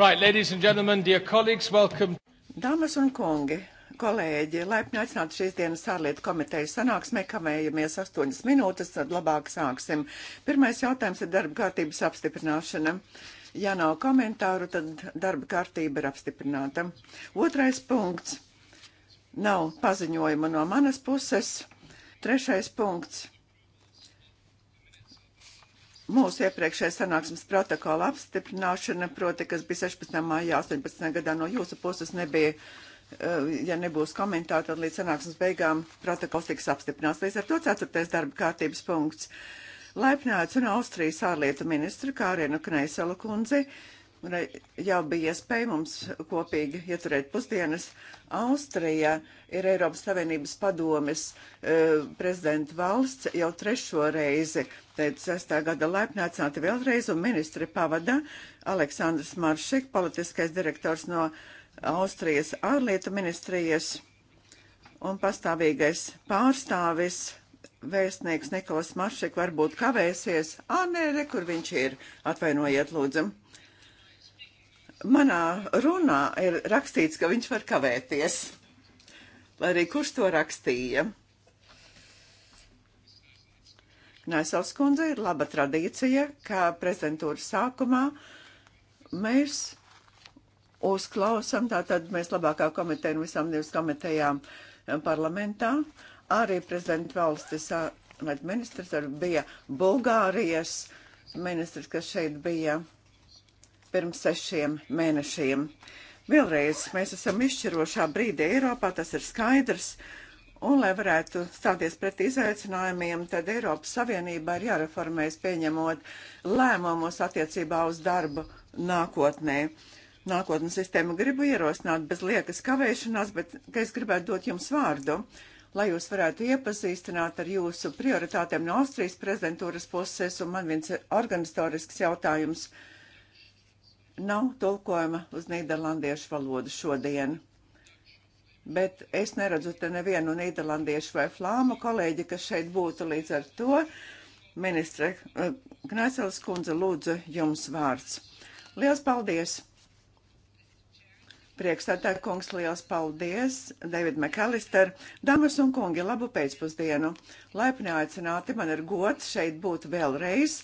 Right, ladies and gentlemen, dear colleagues, welcome. Dāmas un kungi, kolēģi, laipni aicināti šīs dienas ārlietu komitejas sanāksmē, kavējamies astoņas minūtes, tad labāk sāksim. Pirmais jautājums ir darba kārtības apstiprināšana. Ja nav komentāru, tad darba kārtība ir apstiprināta. Otrais punkts. Nav paziņojuma no manas puses. Trešais punkts mūsu iepriekšējā sanāksmes protokola apstiprināšana, proti, kas bija 16. maijā 18. gadā no jūsu puses nebija, eh, ja nebūs komentāri, tad līdz sanāksmes beigām protokols tiks apstiprināts. Līdz ar to 4. darba kārtības punkts. Laipnāts un Austrijas ārlietu ministru Kārienu Kneiselu kundzi jau bija iespēja mums kopīgi ieturēt pusdienas. Austrija ir Eiropas Savienības padomes e, prezidenta valsts jau trešo reizi 96. gada laipni aicināti vēlreiz, un ministri pavada Aleksandrs Maršik, politiskais direktors no Austrijas ārlietu ministrijas un pastāvīgais pārstāvis vēstnieks Nikolas Maršik varbūt kavēsies. Ā, nē, re, kur viņš ir. Atvainojiet, lūdzam. Manā runā ir rakstīts, ka viņš var kavēties. Lai arī kurš to rakstīja. Naisels kundze ir laba tradīcija, ka prezentūras sākumā mēs uzklausam, tātad mēs labākā komiteja un visām divas komitejām eh, parlamentā, arī prezidenta valstis ministrs bija Bulgārijas ministrs, kas šeit bija pirms sešiem mēnešiem. Vēlreiz mēs esam izšķirošā brīdī Eiropā, tas ir skaidrs, Un, lai varētu stāties pret izaicinājumiem, tad Eiropas Savienībā ir jāreformējas pieņemot lēmumus attiecībā uz darbu nākotnē. Nākotnes sistēmu gribu ierosināt bez liekas kavēšanās, bet ka es gribētu dot jums vārdu, lai jūs varētu iepazīstināt ar jūsu prioritātēm no Austrijas prezidentūras puses, un man viens organizatorisks jautājums nav tulkojuma uz nīderlandiešu valodu šodien bet es neredzu te nevienu nīderlandiešu vai flāmu kolēģi, kas šeit būtu līdz ar to. Ministre Knēseles eh, kundze, lūdzu, jums vārds. Liels paldies! Priekšstādā kungs, liels paldies! David McAllister, dāmas un kungi, labu pēcpusdienu! Laipni aicināti, man ir gods šeit būt vēlreiz.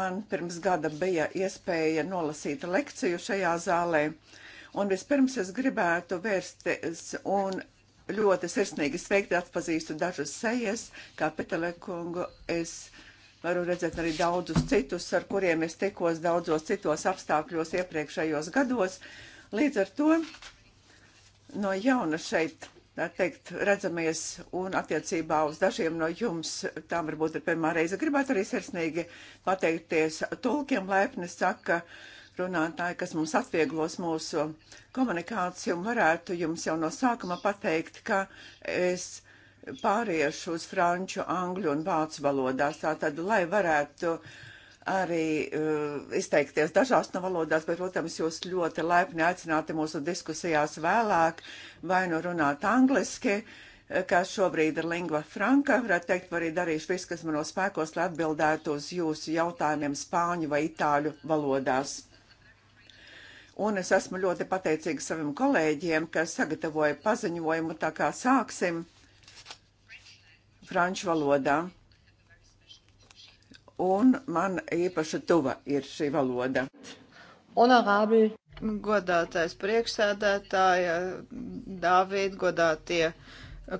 Man pirms gada bija iespēja nolasīt lekciju šajā zālē. Uh, Un vispirms es gribētu vērsties un ļoti sirsnīgi sveikti atpazīstu dažas sejas, kā Petelekungu es varu redzēt arī daudzus citus, ar kuriem es tikos daudzos citos apstākļos iepriekšējos gados. Līdz ar to no jauna šeit, tā teikt, redzamies un attiecībā uz dažiem no jums, tā varbūt ir pirmā reize, gribētu arī sirsnīgi pateikties tulkiem laipni saka, ka runātāji, kas mums atvieglos mūsu komunikāciju. Varētu jums jau no sākuma pateikt, ka es pāriešu uz franču, angļu un vācu valodās, tātad, lai varētu arī uh, izteikties dažās no valodās, bet, protams, jūs ļoti laipni aicināti mūsu diskusijās vēlāk vai nu runāt angliski, kas šobrīd ir lingva franka, varētu teikt, arī darīšu visu, kas manos spēkos, lai atbildētu uz jūsu jautājumiem spāņu vai itāļu valodās. Un es esmu ļoti pateicīga saviem kolēģiem, kas sagatavoja paziņojumu, tā kā sāksim franču valodā. Un man īpaši tuva ir šī valoda. Honorable. Godātais priekšsēdētāja, Dāvīd, godātie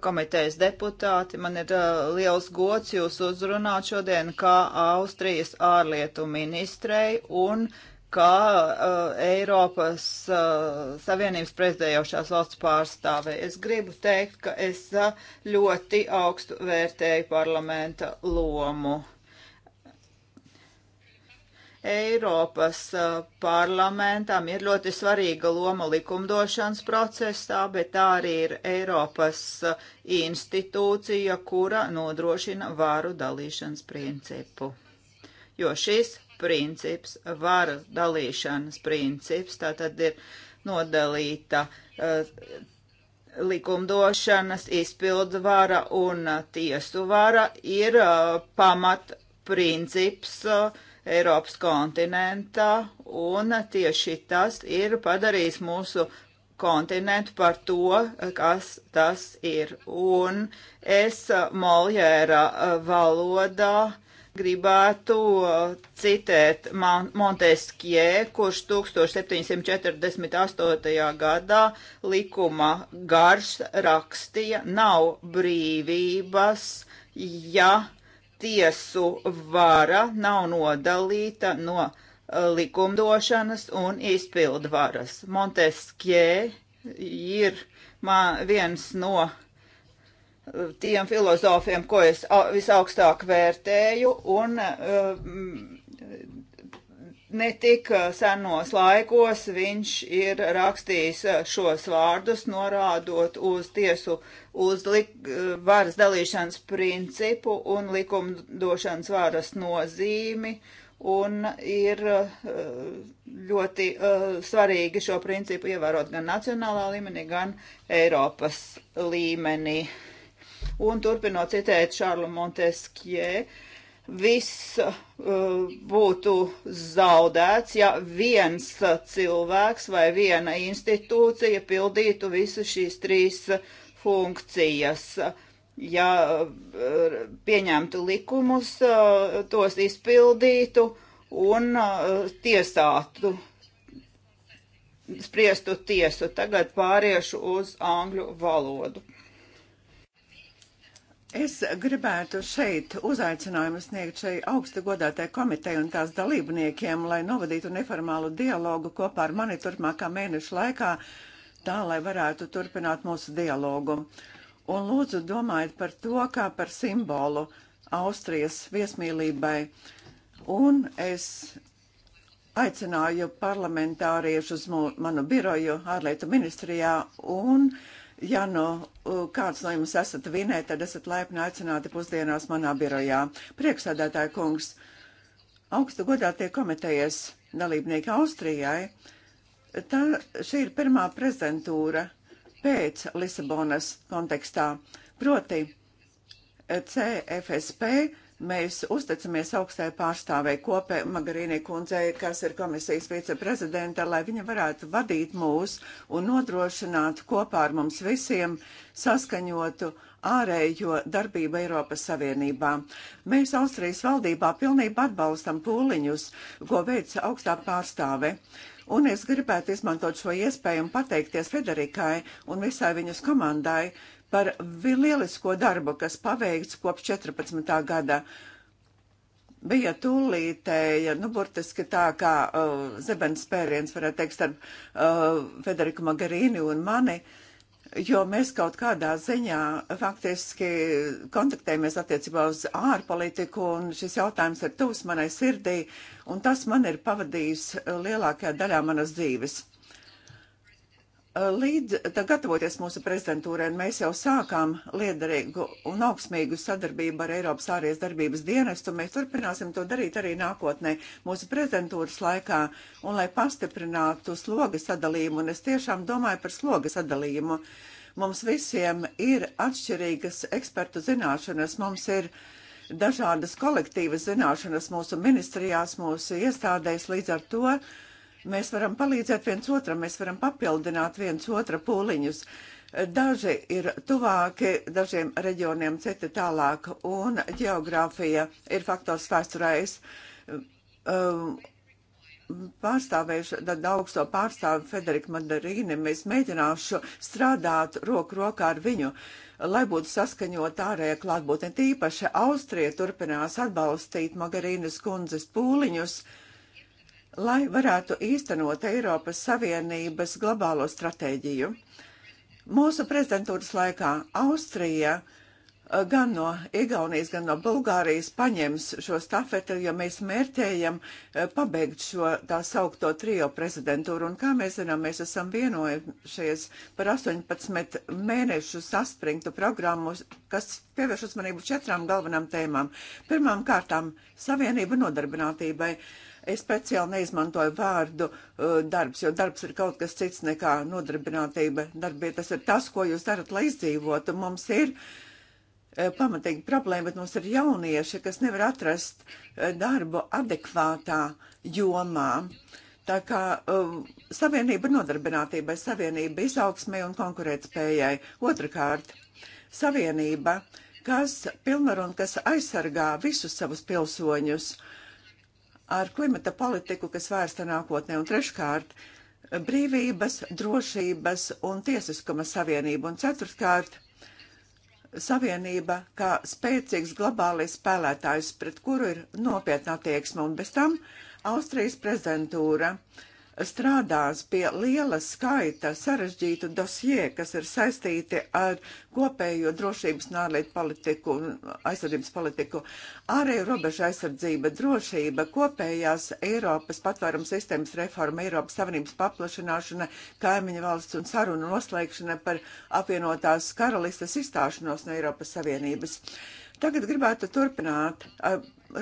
komitejas deputāti, man ir uh, liels gods jūs uzrunāt šodien kā Austrijas ārlietu ministrei un kā uh, Eiropas uh, Savienības prezidējošās valsts pārstāvē. Es gribu teikt, ka es uh, ļoti augstu vērtēju parlamenta lomu. Eiropas uh, parlamentam ir ļoti svarīga loma likumdošanas procesā, bet tā arī ir Eiropas uh, institūcija, kura nodrošina vāru dalīšanas principu. Jo šis princips, varu dalīšanas princips, tātad ir nodalīta uh, likumdošanas izpildu vara un eh, tiesu vara ir uh, pamat princips uh, Eiropas kontinentā, un tieši tas ir padarījis mūsu kontinentu par to, kas tas ir. Un es Moljēra valodā uh, Gribētu uh, citēt Monteskie, kurš 1748. gadā likuma garš rakstīja, nav brīvības, ja tiesu vara nav nodalīta no uh, likumdošanas un izpildvaras. Monteskie ir man, viens no uh, tiem filozofiem, ko es visaugstāk vērtēju, un um, ne tik senos laikos viņš ir rakstījis šos vārdus, norādot uz tiesu, uz lik, varas dalīšanas principu un likumdošanas varas nozīmi, un ir uh, ļoti uh, svarīgi šo principu ievērot gan nacionālā līmenī, gan Eiropas līmenī. Un turpinot citēt Šārlu Monteskie, viss uh, būtu zaudēts, ja viens cilvēks vai viena institūcija pildītu visas šīs trīs funkcijas. Ja uh, pieņemtu likumus, uh, tos izpildītu un uh, tiesātu, spriestu tiesu. Tagad pāriešu uz angļu valodu. Es gribētu šeit uzaicinājumu sniegt šai augsta godātai komiteja un tās dalībniekiem, lai novadītu neformālu dialogu kopā ar mani turpmākā mēneša laikā, tā lai varētu turpināt mūsu dialogu. Un lūdzu domājiet par to, kā par simbolu Austrijas viesmīlībai. Un es aicināju parlamentāriešus manu biroju ārlietu ministrijā un uh, Ja no nu, eh, kāds no jums esat vinē, tad esat laipni aicināti pusdienās manā birojā. Priekšsēdētāja kungs, augstu godātie komitejas dalībnieki Austrijai, tā šī ir pirmā prezentūra pēc Lisabonas kontekstā, proti CFSP Mēs uzticamies augstai pārstāvei kopē Magarīnī kundzei, kas ir komisijas viceprezidenta, lai viņa varētu vadīt mūs un nodrošināt kopā ar mums visiem saskaņotu ārējo darbību Eiropas Savienībā. Mēs Austrijas valdībā pilnībā atbalstam pūliņus, ko veic augstā pārstāve. Un es gribētu izmantot šo iespēju un pateikties Federikai un visai viņas komandai par lielisko darbu, kas paveikts kopš 14. gada. Bija tūlītēja, nu, burtiski tā kā uh, zebens spēriens, varētu teikt, starp uh, Federiku Magarīnu un mani, jo mēs kaut kādā ziņā faktiski kontaktējamies attiecībā uz ārpolitiku, un šis jautājums ir tuvs manai sirdī, un tas man ir pavadījis lielākajā daļā manas dzīves. Eh, līdz gatavoties mūsu prezidentūrai, mēs jau sākām liederīgu un augsmīgu sadarbību ar Eiropas ārējas darbības dienestu, un mēs turpināsim to darīt arī nākotnē mūsu prezidentūras laikā, un lai pastiprinātu sloga sadalījumu, un es tiešām domāju par sloga sadalījumu. Mums visiem ir atšķirīgas ekspertu zināšanas, mums ir dažādas kolektīvas zināšanas mūsu ministrijās, mūsu iestādēs, līdz ar to Mēs varam palīdzēt viens otram, mēs varam papildināt viens otra pūliņus. Daži ir tuvāki dažiem reģioniem, citi tālāk, un geogrāfija ir faktors vēsturēs. Um, pārstāvējuši tad augsto pārstāvi Federiku Mandarīni, mēs mēģināšu strādāt roku rokā ar viņu, lai būtu saskaņot ārējā klātbūtne. Tīpaši Austrija turpinās atbalstīt Magarīnas kundzes pūliņus, uh, lai varētu īstenot Eiropas Savienības globālo stratēģiju. Mūsu prezidentūras laikā Austrija eh, gan no Igaunijas, gan no Bulgārijas paņems šo stafeti, jo mēs mērķējam eh, pabeigt šo tā saukto trio prezidentūru. Un kā mēs zinām, mēs esam vienojušies par 18 mēnešu saspringtu programmu, kas pievērš uzmanību četrām galvenām tēmām. Pirmām kārtām savienība nodarbinātībai. Uh, Es speciāli neizmantoju vārdu uh, darbs, jo darbs ir kaut kas cits nekā nodarbinātība. Darbie tas ir tas, ko jūs darat, lai izdzīvotu. Mums ir uh, pamatīgi problēma, bet mums ir jaunieši, kas nevar atrast uh, darbu adekvātā jomā. Tā kā um, savienība nodarbinātībai, savienība izaugsmai un konkurētspējai. Otrakārt, savienība, kas pilnvar un kas aizsargā visus savus pilsoņus. Uh, ar klimata politiku, kas vērsta nākotnē. Un treškārt, brīvības, drošības un tiesiskuma savienība. Un ceturtkārt, savienība kā spēcīgs globālais spēlētājs, pret kuru ir nopietna attieksme. Un bez tam Austrijas prezidentūra uh, strādās pie liela skaita sarežģītu dosie, kas ir saistīti ar kopējo drošības un ārlietu politiku, aizsardzības politiku, ārēju robežu aizsardzība, drošība, kopējās Eiropas patvērums sistēmas reforma, Eiropas Savienības paplašanāšana, kaimiņu valsts un sarunu noslēgšana par apvienotās karalistas izstāšanos no Eiropas Savienības. Tagad gribētu turpināt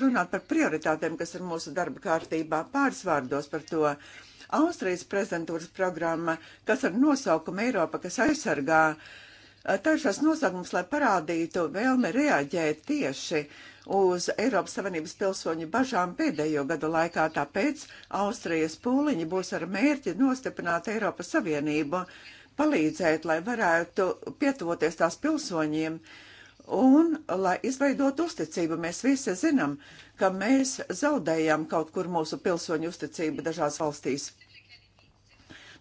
runāt par prioritātēm, kas ir mūsu darba kārtībā, pāris vārdos par to. Uh, Austrijas prezidentūras programma, kas ar nosaukumu Eiropa, kas aizsargā, eh, tašās nosaukums, lai parādītu vēlmi reaģēt tieši uz Eiropas Savienības pilsoņu bažām pēdējo gadu laikā, tāpēc Austrijas pūliņi būs ar mērķi nostiprināt Eiropas Savienību, palīdzēt, lai varētu pietuvoties tās pilsoņiem. Un, lai izveidot uzticību, mēs visi zinām, ka mēs zaudējām kaut kur mūsu pilsoņu uzticību dažās valstīs.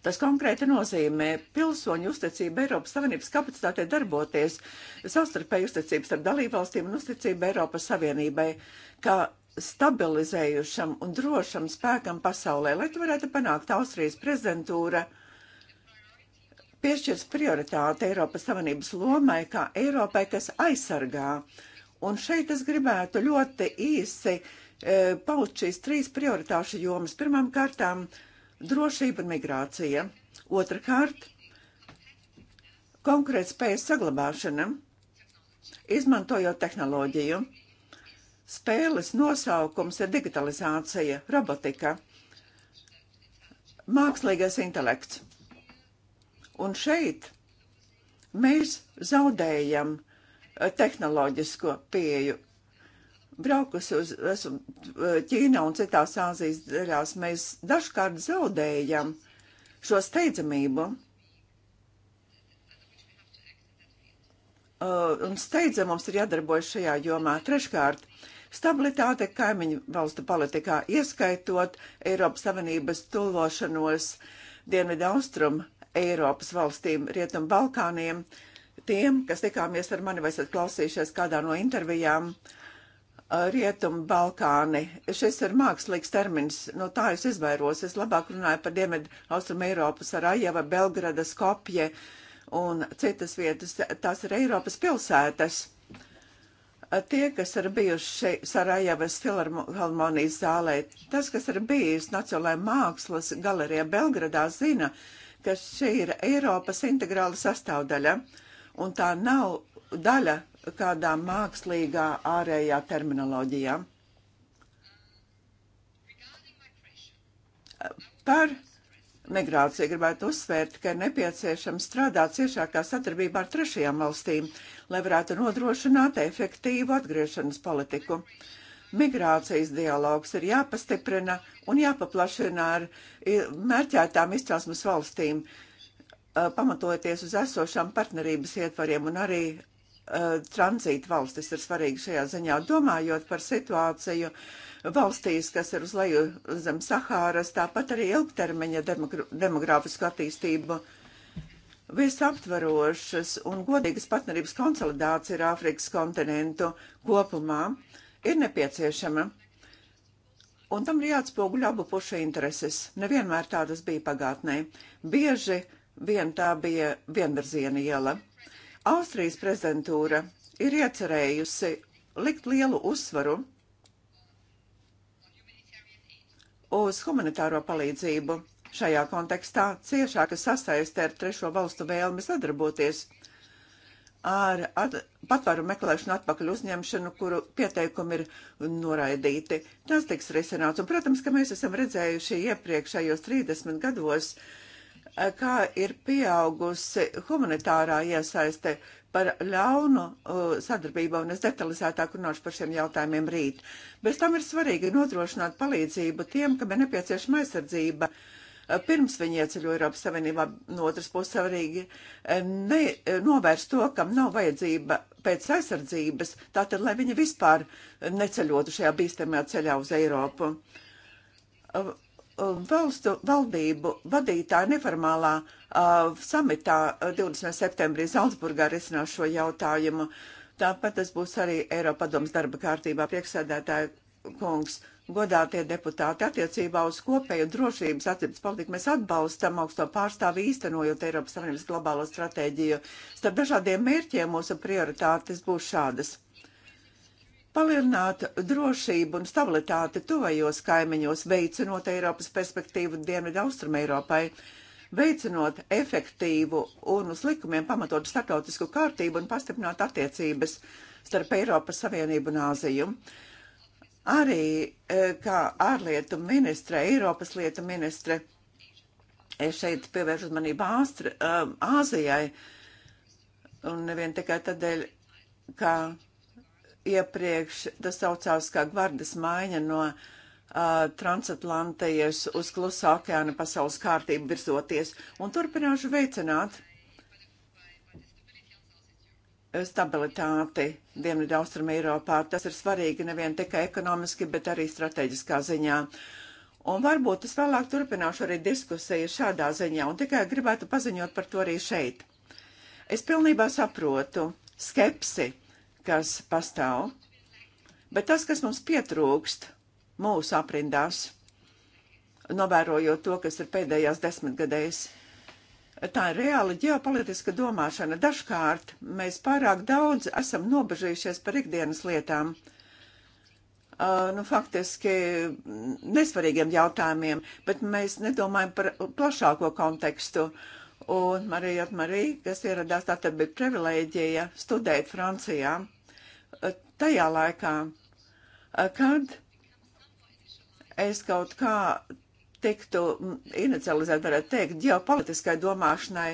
Tas konkrēti nozīmē pilsoņu uzticību Eiropas Savienības kapacitātei darboties, savstarpēju uzticības starp dalībvalstīm un uzticību Eiropas Savienībai, kā stabilizējušam un drošam spēkam pasaulē, lai to varētu panākt Austrijas prezidentūra piešķirs prioritāti Eiropas Savienības lomai, kā Eiropai, kas aizsargā. Un šeit es gribētu ļoti īsi e, paust šīs trīs prioritāšu jomas. Pirmām kārtām drošība un migrācija. Otrakārt, konkrēta spējas saglabāšana, izmantojot tehnoloģiju. Spēles nosaukums ir digitalizācija, robotika, mākslīgais intelekts. Un šeit mēs zaudējam eh, tehnoloģisko pieju braukusi uz eh, Ķīnu un citās Āzijas daļās, mēs dažkārt zaudējam šo steidzamību. Uh, un steidzam mums ir jādarbojas šajā jomā. Treškārt, stabilitāte kaimiņu valstu politikā, ieskaitot Eiropas Savienības tuvošanos Dienvidu Austrum Eiropas valstīm, Rietumu Balkāniem, tiem, kas tikāmies ar mani vai esat klausījušies kādā no intervijām. Uh, Rietumu Balkāni. Šis ir mākslīgs termins, no tā es izvairos. Es labāk runāju par Dienvidu Austrum Eiropu, Sarajeva, Belgrada, Skopje un citas vietas. Tās ir Eiropas pilsētas. Tie, kas ir bijuši Sarajevas filharmonijas zālē, tas, kas ir bijis Nacionālajā mākslas galerijā Belgradā, zina, ka šī ir Eiropas integrāla sastāvdaļa. Un tā nav daļa kādā mākslīgā ārējā terminoloģijā. Par migrāciju gribētu uzsvērt, ka ir nepieciešams strādāt ciešākā sadarbībā ar trešajām valstīm, lai varētu nodrošināt efektīvu atgriešanas politiku. Migrācijas dialogs ir jāpastiprina un jāpaplašina ar mērķētām izcelsmes valstīm, pamatojoties uz esošām partnerības ietvariem un arī Eh, tranzīta valstis ir svarīga šajā ziņā. Domājot par situāciju valstīs, kas ir uz leju zem Sahāras, tāpat arī ilgtermiņa demogrāfisku attīstību. Visaptvarošas un godīgas partnerības konsolidācija ar Āfrikas kontinentu kopumā ir nepieciešama. Un tam ir jāatspoguļo abu pušu intereses. Nevienmēr tādas bija pagātnē. Bieži vien tā bija vienvirziena iela Austrijas prezidentūra ir iecerējusi likt lielu uzsvaru uz humanitāro palīdzību. Šajā kontekstā ciešāka sasaiste ar trešo valstu vēlmi sadarboties ar at, patvaru meklēšanu atpakaļ uzņemšanu, kuru pieteikumi ir noraidīti. Tas tiks risināts. Un, protams, ka mēs esam redzējuši iepriekšējos 30 gados uh, kā ir pieaugusi humanitārā iesaiste par ļaunu uh, sadarbību, un es detalizētāk runāšu par šiem jautājumiem rīt. Bez tam ir svarīgi nodrošināt palīdzību tiem, kam ir nepieciešama aizsardzība uh, pirms viņi ieceļo Eiropas Savienībā, no otras puses svarīgi uh, ne, novērst to, kam nav vajadzība pēc aizsardzības, tātad, lai viņi vispār neceļotu šajā bīstamajā ceļā uz Eiropu valstu valdību vadītāju neformālā uh, samitā 20. septembrī Zaldzburgā risinās šo jautājumu. Tāpat tas būs arī Eiropadomas darba kārtībā priekšsēdētāja kungs. Godātie deputāti, attiecībā uz kopēju drošības atzīmes politiku mēs atbalstam augsto pārstāvi īstenojot Eiropas Savienības globālo stratēģiju. Starp dažādiem mērķiem mūsu prioritātes būs šādas palielināt drošību un stabilitāti tuvajos kaimiņos, veicinot Eiropas perspektīvu Dienvidu Austrum Eiropai, veicinot efektīvu un uz likumiem pamatotu starptautisku kārtību un pastiprināt attiecības starp Eiropas Savienību un Āziju. Arī e, kā ārlietu ministre, Eiropas lietu ministre, es šeit pievēršu uzmanību e, Āzijai, un nevien tikai tādēļ, ka iepriekš tas saucās kā gvardas maiņa no uh, transatlantijas uz klusā okeāna pasaules kārtību virzoties un turpināšu veicināt stabilitāti Dienvidu Austrum Eiropā. Tas ir svarīgi nevien tikai ekonomiski, bet arī strateģiskā ziņā. Un varbūt es vēlāk turpināšu arī diskusiju šādā ziņā un tikai gribētu paziņot par to arī šeit. Es pilnībā saprotu skepsi kas pastāv, bet tas, kas mums pietrūkst mūsu aprindās, novērojot to, kas ir pēdējās desmitgadēs, tā ir reāla ģeopolitiska domāšana. Dažkārt mēs pārāk daudz esam nobežījušies par ikdienas lietām. Uh, nu, faktiski nesvarīgiem jautājumiem, bet mēs nedomājam par plašāko kontekstu. Uh, un Marijot Marija, kas ieradās, tā tad bija privilēģija studēt Francijā tajā laikā, kad es kaut kā tiktu inicializēt, varētu teikt, ģeopolitiskai domāšanai,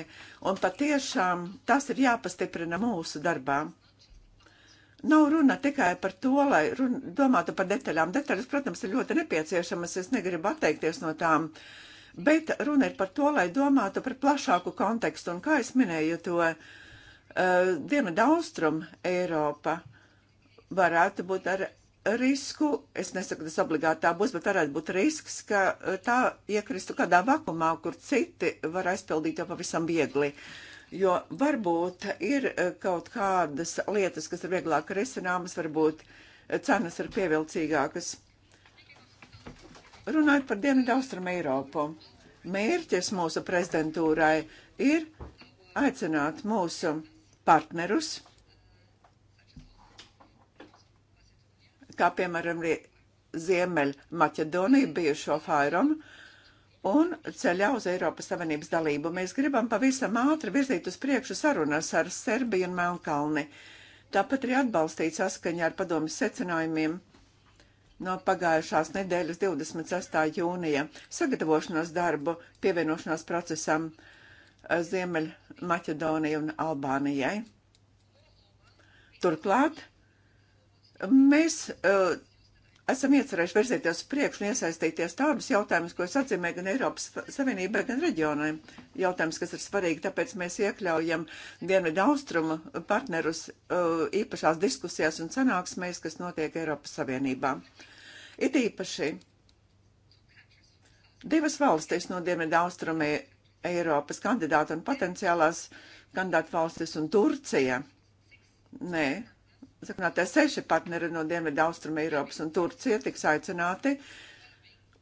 un patiešām tas ir jāpastiprina mūsu darbā. Nav runa tikai par to, lai runa, domātu par detaļām. Detaļas, protams, ir ļoti nepieciešamas, es negribu atteikties no tām. Uh, bet runa ir par to, lai domātu par plašāku kontekstu, un kā es minēju to, uh, eh, Dienvidu Austrum Eiropa varētu būt ar risku, es nesaku, ka tas obligāti tā būs, bet varētu būt risks, ka eh, tā iekristu kādā vakumā, kur citi var aizpildīt jau pavisam viegli. Jo varbūt ir eh, kaut kādas lietas, kas ir vieglāk risināmas, varbūt cenas ir pievilcīgākas. Runājot par Dienvidu Austrum Eiropu, mērķis mūsu prezidentūrai ir aicināt mūsu partnerus, kā piemēram Ziemeļmaķedonija, bijušo Fairomu, un ceļā uz Eiropas Savienības dalību. Mēs gribam pavisam ātri virzīt uz priekšu sarunas ar Serbiju un Melnkalni. Tāpat arī atbalstīt saskaņā ar padomjas secinājumiem no pagājušās nedēļas 26. jūnija sagatavošanās darbu pievienošanās procesam eh, Ziemeļ Maķedonijai un Albānijai. Turklāt eh, mēs uh, esam iecerējuši virzīties priekš un iesaistīties tādus jautājumus, ko atzīmē gan Eiropas Savienībai, gan reģionai. Jautājums, kas ir svarīgi, tāpēc mēs iekļaujam Dienvidu austrumu partnerus uh, īpašās diskusijās un sanāksmēs, kas notiek Eiropas Savienībā. It īpaši divas valstis no Dienvidu austrumi e- Eiropas kandidāta un potenciālās kandidāta valstis un Turcija. Nē, saknātie seši partneri no Dienvidu Austrum Eiropas un Turcija tiks aicināti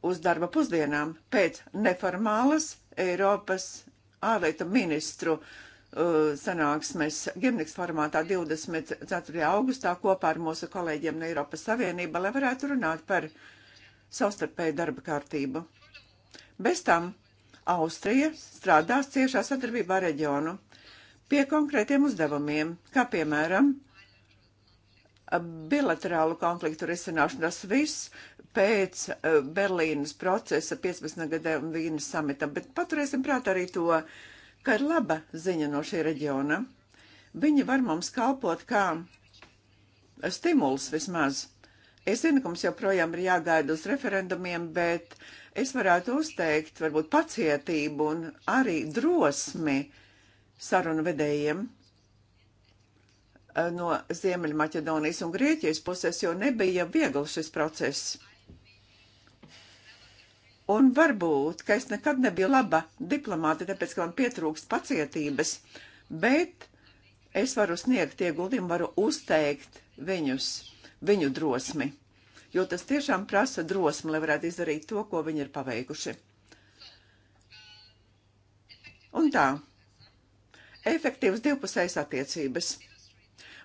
uz darba pusdienām pēc neformālas Eiropas ārlietu ministru uh, sanāksmes gimniks formātā 24. augustā kopā ar mūsu kolēģiem no Eiropas Savienība, lai varētu runāt par savstarpēju darba kārtību. Bez tam Austrija strādās ciešā sadarbībā reģionu pie konkrētiem uzdevumiem, kā piemēram bilaterālu konfliktu risināšanu. Tas viss pēc eh, Berlīnas procesa 15. gada un Vīnas samita, bet paturēsim prāt arī to, ka ir laba ziņa no šī reģiona. Viņi var mums kalpot kā stimuls vismaz. Es zinu, ka mums joprojām ir jāgaida uz referendumiem, bet es varētu uzteikt varbūt pacietību un arī drosmi sarunu vedējiem. Eh, no Ziemeļmaķedonijas un Grieķijas puses, jo nebija viegli šis process. Un varbūt, ka es nekad nebiju laba diplomāte, tāpēc, ka man pietrūkst pacietības, bet es varu sniegt ieguldījumu, varu uzteikt viņus, viņu drosmi, jo tas tiešām prasa drosmi, lai varētu izdarīt to, ko viņi ir paveikuši. Un tā, efektīvas divpusējas attiecības –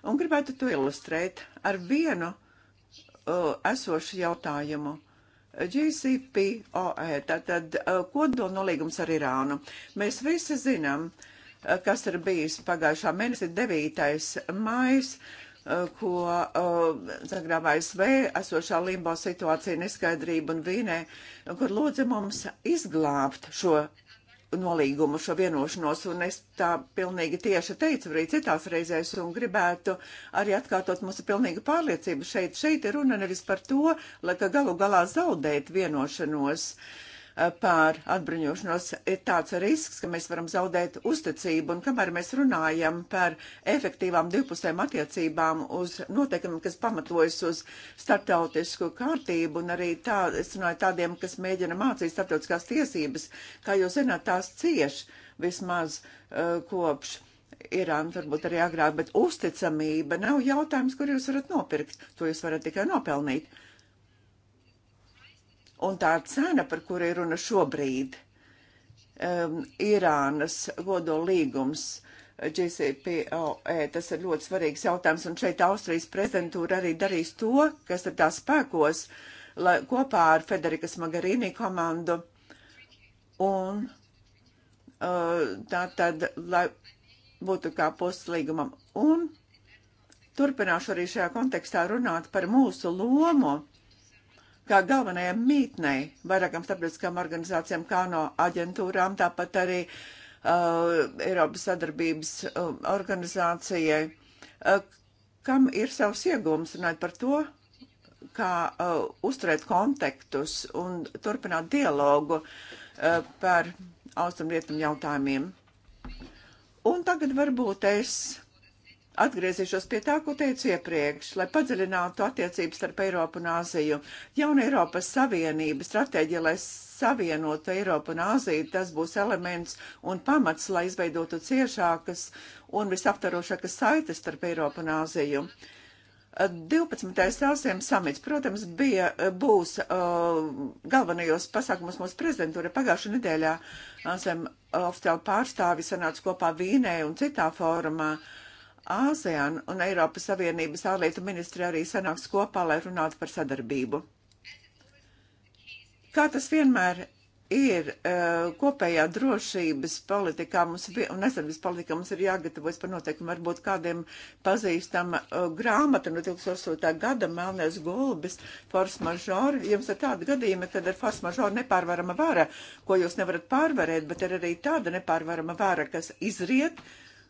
Un gribētu to ilustrēt ar vienu uh, esošu jautājumu. GCPOE, tātad uh, kodolnolīgums ar Irānu. Mēs visi zinām, uh, kas ir bijis pagājušā mēnesī 9. mājas, uh, ko uh, sagrāvā SV esošā limbo situācija neskaidrība un vīnē, kur lūdza mums izglābt šo nolīgumu, šo vienošanos, un es tā pilnīgi tieši teicu arī citās reizēs, un gribētu arī atkārtot mūsu pilnīgu pārliecību šeit. Šeit ir runa nevis par to, lai ka galu galā zaudēt vienošanos. Uh, pār atbruņošanos, ir tāds risks, ka mēs varam zaudēt uzticību. Un kamēr mēs runājam par efektīvām divpusējām attiecībām uz noteikumiem, kas pamatojas uz startautisku kārtību un arī tā, es runāju tādiem, kas mēģina mācīt startautiskās tiesības, kā jūs zināt, tās cieš vismaz uh, kopš. Irāna varbūt arī agrāk, bet uzticamība nav jautājums, kur jūs varat nopirkt. To jūs varat tikai nopelnīt. Uh, Un tā cena, par kuru ir runa šobrīd, um, Irānas kodolīgums JCPOE, tas ir ļoti svarīgs jautājums, un šeit Austrijas prezidentūra arī darīs to, kas ir tā spēkos, lai kopā ar Federikas Magarīni komandu. Un uh, tā tad, lai būtu kā puslīgumam. Un turpināšu arī šajā kontekstā runāt par mūsu lomu kā galvenajai mītnei vairākām starptautiskām organizācijām, kā no aģentūrām, tāpat arī uh, Eiropas sadarbības uh, organizācijai, uh, kam ir savs iegūms runāt par to, kā uh, uzturēt kontaktus un turpināt dialogu uh, par austrumrietumu jautājumiem. Un tagad varbūt es Atgriezīšos pie tā, ko teicu iepriekš, lai padziļinātu attiecības starp Eiropu un Āziju. Jauna Eiropas Savienība stratēģija, lai savienotu Eiropu un Āziju, tas būs elements un pamats, lai izveidotu ciešākas un visaptarošākas saites starp Eiropu un Āziju. 12. ASEM samits, protams, bija, būs uh, galvenajos pasākumos mūsu prezidentūra pagājušā nedēļā. ASEM oficiāli pārstāvi sanāca kopā Vīnē un citā fórumā. Uh, ASEAN un Eiropas Savienības ārlietu ministri arī sanāks kopā, lai runātu par sadarbību. Kā tas vienmēr ir, eh, kopējā drošības politikā mums, un nesarbības politikā mums ir jāgatavojas par noteikumu, varbūt kādiem pazīstama eh, grāmata no 2008. gada Melnēs Gulbis, Force Majeure. Jums ir tāda gadījuma, kad ir Force Majeure nepārvarama vara, ko jūs nevarat pārvarēt, bet ir arī tāda nepārvarama vara, kas izriet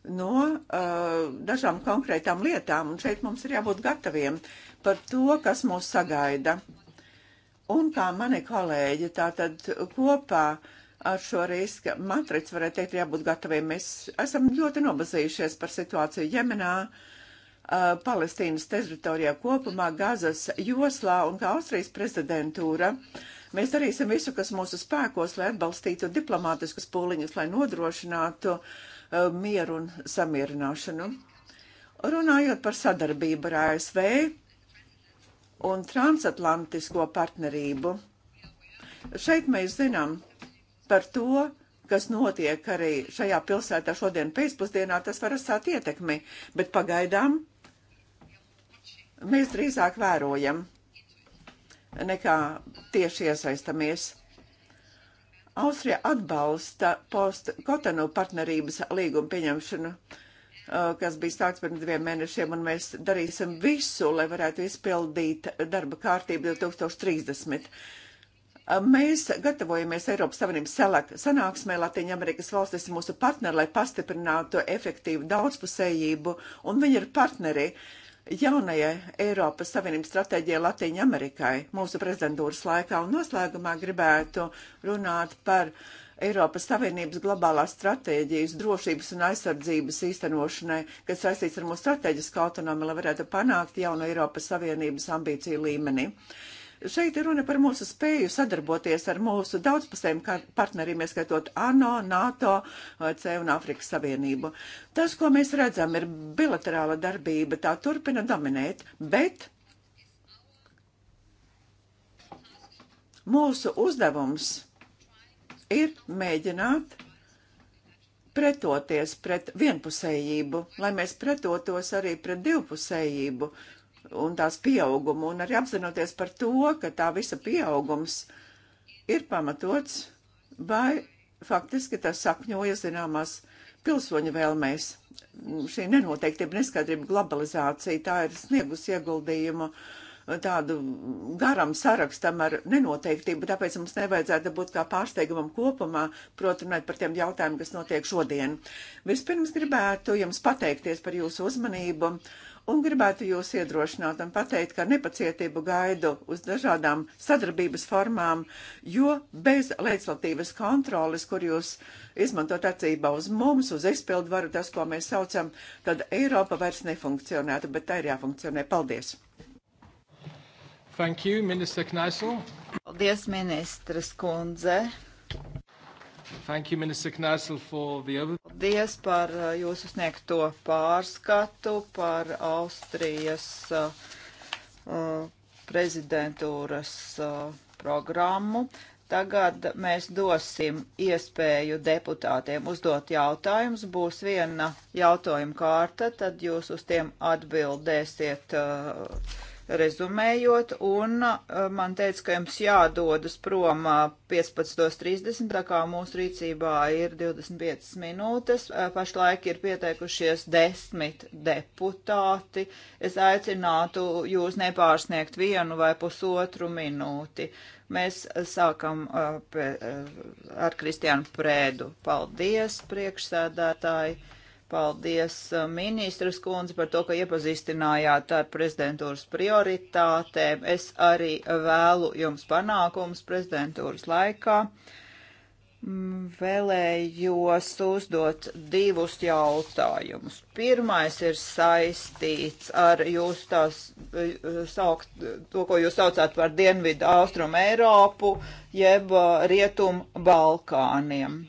no uh, dažām konkrētām lietām, un šeit mums ir jābūt gataviem par to, kas mūs sagaida. Un kā mani kolēģi, tātad kopā ar šo riska matricu, varētu teikt, ir jābūt gataviem. Mēs esam ļoti nobazījušies par situāciju Jemenā, uh, Palestīnas teritorijā kopumā, Gazas joslā un kā Austrijas prezidentūra. Mēs darīsim visu, kas mūsu spēkos, lai atbalstītu diplomātiskus pūliņus, lai nodrošinātu uh, Uh, mieru un samierināšanu. Runājot par sadarbību ar ASV un transatlantisko partnerību, šeit mēs zinām par to, kas notiek arī šajā pilsētā šodien pēcpusdienā, tas var atstāt ietekmi, bet pagaidām mēs drīzāk vērojam nekā tieši iesaistamies. Austrija atbalsta post-Kotanu partnerības līgumu pieņemšanu, uh, kas bija sākts pirms diviem mēnešiem, un mēs darīsim visu, lai varētu izpildīt darba kārtību 2030. Uh, mēs gatavojamies Eiropas Savienības selak sanāksmē Latīņa Amerikas valstis mūsu partneri, lai pastiprinātu efektīvu daudzpusējību, un viņi ir partneri. Uh, jaunajai Eiropas Savienības stratēģijai Latīņa Amerikai mūsu prezidentūras laikā. Un noslēgumā gribētu runāt par Eiropas Savienības globālās stratēģijas drošības un aizsardzības īstenošanai, kas saistīts ar mūsu strateģisku autonomiju, lai varētu panākt jaunu Eiropas Savienības ambīciju līmeni. Uh, Šeit ir runa par mūsu spēju sadarboties ar mūsu daudzpusējiem partneriem, ieskaitot ANO, NATO, OC e un Afrikas Savienību. Tas, ko mēs redzam, ir bilaterāla darbība, tā turpina dominēt, bet mūsu uzdevums ir mēģināt pretoties pret vienpusējību, lai mēs pretotos arī pret divpusējību, un tās pieaugumu, un arī apzinoties par to, ka tā visa pieaugums ir pamatots vai faktiski tas sakņojas zināmās pilsoņu vēlmēs. Šī nenoteiktība, neskaidrība, globalizācija, tā ir sniegus ieguldījumu tādu garam sarakstam ar nenoteiktību, tāpēc mums nevajadzētu būt kā pārsteigumam kopumā, proti, runāt par tiem jautājumiem, kas notiek šodien. Vispirms gribētu jums pateikties par jūsu uzmanību. Uh, un gribētu jūs iedrošināt un pateikt, ka nepacietību gaidu uz dažādām sadarbības formām, jo bez legislatīvas kontroles, kur jūs izmantot atcībā uz mums, uz izpildu varu, tas, ko mēs saucam, tad Eiropa vairs nefunkcionētu, bet tā ir jāfunkcionē. Paldies! Thank you, Minister Kneisel. Paldies, ministras kundze. Thank you, Minister Knausel, for the over. Paldies par uh, jūsu sniegto pārskatu par Austrijas uh, uh, prezidentūras uh, programmu. Tagad mēs dosim iespēju deputātiem uzdot jautājumus. Būs viena jautājuma kārta, tad jūs uz tiem atbildēsiet. Uh, rezumējot, un eh, man teica, ka jums jādodas prom 15.30, eh, tā kā mūsu rīcībā ir 25 minūtes. Eh, pašlaik ir pieteikušies desmit deputāti. Es aicinātu jūs nepārsniegt vienu vai pusotru minūti. Mēs sākam ar Kristiānu Prēdu. Paldies, priekšsēdētāji! Paldies uh, ministras kundze par to, ka iepazīstinājāt ar prezidentūras prioritātēm. Es arī vēlu jums panākumus prezidentūras laikā. Mm, vēlējos uzdot divus jautājumus. Pirmais ir saistīts ar jūs tās, uh, saukt, to, ko jūs saucāt par Dienvidu Austrumu Eiropu, jeb uh, Rietumu Balkāniem.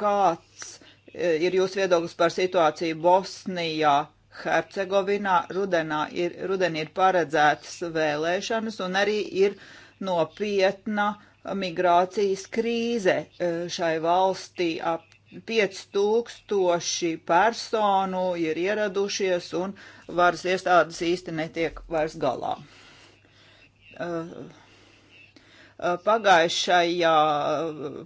Kāds ir jūsu viedoklis par situāciju Bosnijā, Hercegovinā. Rudenā ir, rudenī ir paredzētas vēlēšanas un arī ir nopietna migrācijas krīze e, šai valstī. Ap 5000 personu ir ieradušies un varas iestādes īsti netiek vairs galā. Uh, Uh, pagājušajā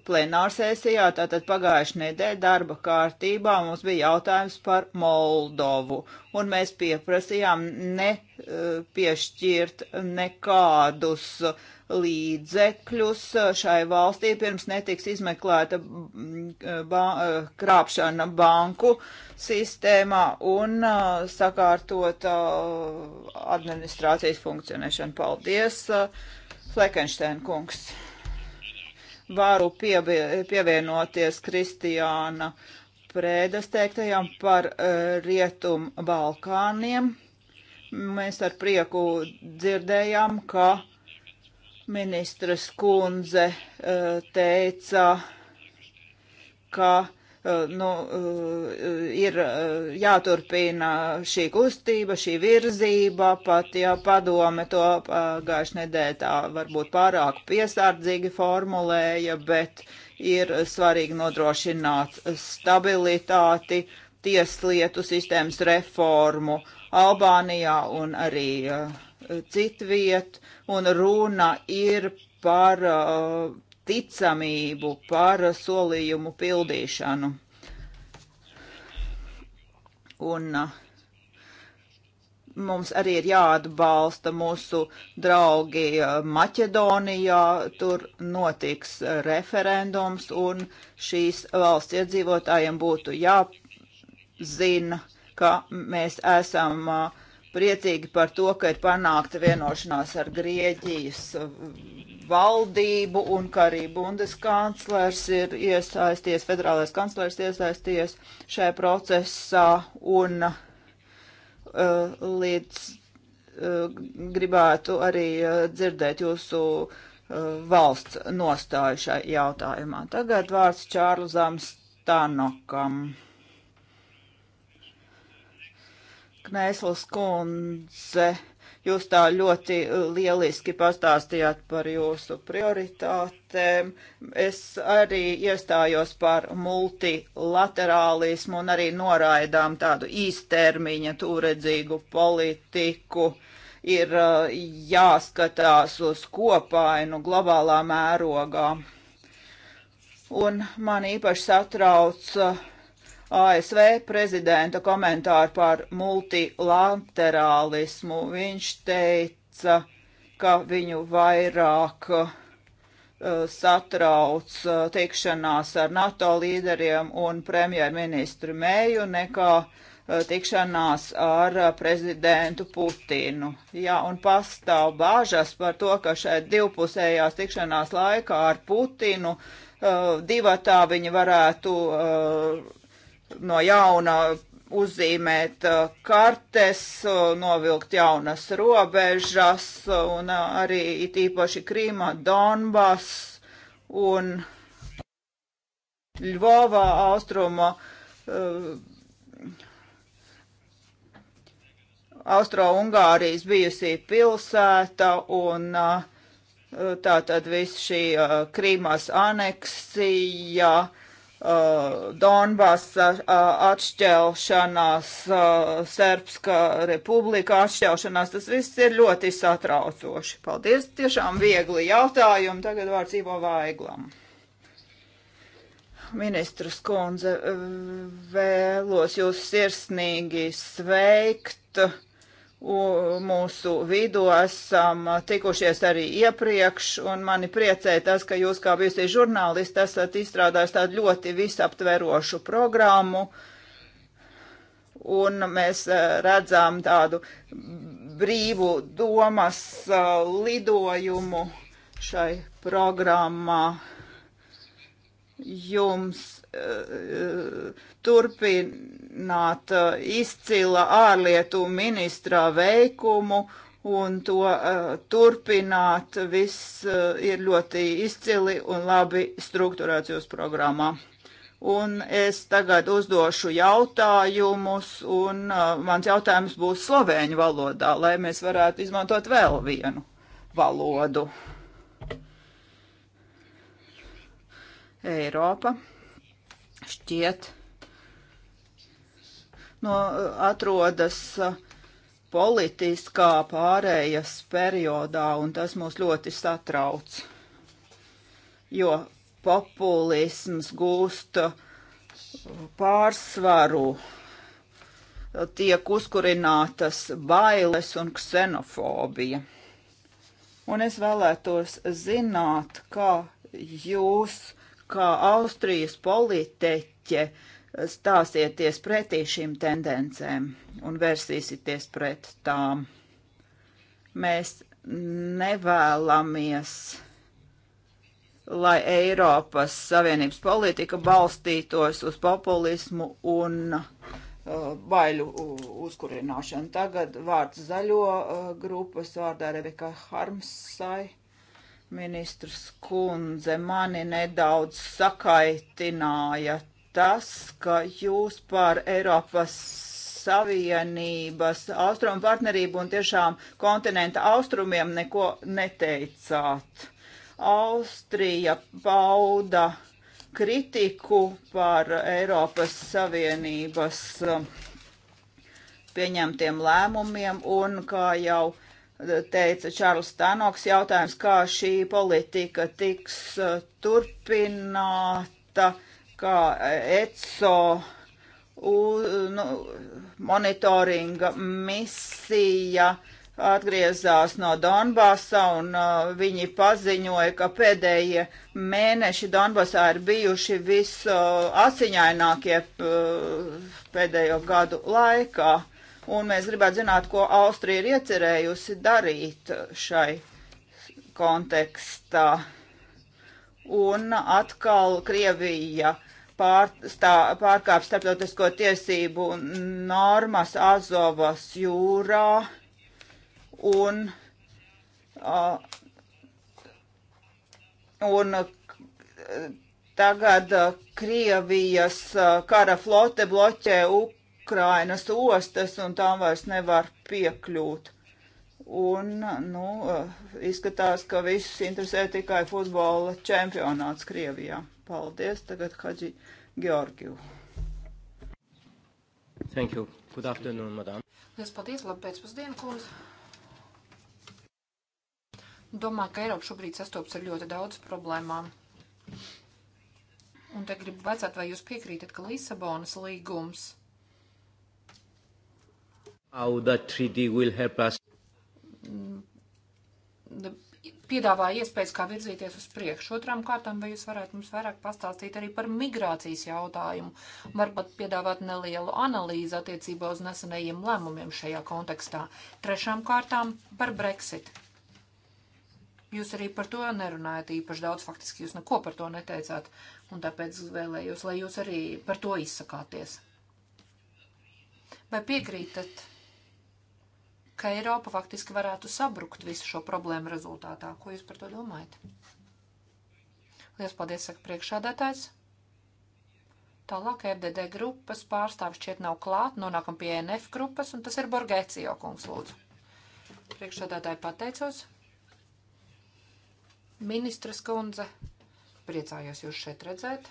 plenārsēsijā, tātad pagājušajā nedēļā darba kārtībā mums bija jautājums par Moldovu, un mēs pieprasījām nepiešķirt uh, nekādus līdzekļus šai valstī, pirms netiks izmeklēta mm, ba uh, krāpšana banku sistēmā un sakārtot administrācijas funkcionēšanu. Paldies! Flekenšteina kungs. Varu pievienoties Kristiāna Prēdas teiktajam par eh, Rietum Balkāniem. Mēs ar prieku dzirdējām, ka ministras kundze eh, teica, ka Eh, nu, eh, ir eh, jāturpina šī kustība, šī virzība, pat ja padome to pagājušajā nedēļā tā varbūt pārāk piesardzīgi formulēja, bet ir svarīgi nodrošināt stabilitāti, tieslietu sistēmas reformu Albānijā un arī citviet, un runa ir par uh, ticamību, par solījumu pildīšanu. Un uh, mums arī ir jāatbalsta mūsu draugi uh, Maķedonijā, tur notiks uh, referendums un šīs valsts iedzīvotājiem būtu jāzina, ka mēs esam uh, priecīgi par to, ka ir panākta vienošanās ar Grieķijas valdību un ka arī bundeskanclers ir iesaisties, federālais kanclers iesaisties šajā procesā un uh, līdz uh, gribētu arī uh, dzirdēt jūsu valsts nostāju šai jautājumā. Tagad vārds Čārlzam Stanokam. Knēsls kundze, jūs tā ļoti uh, lieliski pastāstījāt par jūsu prioritātēm. Es arī iestājos par multilaterālismu un arī noraidām tādu īstermiņa tūredzīgu politiku ir uh, jāskatās uz kopainu globālā mērogā. Un man īpaši satrauc uh, ASV prezidenta komentāru par multilaterālismu. Viņš teica, ka viņu vairāk uh, satrauc uh, tikšanās ar NATO līderiem un premjerministru Mēju nekā uh, tikšanās ar uh, prezidentu Putinu. Jā, un pastāv bāžas par to, ka šeit divpusējās tikšanās laikā ar Putinu uh, divatā viņi varētu uh, no jauna uzzīmēt uh, kartes, uh, novilkt jaunas robežas uh, un arī it īpaši Krīma, Donbas un Ļvovā austrumu. Austro-Ungārijas bijusī pilsēta un tā tad viss šī Krīmas aneksija, uh, Uh, Donbasa uh, atšķelšanās, uh, Serbska republika atšķelšanās, tas viss ir ļoti satraucoši. Paldies, tiešām viegli jautājumi. Tagad vārds Ivo Vaiglam. Ministrs kundze, vēlos jūs sirsnīgi sveikt mūsu vidū esam tikušies arī iepriekš, un mani priecē tas, ka jūs kā bijusi žurnālisti esat izstrādājis tādu ļoti visaptverošu programmu, un mēs eh, redzam tādu brīvu domas eh, lidojumu šai programmā. Jums turpināt uh, izcila ārlietu ministrā veikumu un to uh, turpināt. Viss uh, ir ļoti izcili un labi strukturēts jūsu programmā. Un es tagad uzdošu jautājumus, un mans jautājums būs slovēņu valodā, lai mēs varētu izmantot vēl vienu valodu. Eiropa šķiet no, atrodas uh, politiskā pārējas periodā, un tas mūs ļoti satrauc, jo populisms gūst uh, pārsvaru, tiek uzkurinātas bailes un ksenofobija. Un es vēlētos zināt, kā jūs kā Austrijas politiķe stāsieties pretī šīm tendencēm un versīsieties pret tām. Mēs nevēlamies, lai Eiropas Savienības politika balstītos uz populismu un uh, baiļu uzkurināšanu. Tagad vārds zaļo uh, grupas vārdā Rebeka Harmsai ministrs kundze, mani nedaudz sakaitināja tas, ka jūs par Eiropas Savienības austrumu partnerību un tiešām kontinenta austrumiem neko neteicāt. Austrija pauda kritiku par Eiropas Savienības um, pieņemtiem lēmumiem un kā jau teica Čārls Tanoks, jautājums, kā šī politika tiks uh, turpināta, kā ECO nu, monitoringa misija atgriezās no Donbasa un uh, viņi paziņoja, ka pēdējie mēneši Donbasā ir bijuši visasiņainākie uh, uh, pēdējo gadu laikā. Uh, un mēs gribētu zināt, ko Austrija ir iecerējusi darīt šai kontekstā. Un atkal Krievija pār, stā, pārkāp starptautisko tiesību normas Azovas jūrā un, uh, un tagad Krievijas kara flote bloķē Ukrainu Ukrainas ostas un tām vairs nevar piekļūt. Un, nu, eh, izskatās, ka visus interesē tikai futbola čempionāts Krievijā. Paldies, tagad Hadži Georgiju. Thank you. Good afternoon, madam. Liels paldies, labi pēcpusdienu, kundze. Domāju, ka Eiropa šobrīd sastopas ar ļoti daudz problēmām. Un te gribu vajadzētu, vai jūs piekrītat, ka Lisabonas līgums How the treaty will help us? Mm. Piedāvāja iespējas, kā virzīties uz priekšu. Otrām kārtām, vai jūs varētu mums vairāk pastāstīt arī par migrācijas jautājumu? Varbūt piedāvāt nelielu analīzi attiecībā uz nesenajiem lēmumiem šajā kontekstā. Trešām kārtām par Brexit. Jūs arī par to nerunājat īpaši daudz, faktiski jūs neko par to neteicāt, un tāpēc vēlējos, lai jūs arī par to izsakāties. Vai piekrītat? ka Eiropa faktiski varētu sabrukt visu šo problēmu rezultātā. Ko jūs par to domājat? Lielas paldies, saka priekšādātājs. Tālāk FDD grupas pārstāvis šķiet nav klāt, nonākam pie NF grupas, un tas ir Borgēcijo kungs, lūdzu. Priekšādātāji pateicos. Ministras kundze, priecājos jūs šeit redzēt.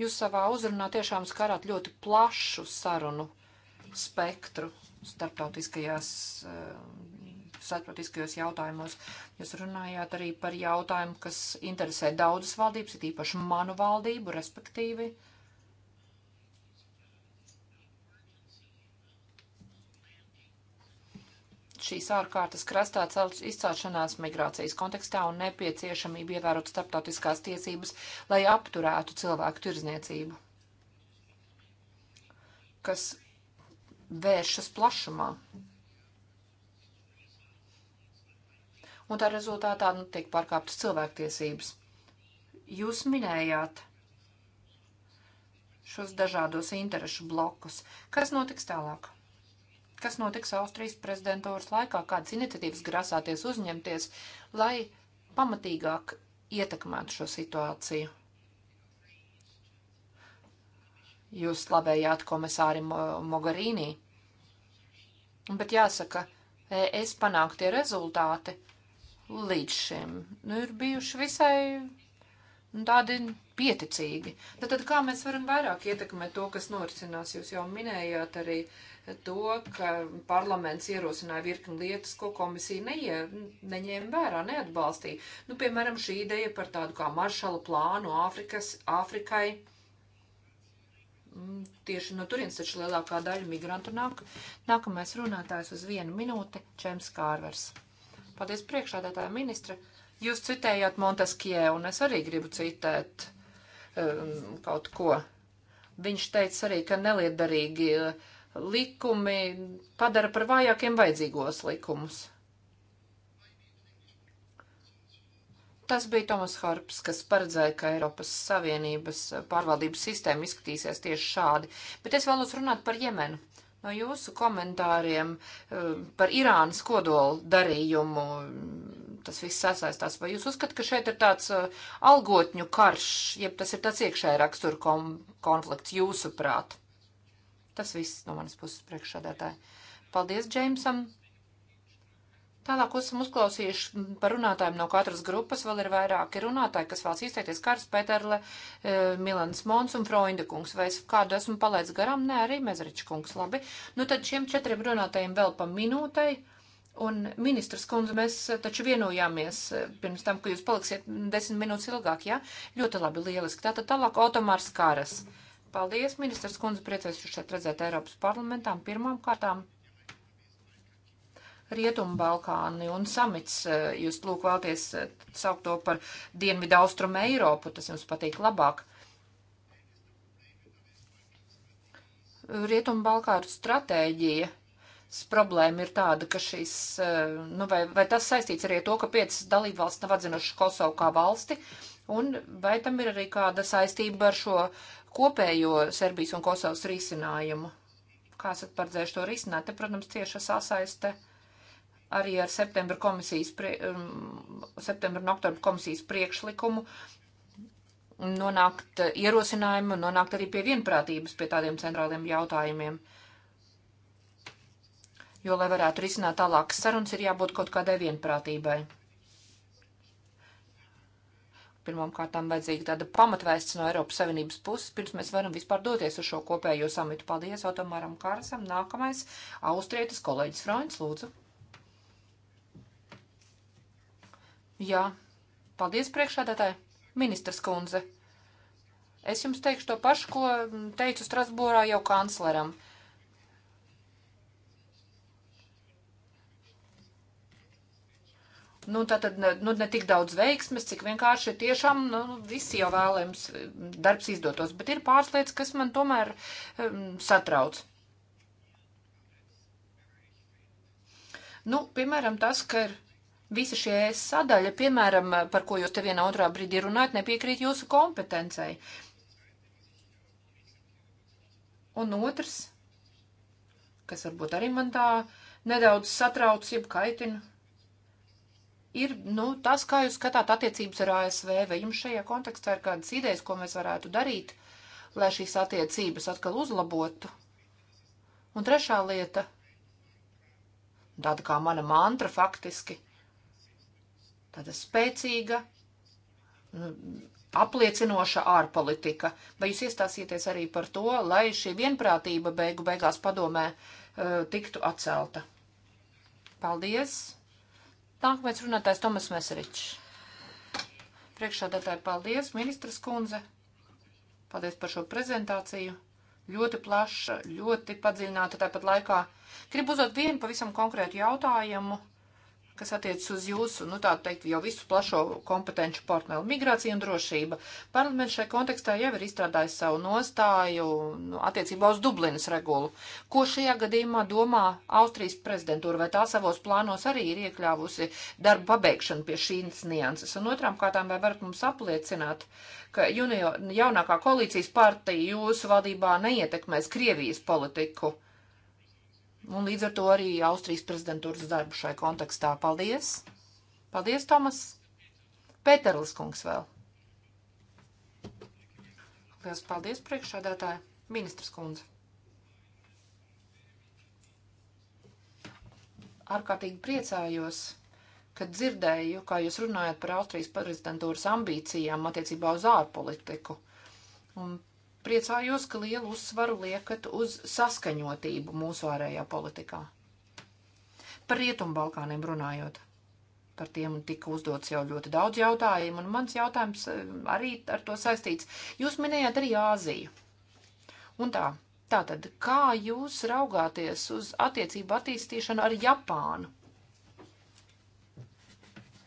Jūs savā uzrunā tiešām skarāt ļoti plašu sarunu spektru starptautiskajās, eh, starptautiskajos jautājumos. Jūs runājāt arī par jautājumu, kas interesē daudzas valdības, ir īpaši manu valdību, respektīvi uh, šīs ārkārtas krastā izcelšanās migrācijas kontekstā un nepieciešamību ievērot starptautiskās tiesības, lai apturētu cilvēku tirzniecību, kas vēršas plašumā. Un tā rezultātā nu, tiek pārkāptas cilvēktiesības. Jūs minējāt šos dažādos interešu blokus. Kas notiks tālāk? Kas notiks Austrijas prezidentūras laikā? Kādas iniciatīvas grasāties uzņemties, lai pamatīgāk ietekmētu šo situāciju? Jūs slavējāt komisāri Mogarīnī. Bet jāsaka, es panāktie rezultāti līdz šim nu, ir bijuši visai nu, tādi pieticīgi. Tad, tad kā mēs varam vairāk ietekmēt to, kas norisinās? Jūs jau minējāt arī to, ka parlaments ierosināja virkni lietas, ko komisija neie, neņēma vērā, neatbalstīja. Nu, piemēram, šī ideja par tādu kā maršala plānu Āfrikas, Āfrikai. Mm, tieši no turienes taču lielākā daļa migrantu nāk. Nākamais runātājs uz vienu minūti - Čems Kārvers. Paldies priekšādātāja ministra. Jūs citējāt Monteskie, un es arī gribu citēt um, kaut ko. Viņš teica arī, ka neliederīgi uh, likumi padara par vājākiem vajadzīgos likumus. Tas bija Tomas Harps, kas paredzēja, ka Eiropas Savienības pārvaldības sistēma izskatīsies tieši šādi. Bet es vēlos runāt par Jemenu. No jūsu komentāriem eh, par Irānas kodolu darījumu tas viss sasaistās. Vai jūs uzskatāt, ka šeit ir tāds eh, algotņu karš, jeb tas ir tāds iekšēja rakstura konflikts jūsuprāt? Tas viss no manas puses priekšsādātāji. Paldies, Džeimsam! Tālāk esam uzklausījuši par runātājiem no katras grupas. Vēl ir vairāki runātāji, kas vēlas izteikties. Kārs Peterle, eh, Milans Mons un Freunde kungs. Vai es kādu esmu palaidis garām? Nē, arī Mezriča kungs. Labi. Nu tad šiem četriem runātājiem vēl pa minūtei. Un ministrs kundze, mēs taču vienojāmies eh, pirms tam, ka jūs paliksiet desmit minūtes ilgāk, jā? Ja? Ļoti labi, lieliski. Tātad tālāk automārs Kāras. Mm -hmm. Paldies, ministrs kundze, priecājos jūs šeit redzēt Eiropas parlamentām. Pirmām kārtām Rietumu Balkāni un samits, eh, jūs lūk vēlties eh, saukt to par Dienvidu Austrumu Eiropu, tas jums patīk labāk. Rietumu Balkānu stratēģija problēma ir tāda, ka šīs, eh, nu, vai, vai tas saistīts arī ar to, ka piecas dalībvalsts nav atzinušas Kosovu kā valsti, un vai tam ir arī kāda saistība ar šo kopējo Serbijas un Kosovas risinājumu. Kā esat paredzējuši to risināt? Te, protams, tieši sasaiste arī ar septembra, komisijas, prie, um, septembra un oktobra komisijas priekšlikumu nonākt eh, ierosinājumu, nonākt arī pie vienprātības pie tādiem centrāliem jautājumiem. Jo, lai varētu risināt tālākas sarunas, ir jābūt kaut kādai vienprātībai. Pirmkārt, vajadzīga tāda pamatvēsts no Eiropas Savienības puses, pirms mēs varam vispār doties uz šo kopējo samitu. Paldies Otomaram Kārsam. Nākamais - austrietis kolēģis Frāņs, lūdzu. Jā, paldies priekšādātāji. Ministrs kundze, es jums teikšu to pašu, ko teicu Strasbūrā jau kancleram. Uh, Nu, tā tad nu, ne tik daudz veiksmes, cik vienkārši tiešām nu, visi jau vēlējums eh, darbs izdotos, bet ir pāris lietas, kas man tomēr um, satrauc. Nu, piemēram, tas, ka ir visa šie sadaļa, piemēram, par ko jūs te vienā otrā brīdī runājat, nepiekrīt jūsu kompetencei. Un otrs, kas varbūt arī man tā nedaudz satrauc, jeb kaitina, ir nu, tas, kā jūs skatāt attiecības ar ASV, vai jums šajā kontekstā ir kādas idejas, ko mēs varētu darīt, lai šīs attiecības atkal uzlabotu. Un trešā lieta, tāda kā mana mantra faktiski, tāda spēcīga, nu, apliecinoša ārpolitika. Vai jūs iestāsieties arī par to, lai šī vienprātība beigu beigās padomē eh, tiktu atcelta? Paldies! Nākamais runātājs Tomas Meseričs. Priekšādātāji, paldies, ministras kundze. Paldies par šo prezentāciju. Ļoti plaša, ļoti padziļināta tāpat laikā. Gribu uzdot vienu pavisam konkrētu jautājumu kas attiec uz jūsu, nu tā teikt, jau visu plašo kompetenču portmeli. Migrācija un drošība. Parlaments šai kontekstā jau ir izstrādājis savu nostāju nu, attiecībā uz Dublinas regulu. Ko šajā gadījumā domā Austrijas prezidentūra, vai tā savos plānos arī ir iekļāvusi darbu pabeigšanu pie šīs nianses? Un otrām kārtām, vai varat mums apliecināt, ka junior, jaunākā koalīcijas partija jūsu valdībā neietekmēs Krievijas politiku? Un līdz ar to arī Austrijas prezidentūras darbu šai kontekstā. Paldies! Paldies, Tomas! Pēterlis kungs vēl. Lielas paldies, priekšādātāji, ministrs kundze. Ārkārtīgi priecājos, kad dzirdēju, kā jūs runājat par Austrijas prezidentūras ambīcijām attiecībā uz ārpolitiku. Un Priecājos, ka lielu uzsvaru liekat uz saskaņotību mūsu ārējā politikā. Par Rietumbalkāniem runājot. Par tiem tika uzdots jau ļoti daudz jautājumu, un mans jautājums eh, arī ar to saistīts. Jūs minējāt arī Āziju. Un tā, tātad, kā jūs raugāties uz attiecību attīstīšanu ar Japānu?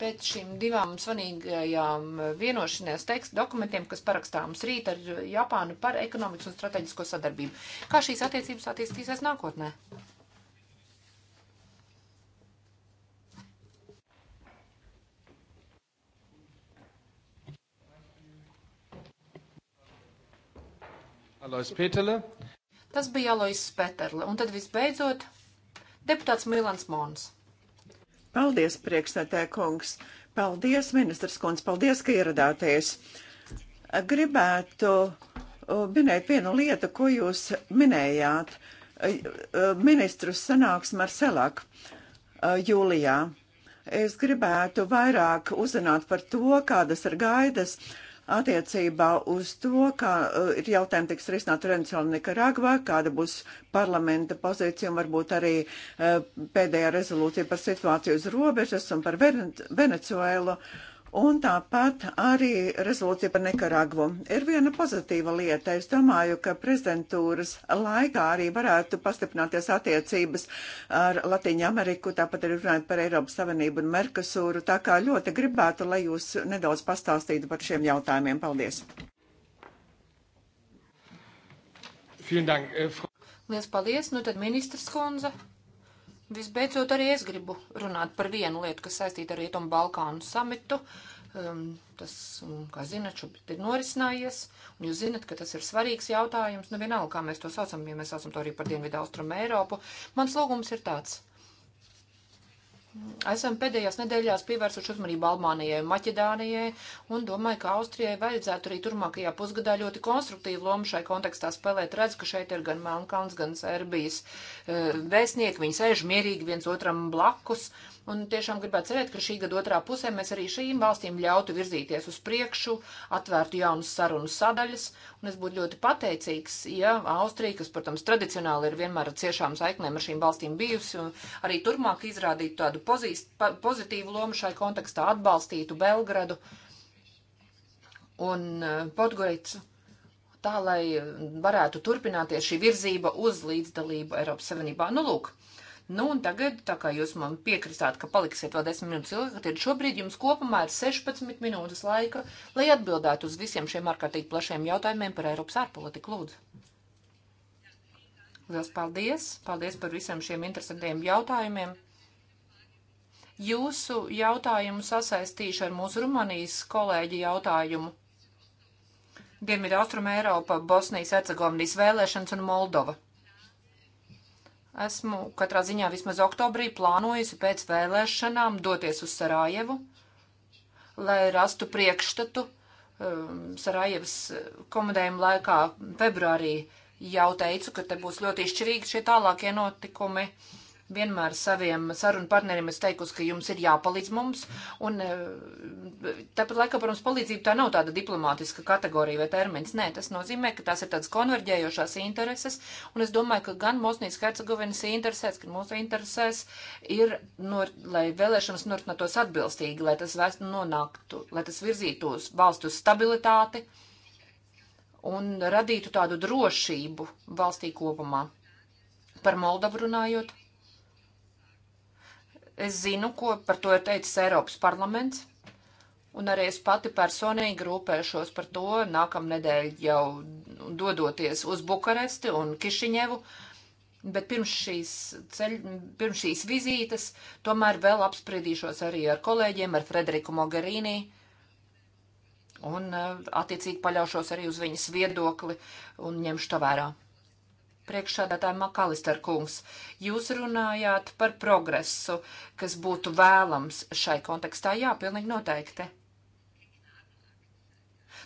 pēc šīm divām svarīgajām vienošanās tekstu dokumentiem, kas parakstāms rīt ar Japānu par ekonomikas un strateģisko sadarbību. Kā šīs attiecības attīstīsies nākotnē? Alois Pēterle. Tas bija Alois Pēterle. Un tad visbeidzot deputāts Milans Mons. Paldies, priekšsētē kungs! Paldies, ministrs kungs! Paldies, ka ieradāties! Gribētu uh, minēt vienu lietu, ko jūs minējāt uh, uh, ministru sanāksmē ar Selaku jūlijā. Es gribētu vairāk uzzināt par to, kādas ir gaidas attiecībā uz to, kā uh, ir jautājumi tiks risināt Venecijā un Nikaragvā, kāda būs parlamenta pozīcija un varbūt arī uh, pēdējā rezolūcija par situāciju uz robežas un par Venecuēlu. Vene Un tāpat arī rezolūcija par Nikaragvu. Ir viena pozitīva lieta. Es domāju, ka prezidentūras laikā arī varētu pastiprināties attiecības ar Latīņu Ameriku, tāpat arī runājot par Eiropas Savienību un Merkasūru. Tā kā ļoti gribētu, lai jūs nedaudz pastāstītu par šiem jautājumiem. Paldies! Vielen Dank. Liels paldies! Nu tad ministrs Konza. Visbeidzot, arī es gribu runāt par vienu lietu, kas saistīta ar Rietumu Balkānu samitu. Um, tas, kā zinat, šobrīd ir norisinājies, un jūs zinat, ka tas ir svarīgs jautājums. Nu, vienalga, kā mēs to saucam, ja mēs saucam to arī par Dienvidu Austrumu Eiropu. Mans lūgums ir tāds. Esam pēdējās nedēļās pievērsuši uzmanību Albānijai un Maķedānijai, un domāju, ka Austrijai vajadzētu arī turmākajā pusgadā ļoti konstruktīvu lomu šai kontekstā spēlēt. Redz, ka šeit ir gan Melnkalns, gan Serbijas eh, vēstnieki, viņi sēž mierīgi viens otram blakus, Un tiešām gribētu cerēt, ka šī gada otrā pusē mēs arī šīm valstīm ļautu virzīties uz priekšu, atvērtu jaunas sarunu sadaļas. Un es būtu ļoti pateicīgs, ja Austrija, kas, protams, tradicionāli ir vienmēr ar ciešām saiknēm ar šīm valstīm bijusi, un arī turpmāk izrādītu tādu pozīs, pozitīvu lomu šai kontekstā, atbalstītu Belgradu un eh, Podgoricu tā, lai eh, varētu turpināties šī virzība uz līdzdalību Eiropas Savienībā. Nu, lūk, Nu, un tagad, tā kā jūs man piekristāt, ka paliksiet vēl 10 minūtes ilgāk, tad šobrīd jums kopumā ir 16 minūtes laika, lai atbildētu uz visiem šiem ārkārtīgi plašiem jautājumiem par Eiropas ārpolitiku. Lūdzu! Liels paldies! Paldies par visiem šiem interesantiem jautājumiem! Jūsu jautājumu sasaistīšu ar mūsu Rumānijas kolēģi jautājumu. Dienvidu Austrum Eiropa, Bosnijas, Hercegovinas vēlēšanas un Moldova. Esmu katrā ziņā vismaz oktobrī plānojusi pēc vēlēšanām doties uz Sarajevu, lai rastu priekšstatu um, Sarajevas komandējuma laikā februārī jau teicu, ka te būs ļoti izšķirīgi šie tālākie notikumi. Uh, vienmēr saviem sarunu partneriem es teikusi, ka jums ir jāpalīdz mums, un eh, tāpat laikā, protams, palīdzība tā nav tāda diplomātiska kategorija vai termins. Nē, tas nozīmē, ka tās ir tādas konverģējošās intereses, un es domāju, ka gan Bosnijas Hercegovinas interesēs, gan mūsu interesēs ir, no, lai vēlēšanas norinātos atbilstīgi, lai tas vēst nonāktu, lai tas virzītos valstu stabilitāti un radītu tādu drošību valstī kopumā. Par Moldavu runājot, Es zinu, ko par to ir teicis Eiropas parlaments. Un arī es pati personīgi rūpēšos par to nākamnedēļ jau dodoties uz Bukaresti un Kišiņevu. Bet pirms šīs, ceļ, pirms šīs vizītes tomēr vēl apspriedīšos arī ar kolēģiem, ar Frederiku Mogherīnī. Un eh, attiecīgi paļaušos arī uz viņas viedokli un ņemšu to vērā priekšādātāja Makalister kungs, jūs runājāt par progresu, kas būtu vēlams šai kontekstā. Jā, pilnīgi noteikti.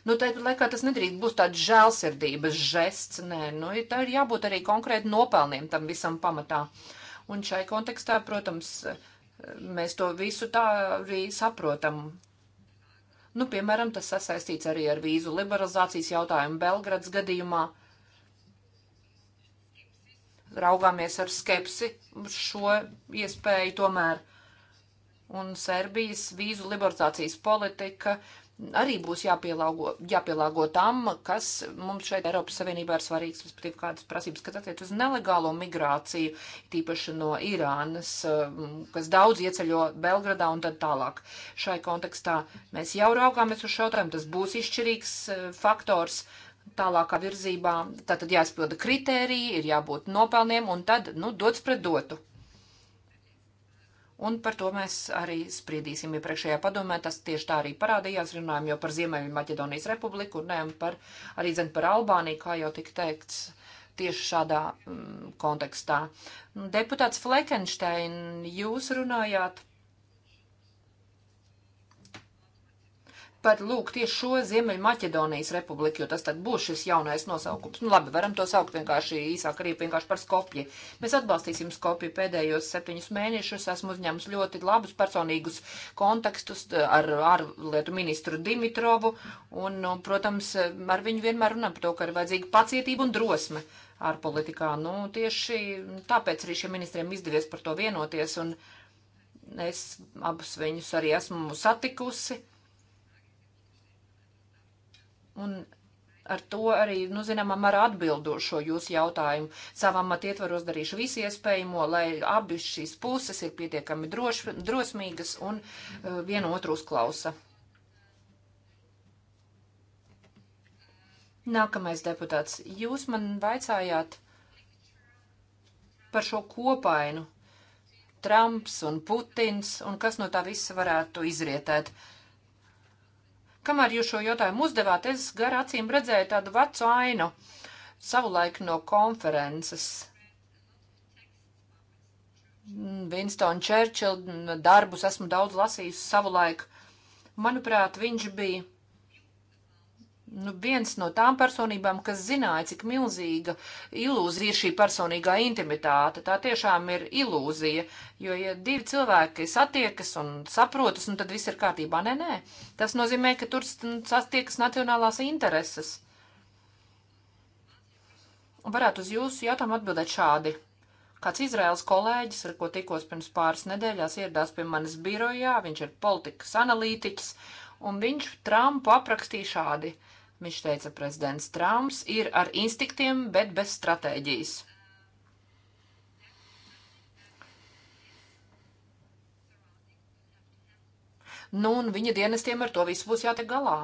Nu, tāpat laikā tas nedrīkst būt tāds žēlsirdības žests, nē, nu, tā ir jābūt arī konkrēti nopelniem tam visam pamatā. Un šai kontekstā, protams, mēs to visu tā arī saprotam. Nu, piemēram, tas sasaistīts arī ar vīzu liberalizācijas jautājumu Belgrads gadījumā. Uh, raugāmies ar skepsi šo iespēju tomēr. Un Serbijas vīzu liberalizācijas politika arī būs jāpielāgo, jāpielāgo tam, kas mums šeit Eiropas Savienībā ir svarīgs, respektīvi kādas prasības, kas attiec uz nelegālo migrāciju, tīpaši no Irānas, um, kas daudz ieceļo Belgradā un tad tālāk. Šai kontekstā mēs jau raugāmies uz šautājumu, tas būs izšķirīgs uh, faktors. Uh, tālākā virzībā. Tātad jāizpilda kritēriji, ir jābūt nopelniem un tad, nu, dots pret dotu. Un par to mēs arī spriedīsim iepriekšējā ja padomē. Tas tieši tā arī parādījās. Runājam jau par Ziemeļu Maķedonijas republiku un neam par, arī zin par Albāniju, kā jau tika teikts tieši šādā mm, kontekstā. Deputāts Flekenštein, jūs runājāt par, lūk, tieši šo Ziemeļu Maķedonijas republiku, jo tas tad būs šis jaunais nosaukums. Nu, labi, varam to saukt vienkārši īsāk arī vienkārši par Skopju. Mēs atbalstīsim Skopju pēdējos septiņus mēnešus. Esmu uzņēmis ļoti labus personīgus kontekstus eh, ar ārlietu ministru Dimitrovu, un, nu, protams, eh, ar viņu vienmēr runājam par to, ka ir vajadzīga pacietība un drosme ārpolitikā. Nu, tieši tāpēc arī šiem ministriem izdevies par to vienoties, un es abus viņus arī esmu satikusi. Un ar to arī, nu, zināmā mērā atbildošo jūsu jautājumu. Savam mat ietvaros darīšu visu iespējamo, lai abi šīs puses ir pietiekami droš, drosmīgas un uh, vienu otru uzklausa. Nākamais deputāts, jūs man vaicājāt par šo kopainu. Trumps un Putins un kas no tā visa varētu izrietēt. Uh, Kamēr jūs šo jautājumu uzdevāt, es gar acīm redzēju tādu vecu ainu savulaik no konferences. Winston Churchill darbus esmu daudz lasījis savulaik. Manuprāt, viņš bija nu, viens no tām personībām, kas zināja, cik milzīga ilūzija ir šī personīgā intimitāte. Tā tiešām ir ilūzija, jo, ja divi cilvēki satiekas un saprotas, nu, tad viss ir kārtībā. Nē, nē, tas nozīmē, ka tur nu, sastiekas nacionālās intereses. Varētu uz jūsu jautājumu atbildēt šādi. Kāds Izraels kolēģis, ar ko tikos pirms pāris nedēļās, ieradās pie manis birojā, viņš ir politikas analītiķis, un viņš Trumpu aprakstīja šādi – viņš teica, prezidents Trumps ir ar instinktiem, bet bez stratēģijas. Nu, un viņa dienestiem ar to visu būs jātiek galā.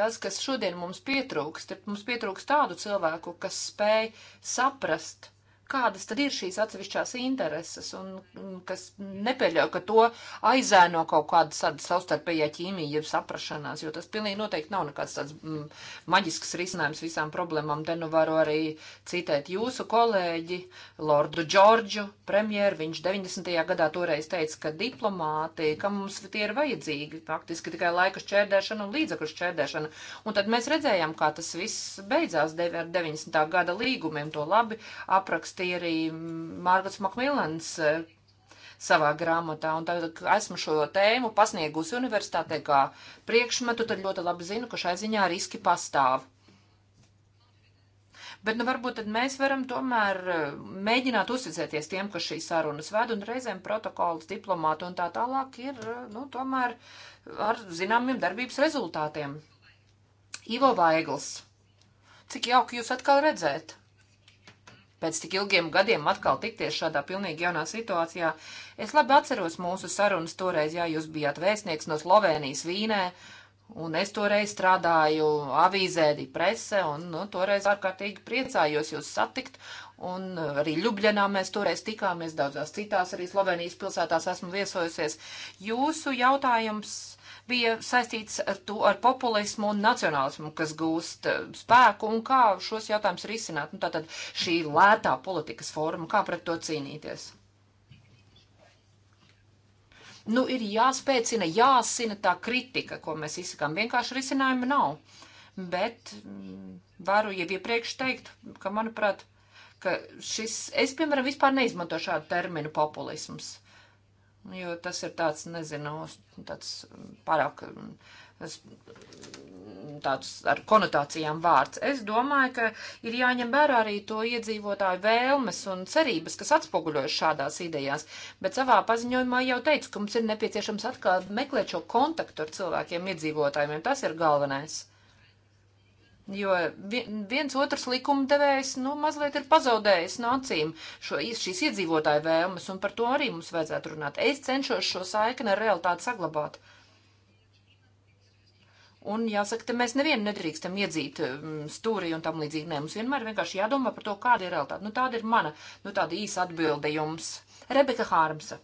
Tas, kas šodien mums pietrūkst, ir mums pietrūkst tādu cilvēku, kas spēj saprast, kādas tad ir šīs atsevišķās intereses, un kas nepieļauj, ka to aizēno kaut kāda savstarpējā ķīmija, jeb saprašanās, jo tas pilnīgi noteikti nav nekāds tāds mm, maģisks risinājums visām problēmām. Te nu varu arī citēt jūsu kolēģi, Lordu Džordžu, premjeru, viņš 90. gadā toreiz teica, ka diplomāti, ka mums tie ir vajadzīgi, faktiski tikai laika šķērdēšana un līdzekļu šķērdēšana. Un tad mēs redzējām, kā tas viss beidzās ar 90. gada līgumiem, to labi aprakstīja uzrakstīja arī Mārgots Makmilans eh, savā grāmatā, un tad esmu šo tēmu pasniegusi universitātē kā priekšmetu, tad ļoti labi zinu, ka šai ziņā riski pastāv. Bet, nu, varbūt tad mēs varam tomēr eh, mēģināt uzticēties tiem, kas šīs sarunas ved, un reizēm protokols, diplomāti un tā tālāk ir, eh, nu, tomēr ar zināmiem darbības rezultātiem. Ivo Vaigls. Cik jauki jūs atkal redzēt! pēc tik ilgiem gadiem atkal tikties šādā pilnīgi jaunā situācijā. Es labi atceros mūsu sarunas toreiz, jā, jūs bijāt vēstnieks no Slovenijas Vīnē, un es toreiz strādāju avīzē, prese, un nu, toreiz ārkārtīgi priecājos jūs satikt, un uh, arī Ljubļanā mēs toreiz tikāmies, daudzās citās arī Slovenijas pilsētās esmu viesojusies. Jūsu jautājums bija saistīts ar to, ar populismu un nacionālismu, kas gūst eh, spēku un kā šos jautājumus risināt. Nu, tātad šī lētā politikas forma, kā pret to cīnīties. Nu, ir jāspēcina, jāsina tā kritika, ko mēs izsakām. Vienkārši risinājuma nav. Bet mm, varu jau iepriekš teikt, ka, manuprāt, ka šis, es, piemēram, vispār neizmanto šādu terminu populisms jo tas ir tāds, nezinu, tāds pārāk tāds ar konotācijām vārds. Es domāju, ka ir jāņem vērā arī to iedzīvotāju vēlmes un cerības, kas atspoguļojas šādās idejās, bet savā paziņojumā jau teicu, ka mums ir nepieciešams atkal meklēt šo kontaktu ar cilvēkiem, iedzīvotājiem. Tas ir galvenais. Jo viens otrs likumdevējs, nu, mazliet ir pazaudējis no acīm šo, šīs iedzīvotāju vēlmes, un par to arī mums vajadzētu runāt. Es cenšos šo saikni ar realitāti saglabāt. Un jāsaka, te mēs nevienu nedrīkstam iedzīt mm, stūri un tam līdzīgi. Nē, mums vienmēr vienkārši jādomā par to, kāda ir realitāte. Nu, tāda ir mana, nu, tāda īsa atbilde jums. Rebeka Hārmsa.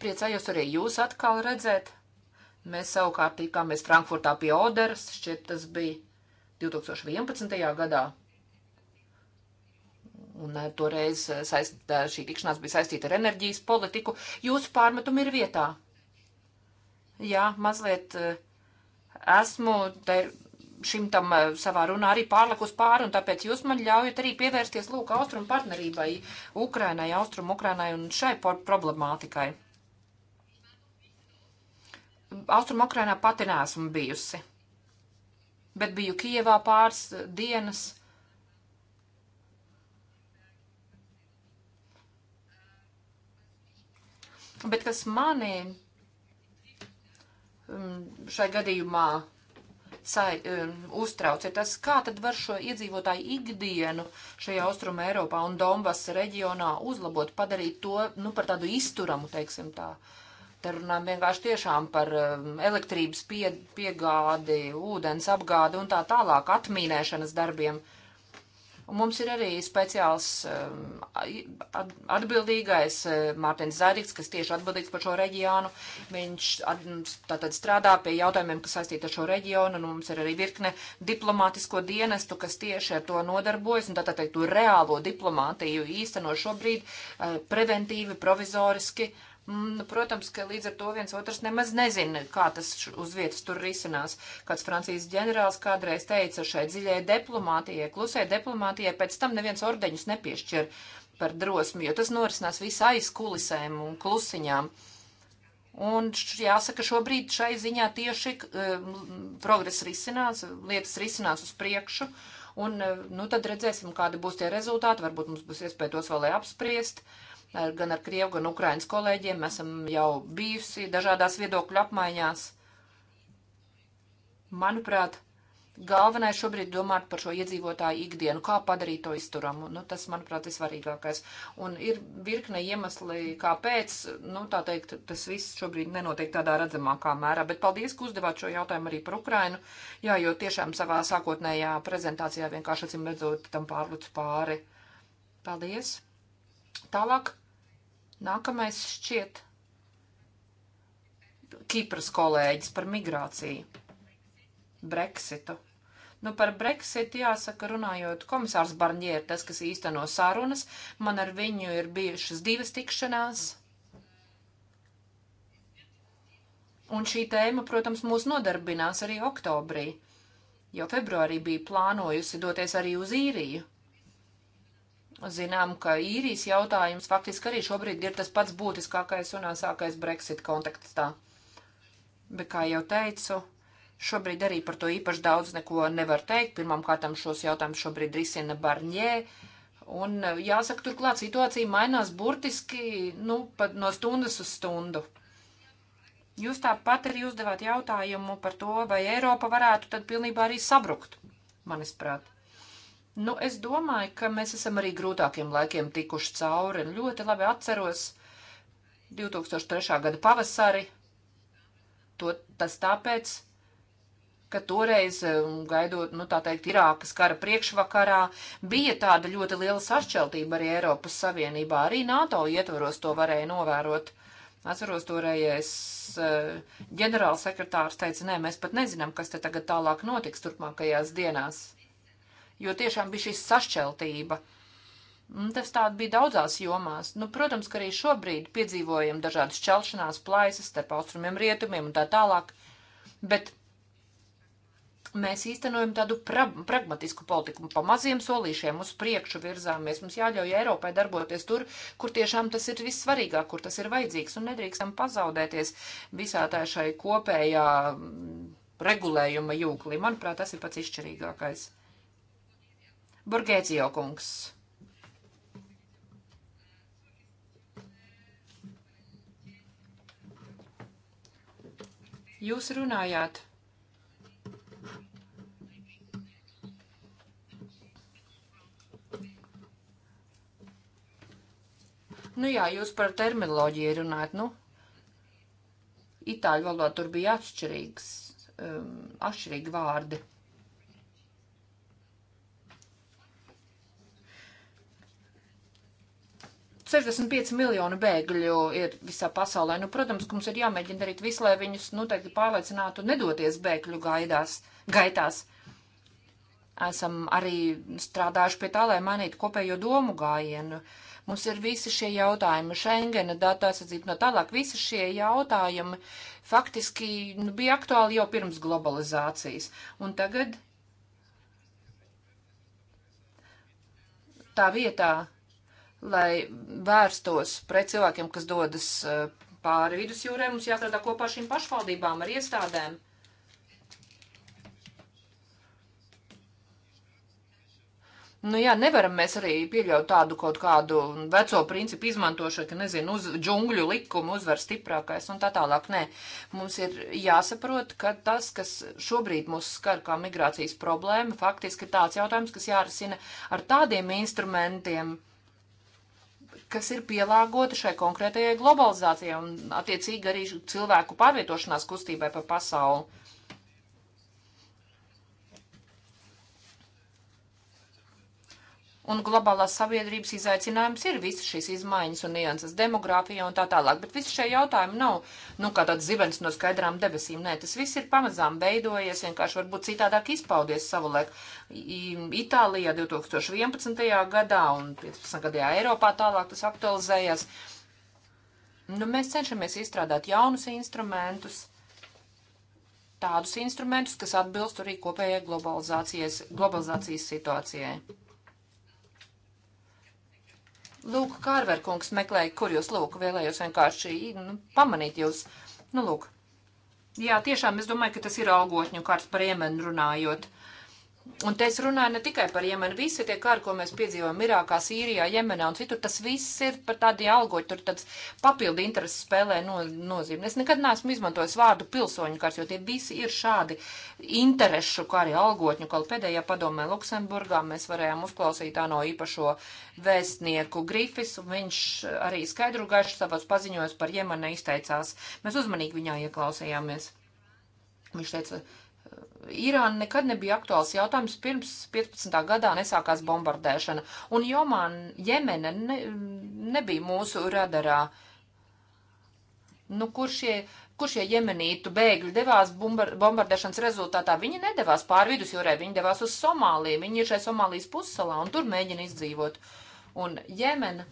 Priecājos arī jūs atkal redzēt. Mēs savukārt tikāmies Frankfurtā pie Oderas, šķiet tas bija 2011. gadā. Un eh, toreiz eh, saist, šī tikšanās bija saistīta ar enerģijas politiku. Jūsu pārmetumi ir vietā. Jā, mazliet eh, esmu te šim tam savā runā arī pārlikus pāri, un tāpēc jūs man ļaujat arī pievērsties lūk austrumu partnerībai, Ukrainai, austrumu Ukrainai un šai problemātikai. Austrum Ukrainā pati neesmu bijusi, bet biju Kievā pāris dienas. Bet kas mani um, šai gadījumā sai, um, uztrauc, ir tas, kā tad var šo iedzīvotāju ikdienu šajā austruma Eiropā un Donbass reģionā uzlabot, padarīt to, nu, par tādu izturamu, teiksim tā. Uh, Te runājam vienkārši tiešām par um, elektrības pie, piegādi, ūdens apgādi un tā tālāk atmīnēšanas darbiem. Un mums ir arī speciāls um, atbildīgais uh, Mārtiņš Zārīgs, kas tieši atbildīgs par šo reģionu. Viņš tātad strādā pie jautājumiem, kas saistīti ar šo reģionu, un mums ir arī virkne diplomātisko dienestu, kas tieši ar to nodarbojas, un tātad teikt, to reālo diplomātiju īsteno šobrīd uh, preventīvi, provizoriski. Uh, Mm, nu, protams, ka līdz ar to viens otrs nemaz nezina, kā tas uz vietas tur risinās. Kāds Francijas ģenerālis kādreiz teica šai dziļai diplomātijai, klusai diplomātijai, pēc tam neviens ordeņus nepiešķir par drosmi, jo tas norisinās visu aiz kulisēm un klusiņām. Un jāsaka, šobrīd šai ziņā tieši uh, progress risinās, lietas risinās uz priekšu, un uh, nu, tad redzēsim, kādi būs tie rezultāti, varbūt mums būs iespēja tos vēl apspriest. Uh, gan ar Krievu, gan Ukrainas kolēģiem. Mēs esam jau bijusi dažādās viedokļu apmaiņās. Manuprāt, Galvenais šobrīd domāt par šo iedzīvotāju ikdienu, kā padarīt to izturamu. Nu, tas, manuprāt, ir svarīgākais. Un ir virkne iemesli, kāpēc, nu, tā teikt, tas viss šobrīd nenotiek tādā redzamākā mērā. Bet paldies, ka uzdevāt šo jautājumu arī par Ukrainu. Jā, jo tiešām savā sākotnējā prezentācijā vienkārši acīm redzot tam pārlucu pāri. Paldies! Tālāk Nākamais šķiet Kipras kolēģis par migrāciju. Brexitu. Nu, par Brexit jāsaka, runājot, komisārs Barņē ir tas, kas īsteno sarunas. Man ar viņu ir bijušas divas tikšanās. Un šī tēma, protams, mūs nodarbinās arī oktobrī, jo februārī bija plānojusi doties arī uz īriju. Zinām, ka īrijas jautājums faktiski arī šobrīd ir tas pats būtiskākais un asākais Brexit kontekstā. Bet, kā jau teicu, šobrīd arī par to īpaši daudz neko nevar teikt. Pirmkārt, šos jautājumus šobrīd risina Barņē. Un e, jāsaka, turklāt situācija mainās burtiski nu, pat no stundas uz stundu. Jūs tāpat arī uzdevāt jautājumu par to, vai Eiropa varētu tad pilnībā arī sabrukt, manisprāt. Nu, es domāju, ka mēs esam arī grūtākiem laikiem tikuši cauri. Ļoti labi atceros 2003. gada pavasari. To, tas tāpēc, ka toreiz, um, gaidot, nu tā teikt, Irākas kara priekšvakarā, bija tāda ļoti liela sašķeltība arī Eiropas Savienībā. Arī NATO ietvaros to varēja novērot. Atceros toreiz uh, ģenerālsekretārs teica, nē, mēs pat nezinām, kas te tagad tālāk notiks turpmākajās dienās jo tiešām bija šī sašķeltība. Un tas tāda bija daudzās jomās. Nu, protams, ka arī šobrīd piedzīvojam dažādas šķelšanās plaisas starp austrumiem, rietumiem un tā tālāk, bet mēs īstenojam tādu pra pragmatisku politiku, pa maziem solīšiem uz priekšu virzāmies. Mums jāļauj Eiropai darboties tur, kur tiešām tas ir vissvarīgāk, kur tas ir vajadzīgs, un nedrīkstam pazaudēties visā tā šai kopējā mm, regulējuma jūklī. Manuprāt, tas ir pats izšķirīgākais. Burgēcijo kungs. Jūs runājāt. Nu jā, jūs par terminoloģiju runājat, nu. Itāļu valodā tur bija atšķirīgs, um, atšķirīgi vārdi. 65 miljoni bēgļu ir visā pasaulē. Nu, protams, ka mums ir jāmēģina darīt visu, lai viņus noteikti pārliecinātu nedoties bēgļu gaidās, gaitās. Esam arī strādājuši pie tā, lai mainītu kopējo domu gājienu. Mums ir visi šie jautājumi, Schengena datu aizsardzība no tālāk. Visi šie jautājumi faktiski nu, bija aktuāli jau pirms globalizācijas. Un tagad tā vietā, lai vērstos pret cilvēkiem, kas dodas eh, pāri vidusjūrē, mums jāstrādā kopā ar šīm pašvaldībām, ar iestādēm. Nu jā, nevaram mēs arī pieļaut tādu kaut kādu veco principu izmantošanu, ka, nezinu, uz džungļu likumu uzvar stiprākais un tā tālāk. Nē, mums ir jāsaprot, ka tas, kas šobrīd mūs skar kā migrācijas problēma, faktiski ir tāds jautājums, kas jārisina ar tādiem instrumentiem, uh, kas ir pielāgota šai konkrētajai globalizācijai un attiecīgi arī cilvēku pārvietošanās kustībai pa pasauli. un globālās sabiedrības izaicinājums ir visas šīs izmaiņas un nianses demogrāfijā un tā tālāk. Bet visi šie jautājumi nav, nu, kā tāds zibens no skaidrām debesīm. Nē, tas viss ir pamazām beidojies, vienkārši varbūt citādāk izpaudies savulaik. Itālijā 2011. gadā un 15. gadā Eiropā tālāk tas aktualizējās. Nu, mēs cenšamies izstrādāt jaunus instrumentus, tādus instrumentus, kas atbilst arī kopējai globalizācijas, globalizācijas situācijai. Lūk, Kārverkungs meklēja, kur jūs lūk, vēlējos vienkārši nu, pamanīt jūs. Nu, lūk. Jā, tiešām es domāju, ka tas ir algotņu kārts par iemeni runājot. Uh, Un te es runāju ne tikai par Jemenu, visi tie kāri, ko mēs piedzīvojam Irākā, Sīrijā, Jemenā un citur, tas viss ir par tādu algoju, tur tāds papildi intereses spēlē no, nozīme. Es nekad neesmu izmantojis vārdu pilsoņu kārs, jo tie visi ir šādi interešu, kā arī algotņu, kaut pēdējā padomē Luksemburgā mēs varējām uzklausīt tā no īpašo vēstnieku Grifis, un viņš arī skaidru gaišu savos paziņojos par Jemenu izteicās. Mēs uzmanīgi viņā ieklausījāmies. Viņš teica, Irāna nekad nebija aktuāls jautājums pirms 15. gadā nesākās bombardēšana, un Jomān, Jemene ne, nebija mūsu radarā. Nu, kur šie, kur šie jemenītu bēgļi devās bombardēšanas rezultātā? Viņi nedavās pāri vidusjūrē, viņi devās uz Somāliju, viņi ir šai Somālijas pussalā un tur mēģina izdzīvot. Un Jemena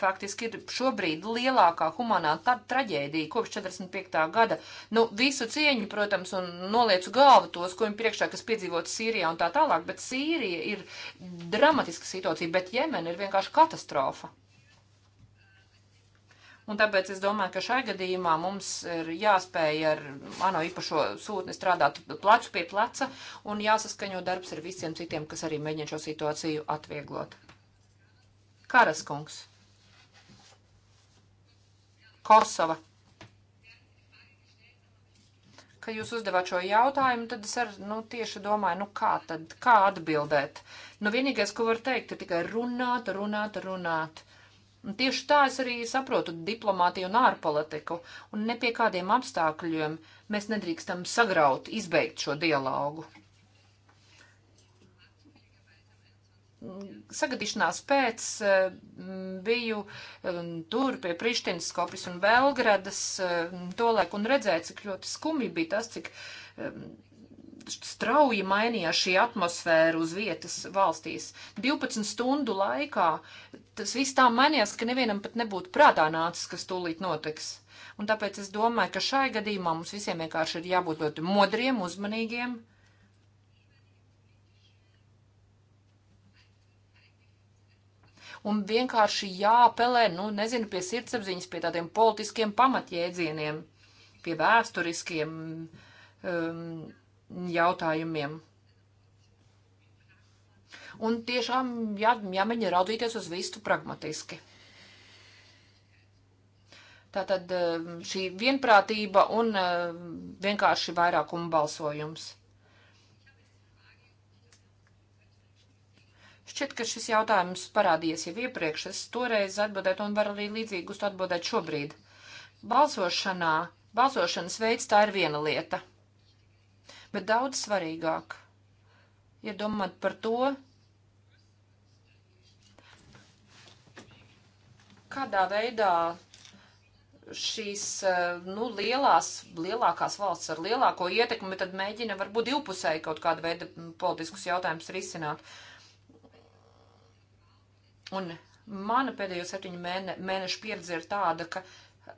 faktiski ir šobrīd lielākā humanā traģēdija kopš 45. gada. Nu, visu cieņu, protams, un noliecu galvu tos, ko viņi priekšā, kas piedzīvot Sīrijā un tā tālāk, bet Sīrija ir dramatiska situācija, bet Jemen ir vienkārši katastrofa. Un tāpēc es domāju, ka šai gadījumā mums ir jāspēj ar ANO īpašo sūtni strādāt plecu pie pleca un jāsaskaņo darbs ar visiem citiem, kas arī mēģina šo situāciju atvieglot. Karaskungs. Kosova. Ka jūs uzdevāt šo jautājumu, tad es ar, nu, tieši domāju, nu, kā tad, kā atbildēt. Nu, vienīgais, ko var teikt, ir tikai runāt, runāt, runāt. Un tieši tā es arī saprotu diplomātiju un ārpolitiku, un ne pie kādiem apstākļiem mēs nedrīkstam sagraut, izbeigt šo dialogu. sagadīšanās pēc eh, biju um, tur pie Prištinas, Skopjas un Belgradas eh, tolēk un redzēju, cik ļoti skumji bija tas, cik strauji mainījās šī atmosfēra uz vietas valstīs. 12 stundu laikā tas viss tā mainījās, ka nevienam pat nebūtu prātā nācis, kas tūlīt notiks. Un tāpēc es domāju, ka šai gadījumā mums visiem vienkārši ir jābūt ļoti modriem, uzmanīgiem. Uh, un vienkārši jāapelē, nu, nezinu, pie sirdsapziņas, pie tādiem politiskiem pamatjēdzieniem, pie vēsturiskiem um, jautājumiem. Un tiešām jā, jāmeņa raudīties uz visu pragmatiski. Tātad um, šī vienprātība un uh, vienkārši vairākuma balsojums. Šķiet, ka šis jautājums parādījies jau iepriekš. Es toreiz atbildēju, un varu arī līdzīgi uz to atbildēt šobrīd. Balsošanā, balsošanas veids tā ir viena lieta, bet daudz svarīgāk ir ja domāt par to, kādā veidā šīs eh, nu, lielās, lielākās valsts ar lielāko ietekmi tad mēģina varbūt divpusēji kaut kādu veidu politiskus jautājumus risināt. Uh, Un mana pēdējo septiņu mēne, mēnešu pieredze ir tāda, ka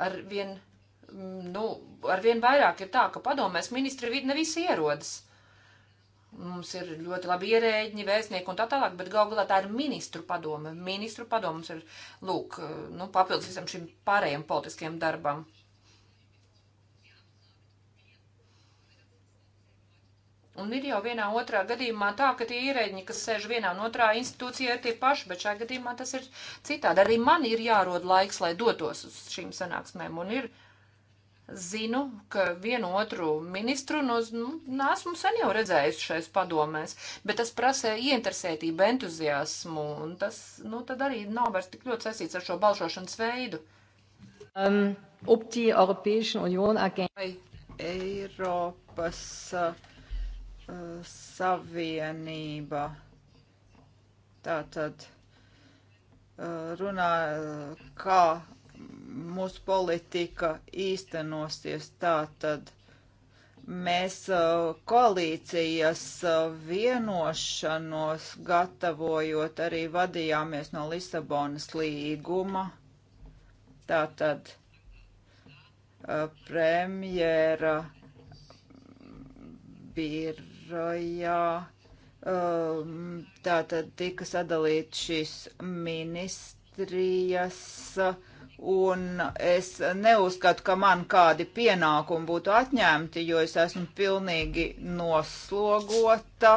ar vien, nu, ar vien vairāk ir tā, ka padomēs ministri vidi nevis ierodas. Mums ir ļoti labi ierēģi, vēstnieki un tā tālāk, bet galu galā tā ir ministru padome. Ministru padome mums ir, lūk, nu, papildus visam šim pārējiem politiskajam darbam. Un ir jau vienā otrā gadījumā tā, ka tie ierēģi, kas sēž vienā un otrā institūcijā, ir tie paši, bet šajā gadījumā tas ir citādi. Arī man ir jārod laiks, lai dotos uz šīm sanāksmēm. Un ir zinu, ka vienu otru ministru no, nu, nu esmu sen jau redzējusi šais padomēs, bet tas prasa ieinteresētību, entuziasmu, un tas, nu, tad arī nav vairs tik ļoti saistīts ar šo balsošanas veidu. Um, ob die Europäischen Union agent... Vai Eiropas uh, Eh, savienība. Tātad eh, runā, eh, kā mūsu politika īstenosies tātad. Mēs koalīcijas vienošanos gatavojot arī vadījāmies no Lisabonas līguma. Tātad premjera bir birojā um, tātad tika sadalīts šīs ministrijas, un es neuzskatu, ka man kādi pienākumi būtu atņemti, jo es esmu pilnīgi noslogota.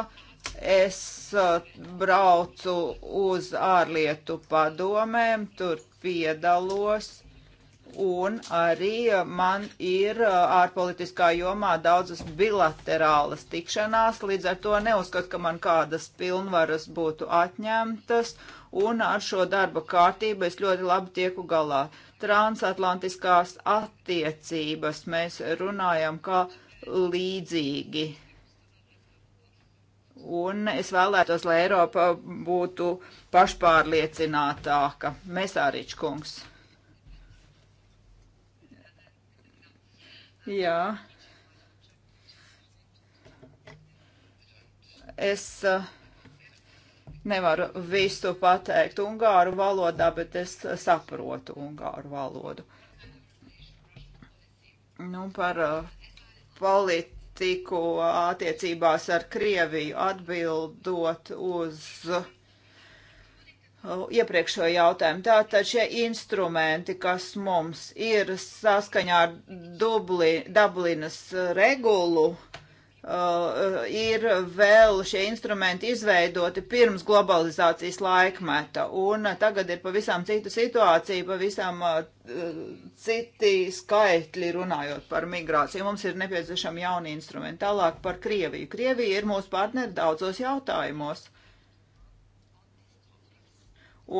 Es uh, braucu uz ārlietu padomēm, tur piedalos un arī eh, man ir eh, ārpolitiskā jomā daudzas bilaterālas tikšanās, līdz ar to neuzskat, ka man kādas pilnvaras būtu atņemtas, un ar šo darba kārtību es ļoti labi tieku galā. Transatlantiskās attiecības mēs runājam kā līdzīgi. Un es vēlētos, lai Eiropa būtu pašpārliecinātāka. Mesāriņš kungs. Jā. Es uh, nevaru visu pateikt ungāru valodā, bet es saprotu ungāru valodu. Nu, par uh, politiku attiecībās ar Krieviju atbildot uz uh, Uh, iepriekšējo jautājumu. Tātad šie instrumenti, kas mums ir saskaņā ar Dubli, Dublinas regulu, uh, ir vēl šie instrumenti izveidoti pirms globalizācijas laikmeta. Un tagad ir pavisam cita situācija, pavisam uh, citi skaitļi runājot par migrāciju. Mums ir nepieciešami jauni instrumenti. Tālāk par Krieviju. Krievija ir mūsu partneri daudzos jautājumos. Uh,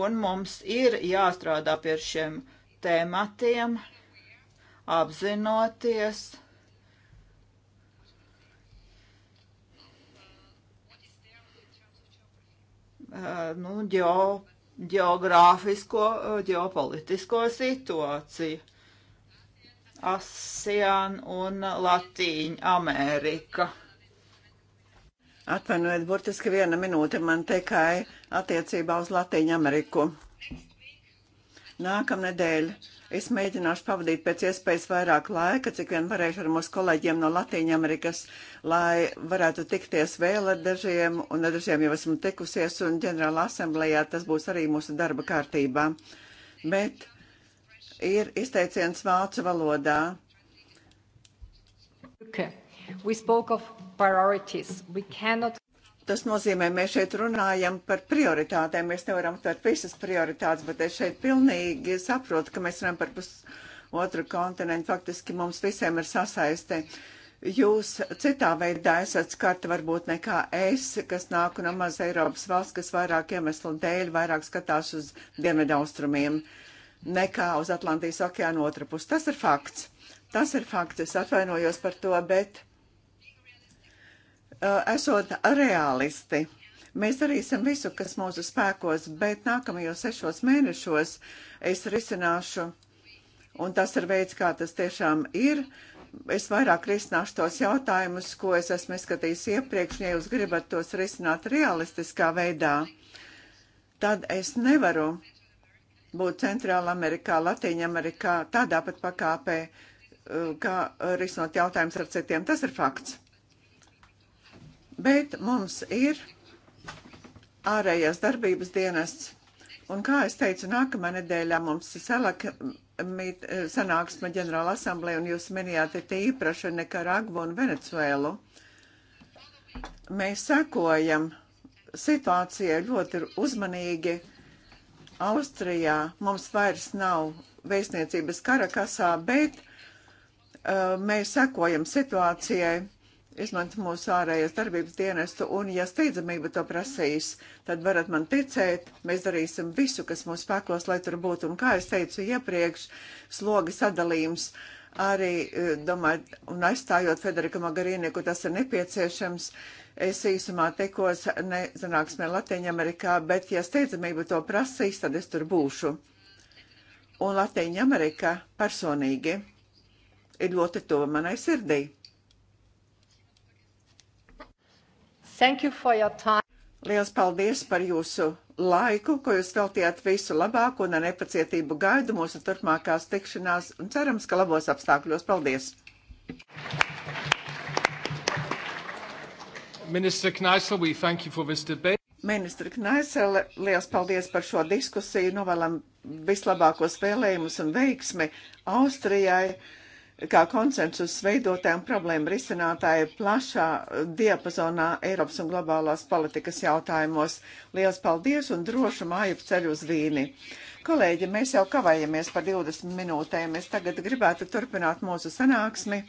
un mums ir jāstrādā pie šiem tematiem, apzinoties, nu, ģeo, geogrāfisko, ģeopolitisko situāciju. ASEAN un Latīņa Amerika Atvainojiet, burtiski viena minūte man tikai attiecībā uz Latīņu Ameriku. Nākamnedēļ es mēģināšu pavadīt pēc iespējas vairāk laika, cik vien varēšu ar mūsu kolēģiem no Latīņa Amerikas, lai varētu tikties vēl ar dažiem, un ar dažiem jau esmu tikusies, un ģenerāla asamblējā tas būs arī mūsu darba kārtībā. Bet ir izteiciens vācu valodā. Okay Cannot... Tas nozīmē, mēs šeit runājam par prioritātēm. Mēs nevaram uztvert visas prioritātes, bet es šeit pilnīgi saprotu, ka mēs runājam par pusotru kontinentu. Faktiski mums visiem ir sasaiste. Jūs citā veidā esat skarta varbūt nekā es, kas nāku no maz Eiropas valsts, kas vairāk iemeslu dēļ vairāk skatās uz dienvedaustrumiem nekā uz Atlantijas okeānu otru pusi. Tas ir fakts. Tas ir fakts. Es atvainojos par to, bet esot reālisti. Mēs darīsim visu, kas mūsu spēkos, bet nākamajos sešos mēnešos es risināšu, un tas ir veids, kā tas tiešām ir. Es vairāk risināšu tos jautājumus, ko es esmu izskatījis iepriekš, un ja jūs gribat tos risināt realistiskā veidā, tad es nevaru būt Centrāla Amerikā, Latīņa Amerikā, tādā pat pakāpē, kā risinot jautājumus ar citiem. Tas ir fakts bet mums ir ārējās darbības dienests. Un kā es teicu, nākamā nedēļā mums ir salaka sanāksme ģenerāla asamblē, un jūs minējāt ir tīpaši Nikaragvu un Venecuēlu. Mēs sekojam situācijai ļoti uzmanīgi. Austrijā mums vairs nav vēstniecības Karakasā, bet uh, mēs sekojam situācijai izmanto mūsu ārējās darbības dienestu, un, ja steidzamība to prasīs, tad varat man ticēt, mēs darīsim visu, kas mūsu spēkos, lai tur būtu. Un, kā es teicu iepriekš, sloga sadalījums arī, eh, domājot, un aizstājot Federika Magarīni, kur tas ir nepieciešams, es īsumā tikos, nezināksmē Latvijā-Amerikā, bet, ja steidzamība to prasīs, tad es tur būšu. Un Latvija-Amerika personīgi ir ļoti tuva manai sirdī. Thank you for your time. Liels paldies par jūsu laiku, ko jūs veltījāt visu labāko un ar nepacietību gaidu mūsu turpmākās tikšanās un cerams, ka labos apstākļos. Paldies! Ministra Knaisel, we thank you for this debate. Ministra Knaisele, liels paldies par šo diskusiju. Novēlam vislabākos vēlējumus un veiksmi Austrijai kā konsensus veidotājiem problēmu risinātāji plašā diapazonā Eiropas un globālās politikas jautājumos. Lielas paldies un drošu māju ceļu uz vīni. Kolēģi, mēs jau kavējamies par 20 minūtēm. Es tagad gribētu turpināt mūsu sanāksmi.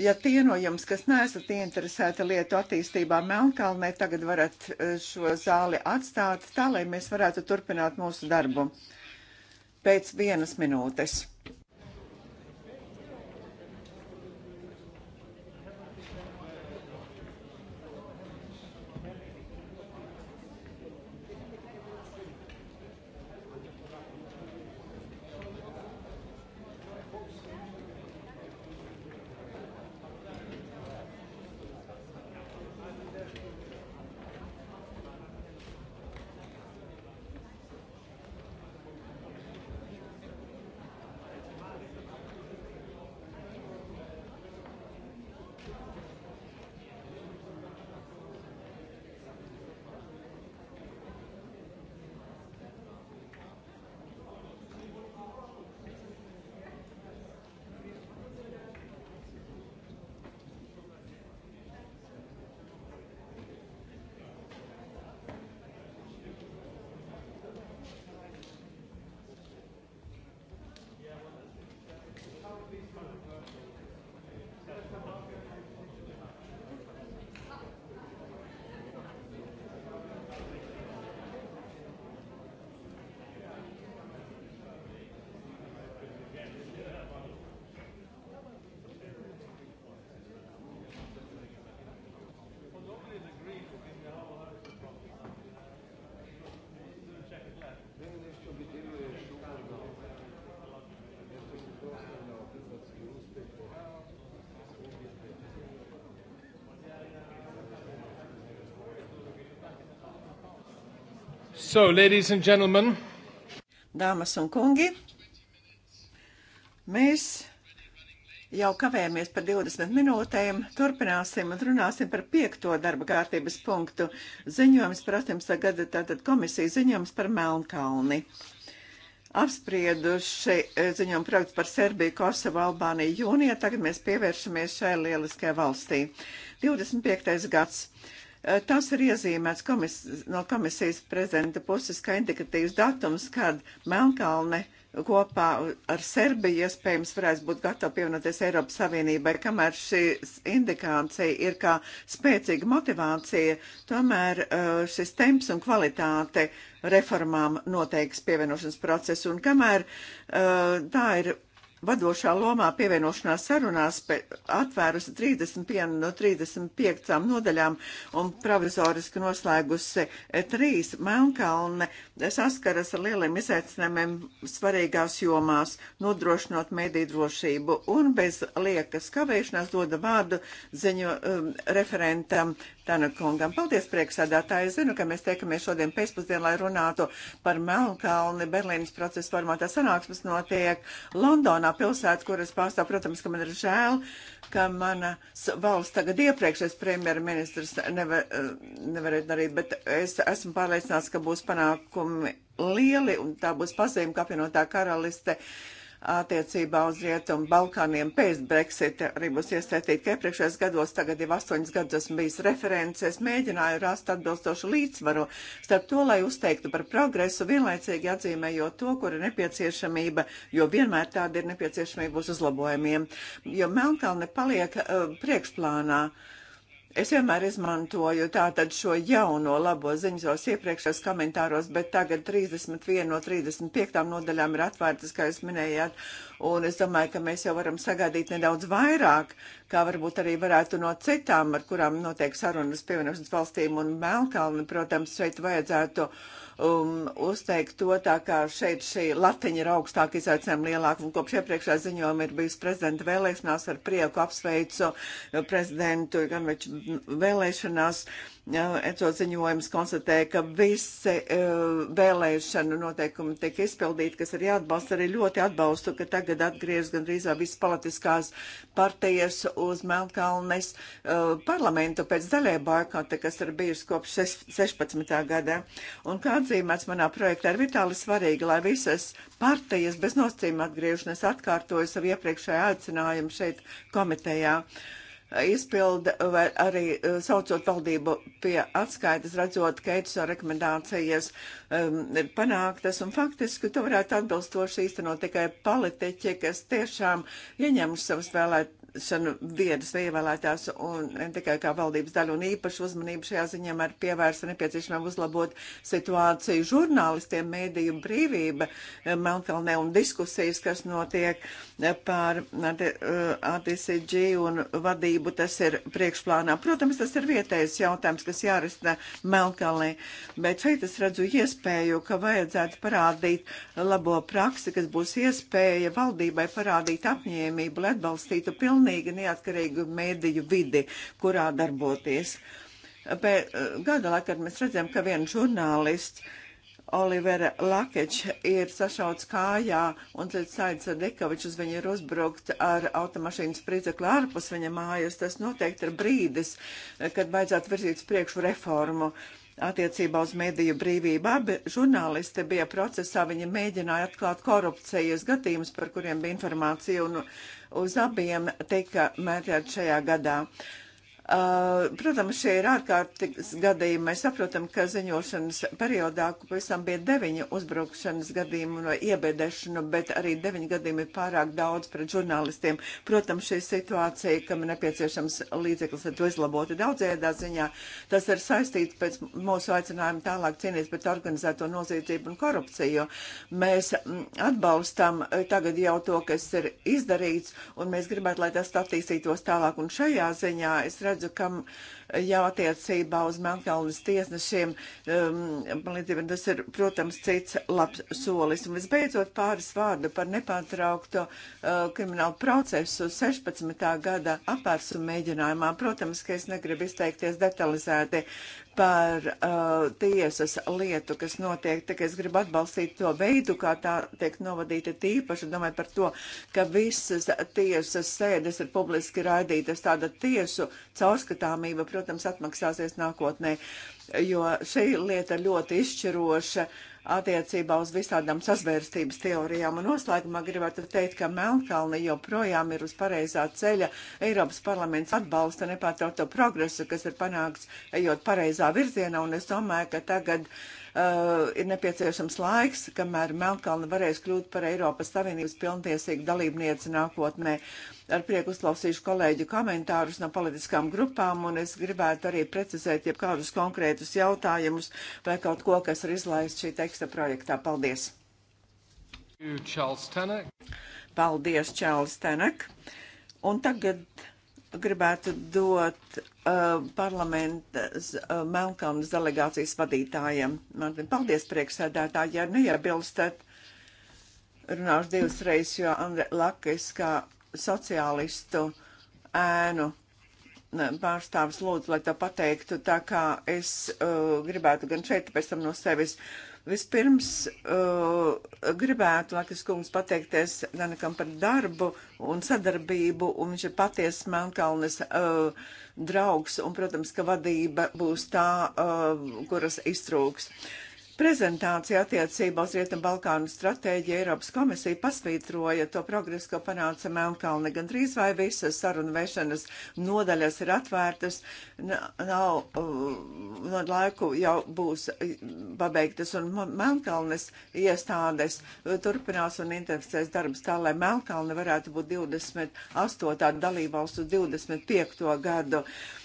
Ja tie no jums, kas neesat interesēti lietu attīstībā Melnkalnē, tagad varat e, šo zāli atstāt tā, lai mēs varētu turpināt mūsu darbu pēc vienas minūtes. So, ladies and gentlemen. Dāmas un kungi, mēs jau kavējamies par 20 minūtēm, turpināsim un runāsim par piekto darba kārtības punktu ziņojums par 18. gada tātad komisijas ziņojums par Melnkalni apsprieduši eh, ziņojumu projektu par Serbiju, Kosovu, Albāniju jūnijā. Tagad mēs pievēršamies šai lieliskajai valstī. 25. gads. Eh, tas ir iezīmēts komis, no komisijas prezidenta puses kā indikatīvs datums, kad Melnkalne kopā ar Serbiju iespējams varēs būt gatava pievienoties Eiropas Savienībai, kamēr šī indikācija ir kā spēcīga motivācija, tomēr eh, šis temps un kvalitāte reformām noteiks pievienošanas procesu, un kamēr eh, tā ir vadošā lomā pievienošanās sarunās atvērusi 31 no 35 nodaļām un provizoriski noslēgusi e, trīs. Melnkalne saskaras ar lieliem izaicinājumiem svarīgās jomās, nodrošinot mediju drošību un bez liekas kavēšanās doda vārdu ziņu um, referentam Tanakungam. Paldies, priekšsēdētāji. Es zinu, ka mēs tiekamies šodien pēcpusdienā, lai runātu par Melnkalni. Berlīnas procesa formātā sanāksmes notiek Londonā pilsētā, kuras pārstāv, protams, ka man ir žēl, ka manas valsts tagad iepriekšējais premjerministrs nevar, eh, nevarēja darīt, bet es esmu pārliecināts, ka būs panākumi lieli un tā būs pazīme, ka apvienotā karaliste. Uh, attiecībā uz Rietumu Balkāniem pēc Brexita arī būs iesaistīti, ka iepriekšējos gados, tagad jau astoņas gadus esmu bijis referents, es mēģināju rast atbilstošu līdzsvaru starp to, lai uzteiktu par progresu, vienlaicīgi atzīmējot to, kur ir nepieciešamība, jo vienmēr tāda ir nepieciešamība uz uzlabojumiem, jo Melnkalne paliek uh, priekšplānā. Uh, Es vienmēr izmantoju tātad šo jauno labo ziņos iepriekšējos komentāros, bet tagad 31 no 35 nodaļām ir atvērtas, kā jūs minējāt, un es domāju, ka mēs jau varam sagaidīt nedaudz vairāk, kā varbūt arī varētu no citām, ar kurām notiek sarunas pievienošanas valstīm un Melkalni, protams, šeit vajadzētu. Uh, um, uzteikt to, tā kā šeit šī latiņa ir augstāk izaicinājuma lielāka, un kopš iepriekšā ziņojuma ir bijusi prezidenta vēlēšanās ar prieku apsveicu prezidentu Ganveču vēlēšanās. Uh, ECO ziņojums konstatēja, ka visi e, vēlēšanu noteikumi tiek izpildīti, kas arī atbalsta, arī ļoti atbalstu, ka tagad atgriež gandrīz visas politiskās partijas uz Melnkalnes e, parlamentu pēc daļai boikota, kas ir bijusi kopš 16. gada. Un kā atzīmēts manā projektā ir vitāli svarīgi, lai visas partijas bez nosacījuma atgriežas atkārtoja savu iepriekšēju aicinājumu šeit komitejā. Uh, izpilda, vai arī e, saucot valdību pie atskaitas, redzot, ka ECO rekomendācijas um, panāktas, un faktiski to varētu atbilstoši īstenot tikai politiķi, kas tiešām ieņem savas vēlēt ievēlēšanu viedas ievēlētās un ne tikai kā valdības daļa un īpašu uzmanību šajā ziņā ar pievērsta nepieciešamību uzlabot situāciju žurnālistiem, mēdīju brīvība eh, Melnkalnē un diskusijas, kas notiek eh, par eh, ATCG un vadību, tas ir priekšplānā. Protams, tas ir vietējais jautājums, kas jārisina Melnkalnē, bet šeit es redzu iespēju, ka vajadzētu parādīt labo praksi, kas būs iespēja valdībai parādīt apņēmību, lai atbalstītu pilnīgi pilnīgi neatkarīgu mēdīju vidi, kurā darboties. Pēc gada laikā mēs redzam, ka viens žurnālists Olivera Lakečs ir sašauts kājā un tad Saidsa Dekavičs uz viņu ir uzbrukt ar automašīnas spridzekli ārpus viņa mājas. Tas noteikti ir brīdis, kad vajadzētu virzīt priekšu reformu. Attiecībā uz mediju brīvību abi žurnālisti bija procesā, viņi mēģināja atklāt korupcijas gadījumus, par kuriem bija informācija, un uz abiem tika mērķēts šajā gadā. Uh, Uh, protams, šie ir ārkārtas gadījumi. Mēs saprotam, ka ziņošanas periodā pavisam bija deviņi uzbrukšanas gadījumi no iebedēšanu, bet arī deviņi gadījumi ir pārāk daudz pret žurnālistiem. Protams, šī situācija, kam ir nepieciešams līdzeklis, ir to izlabota daudzējādā ziņā. Tas ir saistīts pēc mūsu aicinājuma tālāk cīnīties pret organizēto noziedzību un korupciju. Mēs mm, atbalstam eh, tagad jau to, kas ir izdarīts, un mēs gribētu, lai tas attīstītos tālāk. Un šajā ziņā es redzu, redzu, ka jau attiecībā uz Melnkalnes tiesnešiem um, tas ir, protams, cits labs solis. Un visbeidzot pāris vārdu par nepārtraukto uh, kriminālu procesu 16. gada apvērsumu mēģinājumā. Protams, ka es negribu izteikties detalizēti, par uh, tiesas lietu, kas notiek, tā kā es gribu atbalstīt to veidu, kā tā tiek novadīta tīpaši, domāju par to, ka visas tiesas sēdes ir publiski raidītas, tāda tiesu caurskatāmība, protams, atmaksāsies nākotnē, jo šī lieta ļoti izšķiroša. Uh, attiecībā uz visādām sazvērstības teorijām. Un noslēgumā gribētu teikt, ka Melnkalni joprojām ir uz pareizā ceļa. Eiropas parlaments atbalsta nepārtraukto progresu, kas ir panākts, ejot pareizā virzienā, un es domāju, ka tagad uh, uh, ir nepieciešams laiks, kamēr Melnkalna varēs kļūt par Eiropas Savienības pilntiesīgu dalībnieci nākotnē. Ar prieku uzklausīšu kolēģu komentārus no politiskām grupām, un es gribētu arī precizēt jebkādus konkrētus jautājumus vai kaut ko, kas ir izlaists šī teksta projektā. Paldies! Paldies, Čārlis Tenek! Un tagad gribētu dot uh, parlamenta uh, Melnkalnas delegācijas vadītājiem. Martin, paldies priekšsēdētāji, ja neiebilstat, runāšu divas reizes, jo Andre Lakis kā sociālistu ēnu pārstāvis lūdzu, lai to pateiktu, tā kā es uh, gribētu gan šeit, pēc tam no sevis. Uh, Vispirms uh, gribētu Lakis kungs pateikties Danikam par darbu un sadarbību, un viņš ir patiesi Melnkalnes uh, draugs, un, protams, ka vadība būs tā, uh, kuras iztrūks. Uh, Prezentācija attiecībā uz Rietumbalkānu stratēģiju Eiropas komisija pasvītroja to progresu, ko panāca Melnkalne. Gan drīz vai visas sarunu vešanas nodaļas ir atvērtas, nav uh, no laiku jau būs uh, pabeigtas, un Melnkalnes iestādes uh, turpinās un intensificēs darbs tā, lai Melnkalne varētu būt 28. dalībvalstu 25. gadu. Uh,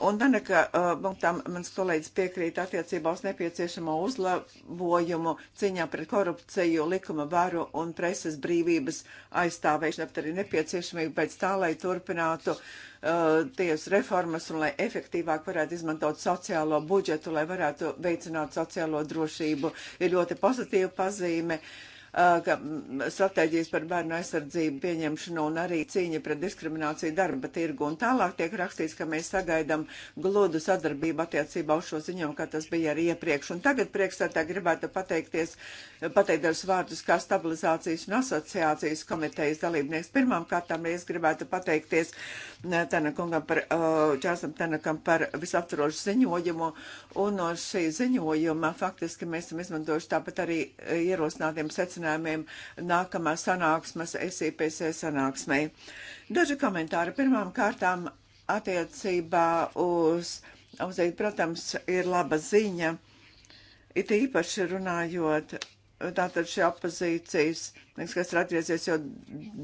Ondanaka uh, punktam uh, nu, mans kolēģis piekrīt attiecībā uz nepieciešamo uzlabojumu cīņā pret korupciju, likuma varu un preses brīvības aizstāvēšanu, bet arī nepieciešamību pēc tā, lai turpinātu uh, tiesu reformas un lai efektīvāk varētu izmantot sociālo budžetu, lai varētu veicināt sociālo drošību, ir ļoti pozitīva pazīme. Uh, stratēģijas par bērnu aizsardzību pieņemšanu un arī cīņa pret diskrimināciju darba tirgu. Un tālāk tiek rakstīts, ka mēs sagaidām gludu sadarbību attiecībā uz šo ziņojumu, kā tas bija arī iepriekš. Un tagad priekšstādā gribētu pateikties, pateikt dažus vārdus kā stabilizācijas un asociācijas komitejas dalībnieks. Pirmām kārtām es gribētu pateikties Tanakungam par, Čāsam Tanakam par visaptvarošu ziņojumu. Un no šī ziņojuma faktiski mēs esam izmantojuši tāpat arī ierosinātiem secinājumiem secinājumiem nākamās sanāksmes SIPC sanāksmē. Daži komentāri pirmām kārtām attiecībā uz auzīt, protams, ir laba ziņa, it īpaši runājot tātad šī opozīcijas, liekas, kas ir atgriezies, jo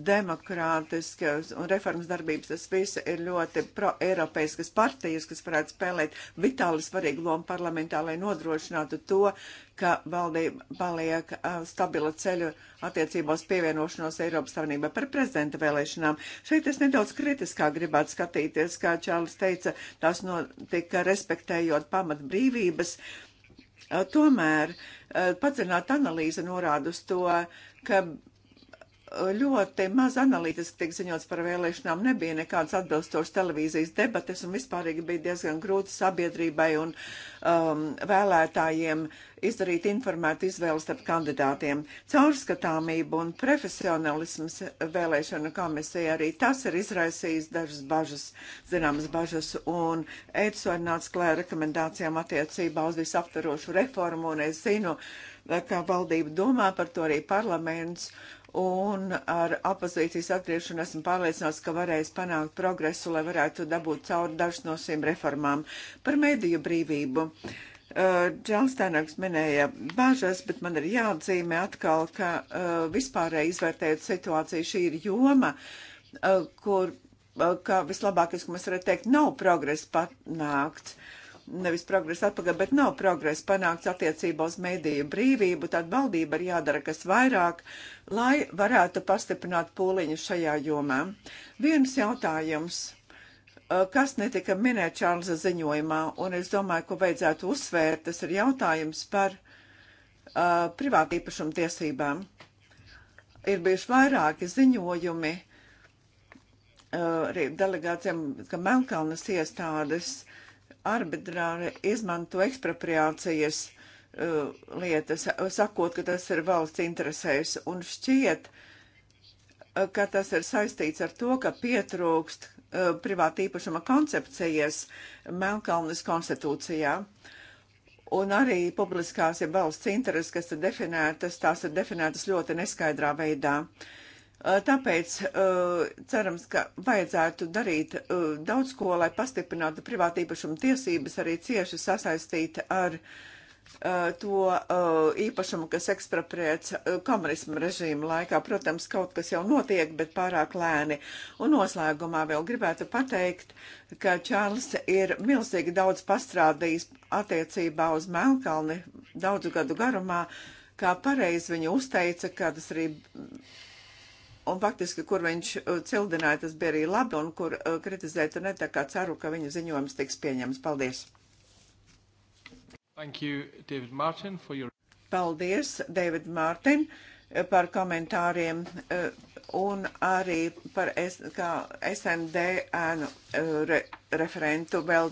demokrātiskas un reformas darbības tas viss ir ļoti pro-eiropeiskas partijas, kas varētu spēlēt vitāli svarīgu lomu parlamentā, lai nodrošinātu to, ka valdība paliek uh, stabila ceļu attiecībos pievienošanos Eiropas Savienībā par prezidenta vēlēšanām. Šeit es nedaudz kritiskā gribētu skatīties, kā Čārlis teica, tas notika respektējot pamatbrīvības. brīvības Tomēr eh, padziļināta analīze norāda uz to, ka ļoti maz analītiski tiek ziņots par vēlēšanām, nebija nekādas atbilstošas televīzijas debates un vispārīgi bija diezgan grūti sabiedrībai un um, vēlētājiem izdarīt informētu izvēli starp kandidātiem. Caurskatāmība un profesionālisms vēlēšanu komisija arī tas ir izraisījis dažas bažas, zināmas bažas, un ECO ir nāc klāja rekomendācijām attiecībā uz visaptverošu reformu, un es zinu, kā valdība domā par to arī parlaments un ar opozīcijas atgriešanu esmu pārliecināts, ka varēs panākt progresu, lai varētu dabūt cauri dažas no šīm reformām. Par mediju brīvību. Džons uh, Tēnāks minēja bažas, bet man ir jāatzīmē atkal, ka uh, vispārēji izvērtējot situāciju, šī ir joma, uh, kur, uh, kā vislabākais, ko mēs varētu teikt, nav progress panākts. Uh, nevis progresa atpakaļ, bet nav progresa panākts attiecībā uz mediju brīvību, tad valdība ir jādara kas vairāk, lai varētu pastiprināt pūliņu šajā jomā. Viens jautājums, kas netika minēts Čārlza ziņojumā, un es domāju, ko vajadzētu uzsvērt, tas ir jautājums par uh, privātīpašumu tiesībām. Ir bijuši vairāki ziņojumi uh, arī delegācijām, ka Melkalnas iestādes arbitrāri izmanto ekspropriācijas uh, Uh, lietas, uh, sakot, ka tas ir valsts interesēs, un šķiet, uh, ka tas ir saistīts ar to, ka pietrūkst privāta īpašuma koncepcijas Melnkalnes konstitūcijā. Un arī publiskās ja valsts intereses, kas ir definētas, tās ir definētas ļoti neskaidrā veidā. Tāpēc cerams, ka vajadzētu darīt daudz ko, lai pastiprinātu privātīpašumu tiesības, arī cieši sasaistīt ar uh, Uh, to uh, īpašumu, kas ekspropriēts uh, komunismu režīmu laikā. Protams, kaut kas jau notiek, bet pārāk lēni. Un noslēgumā vēl gribētu pateikt, ka Čārlis ir milzīgi daudz pastrādījis attiecībā uz Melnkalni daudzu gadu garumā, kā pareizi viņa uzteica, ka tas arī. Un faktiski, kur viņš cildināja, tas bija arī labi, un kur kritizēt, un ne tā kā ceru, ka viņa ziņojums tiks pieņems. Paldies! Thank you, David Martin, for your... Paldies, David Martin, par komentāriem eh, un arī par es, kā SND ēnu eh, re, referentu. Vēl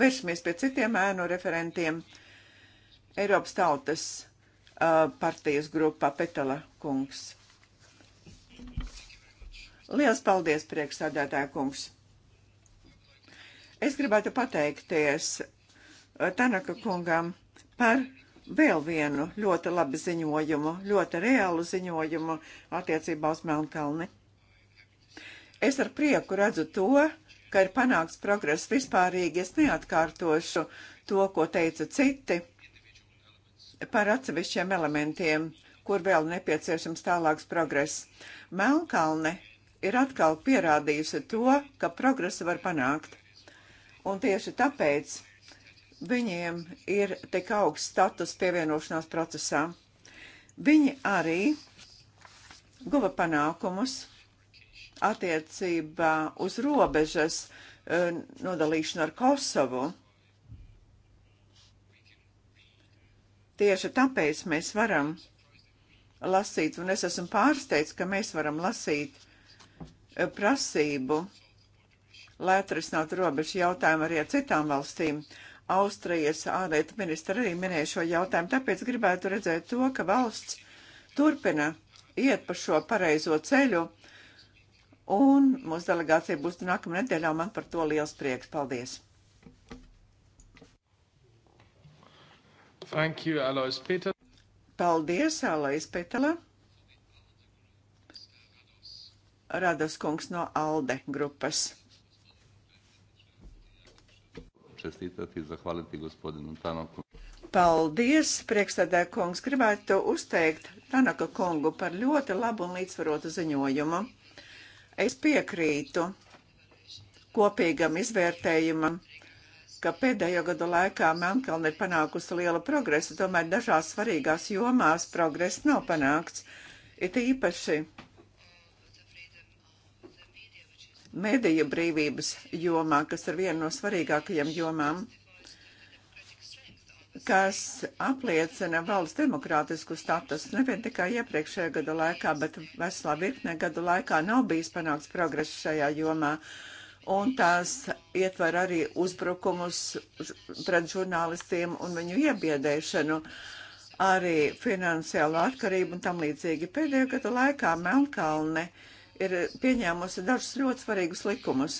vēršamies pie citiem ēnu referentiem. Eiropas tautas eh, partijas grupa Petela kungs. Liels paldies, priekšsādātāja kungs! Es gribētu pateikties Eh, Tanaka kungam par vēl vienu ļoti labu ziņojumu, ļoti reālu ziņojumu attiecībā uz Melnkalni. Es ar prieku redzu to, ka ir panāks progress vispārīgi. Es neatkārtošu to, ko teica citi par atsevišķiem elementiem, kur vēl nepieciešams tālāks progress. Melnkalne ir atkal pierādījusi to, ka progresu var panākt. Un tieši tāpēc viņiem ir tik augsts status pievienošanās procesā. Viņi arī guva panākumus attiecībā uz robežas e, nodalīšanu ar Kosovu. Tieši tāpēc mēs varam lasīt, un es esmu pārsteigts, ka mēs varam lasīt e, prasību, lai atrisinātu robežu jautājumu arī ar citām valstīm. Uh, Austrijas ārlietu ministra arī minēja šo jautājumu, tāpēc gribētu redzēt to, ka valsts turpina iet pa šo pareizo ceļu, un mūsu delegācija būs nākamā nedēļā, un man par to liels prieks. Paldies! Thank you, Alois Peter. Paldies, Alois Petela. Rados kungs no ALDE grupas čestitati i zahvaliti gospodinu Tanoku. Paldies, priekšsēdē kungs. Gribētu uzteikt Tanaka kungu par ļoti labu un līdzsvarotu ziņojumu. Es piekrītu kopīgam izvērtējumam, ka pēdējo gadu laikā Melnkalna ir panākusi liela progresa, tomēr dažās svarīgās jomās progress nav panākts. It īpaši mediju brīvības jomā, kas ir viena no svarīgākajām jomām, kas apliecina valsts demokrātisku status. Nevien tikai iepriekšējā gada laikā, bet veselā virknē gadu laikā nav bijis panāks progress šajā jomā. Un tās ietver arī uzbrukumus pret žurnālistiem un viņu iebiedēšanu. Uh, arī finansiālu atkarību un tam līdzīgi. Pēdējo gadu laikā Melkalne ir pieņēmusi dažus ļoti svarīgus likumus.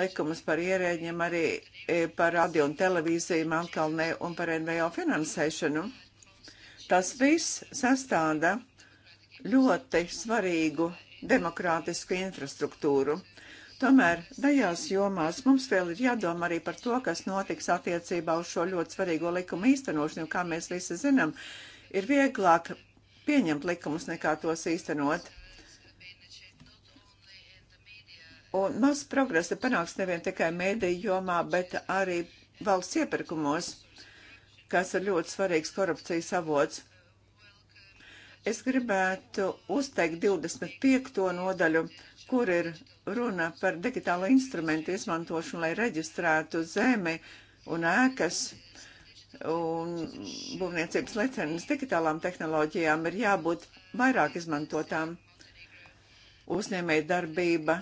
Likumus par ierēģiem arī e, par radio un televīziju Melnkalnē un par NVO finansēšanu. Tas viss sastāda ļoti svarīgu demokrātisku infrastruktūru. Tomēr tajās jomās mums vēl ir jādomā arī par to, kas notiks attiecībā uz šo ļoti svarīgo likumu īstenošanu, jo, kā mēs visi zinām, ir vieglāk pieņemt likumus nekā tos īstenot. Un maz progresa panāks nevien tikai mēdīju jomā, bet arī valsts iepirkumos, kas ir ļoti svarīgs korupcijas avots. Es gribētu uzteikt 25. nodaļu, kur ir runa par digitālo instrumentu izmantošanu, lai reģistrētu zemi un ēkas un būvniecības licenes digitālām tehnoloģijām ir jābūt vairāk izmantotām. Uzņēmēja darbība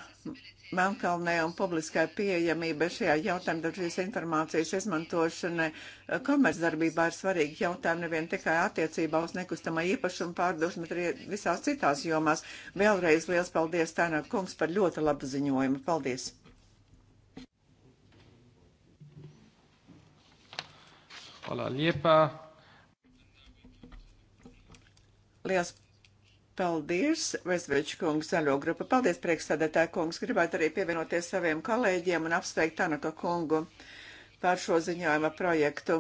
Melnkalnē un publiskai pieejamībai šajā jautājumā, tad šīs informācijas izmantošana eh, komercdarbībā ir svarīgi jautājumi nevien tikai attiecībā uz nekustamā īpašuma pārdošanu, bet arī visās citās jomās. Vēlreiz liels paldies, Tēnā kungs, par ļoti labu ziņojumu. Paldies! Hvala lijepa. Liels Paldies, Vesveģa kungs, zaļo grupa. Paldies, priekšsēdētāja kungs. Gribētu arī pievienoties saviem kolēģiem un apsveikt Tanaka kungu par šo ziņojuma projektu.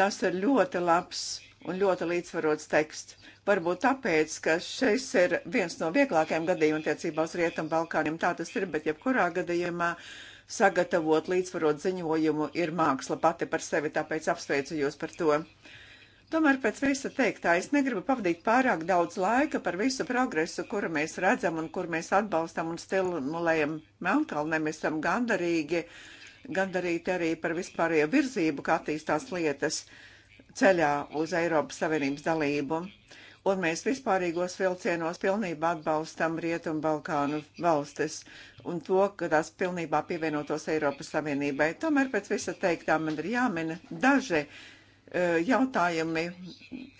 Tas ir ļoti labs un ļoti līdzsvarots teksts. Varbūt tāpēc, ka šis ir viens no vieglākajiem gadījumiem attiecībā uz Rietumu Balkāniem. Tā tas ir, bet jebkurā gadījumā sagatavot līdzsvarot ziņojumu ir māksla pati par sevi, tāpēc apsveicu jūs par to. Tomēr pēc visa teiktā es negribu pavadīt pārāk daudz laika par visu progresu, kuru mēs redzam un kur mēs atbalstam un stimulējam Melnkalnē. Mēs esam gandarīgi, gandarīti arī par vispārējo virzību, kā attīstās lietas ceļā uz Eiropas Savienības dalību. Un mēs vispārīgos vilcienos pilnībā atbalstam Rietumu Balkānu valstis un to, ka tās pilnībā pievienotos Eiropas Savienībai. Tomēr pēc visa teiktā man ir jāmina daži E, jautājumi,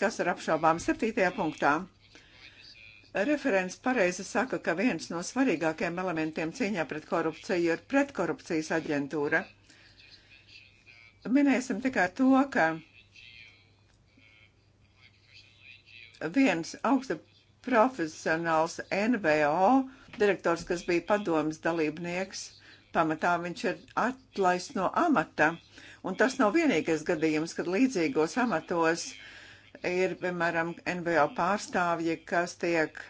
kas ir apšaubām 7. punktā. Referents pareizi saka, ka viens no svarīgākajiem elementiem cīņā pret korupciju ir pretkorupcijas aģentūra. Minēsim tikai to, ka viens augsta profesionāls NVO direktors, kas bija padomas dalībnieks, pamatā viņš ir atlaists no amata. Uh, Un tas nav vienīgais gadījums, kad līdzīgos amatos ir, piemēram, NVO pārstāvji, kas tiek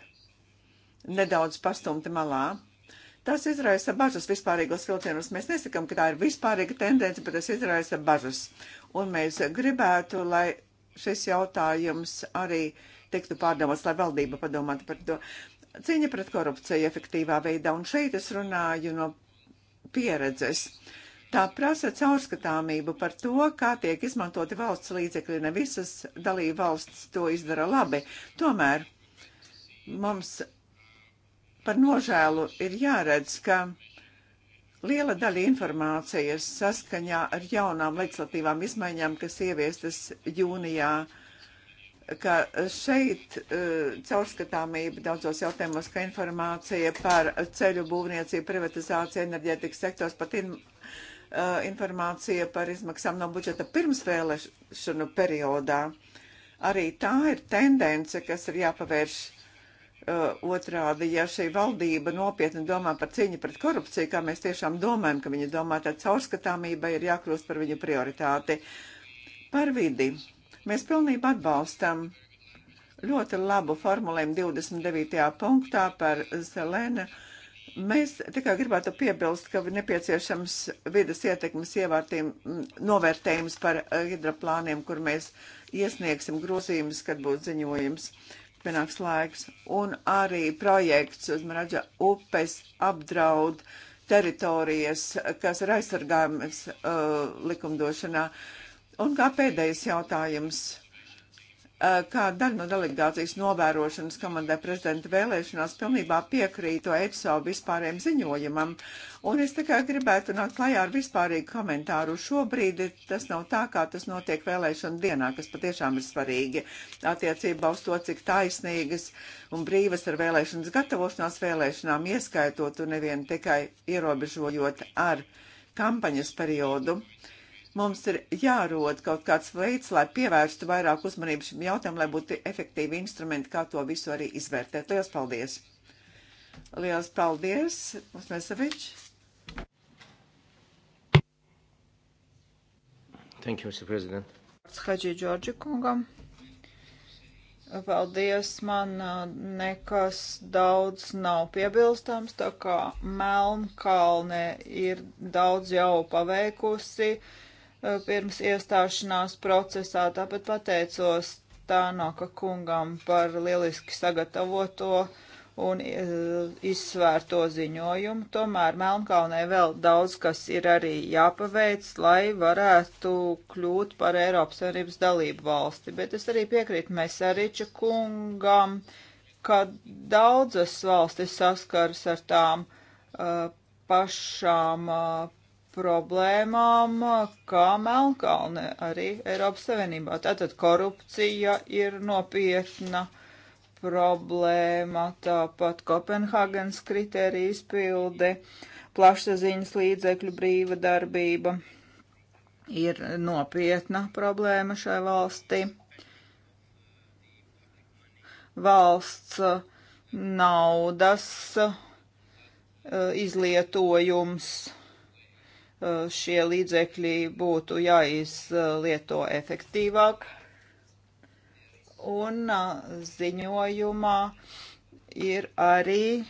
nedaudz pastumti malā. Tas izraisa bažas vispārīgos vilcienos. Mēs nesakām, ka tā ir vispārīga tendence, bet tas izraisa bažas. Un mēs gribētu, lai šis jautājums arī tiktu pārdomāts, lai valdība padomātu par to. Cīņa pret korupciju efektīvā veidā, un šeit es runāju no pieredzes. Uh, Tā prasa caurskatāmību par to, kā tiek izmantoti valsts līdzekļi. Ne visas dalība valsts to izdara labi. Tomēr mums par nožēlu ir jāredz, ka liela daļa informācijas saskaņā ar jaunām legislatīvām izmaiņām, kas ieviestas jūnijā, ka šeit uh, caurskatāmība daudzos jautājumos, ka informācija par ceļu būvniecību, privatizāciju, enerģētikas sektors pat in, Uh, informācija par izmaksām no budžeta pirms vēlēšanu periodā. Arī tā ir tendence, kas ir jāpavērš uh, otrādi, ja šī valdība nopietni domā par cīņu pret korupciju, kā mēs tiešām domājam, ka viņa domā, tad caurskatāmība ir jākļūst par viņu prioritāti. Par vidi. Mēs pilnībā atbalstam ļoti labu formulējumu 29. punktā par Zelena Mēs tikai gribētu piebilst, ka ir nepieciešams vidas ietekmes novērtējums par eh, hidroplāniem, kur mēs iesniegsim grozījumus, kad būs ziņojums, pienāks laiks. Un arī projekts uz Maraģa upes apdraud teritorijas, kas ir aizsargājamas uh, likumdošanā. Un kā pēdējais jautājums Eh, kā daļa no delegācijas novērošanas komandai prezidenta vēlēšanās pilnībā piekrītu ECO vispārējiem ziņojumam. Un es tikai gribētu nākt klajā ar vispārīgu komentāru. Šobrīd tas nav tā, kā tas notiek vēlēšana dienā, kas patiešām ir svarīgi attiecībā uz to, cik taisnīgas un brīvas ir vēlēšanas gatavošanās vēlēšanām, ieskaitot un nevien tikai ierobežojot ar kampaņas periodu. Uh, Mums ir jārod kaut kāds veids, lai pievērstu vairāk uzmanību šim jautājumam, lai būtu efektīvi instrumenti, kā to visu arī izvērtēt. Lielas paldies! Lielas paldies, Musmesevičs! Thank you, Mr. President. Hadži Džordži kungam. Paldies, man nekas daudz nav piebilstams, tā kā Melnkalne ir daudz jau paveikusi. Eh, pirms iestāšanās procesā. Tāpat pateicos Tānoka kungam par lieliski sagatavoto un eh, izsvērto ziņojumu. Tomēr Melnkalnē vēl daudz kas ir arī jāpaveic, lai varētu kļūt par Eiropas Savienības dalību valsti. Bet es arī piekrītu Mesariča kungam, ka daudzas valstis saskaras ar tām uh, pašām uh, problēmām kā Melnkalne arī Eiropas Savienībā. Tātad korupcija ir nopietna problēma, tāpat Kopenhāgenes kriterija izpilde, plašsaziņas līdzekļu brīva darbība ir nopietna problēma šai valstī. Valsts uh, naudas uh, izlietojums Eh, šie līdzekļi būtu jāizlieto efektīvāk. Un eh, ziņojumā ir arī eh,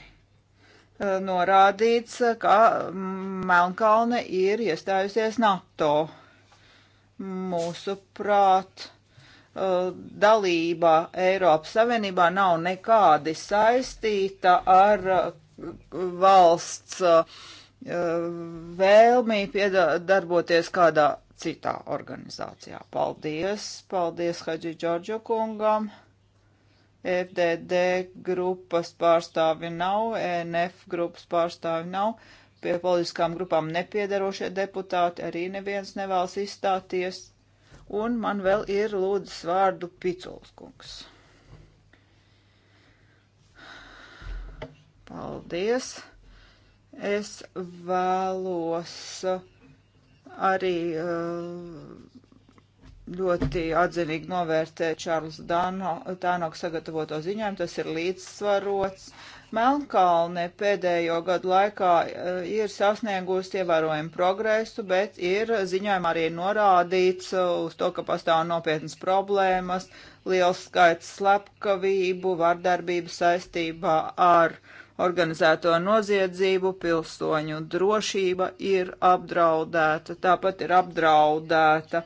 norādīts, ka Melnkalne ir iestājusies NATO. Mūsuprāt, dalība Eiropas Savienībā nav nekādi saistīta ar valsts uh, vēlmī darboties kādā citā organizācijā. Paldies! Paldies Haģi Džordžu kungam! FDD grupas pārstāvi nav, e NF grupas pārstāvi nav, pie politiskām grupām nepiedarošie deputāti arī neviens nevēlas izstāties, un man vēl ir lūdzas vārdu Piculs kungs. Paldies! Es vēlos arī eh, ļoti atzinīgi novērtēt Čārlis Tānoks sagatavoto ziņojumu. Tas ir līdzsvarots. Melnkalne pēdējo gadu laikā eh, ir sasniegusi ievērojumu progresu, bet ir ziņojumā arī norādīts eh, uz to, ka pastāv nopietnas problēmas, liels skaits slepkavību, vardarbības saistībā ar uh, organizēto noziedzību, pilsoņu drošība ir apdraudēta, tāpat ir apdraudēta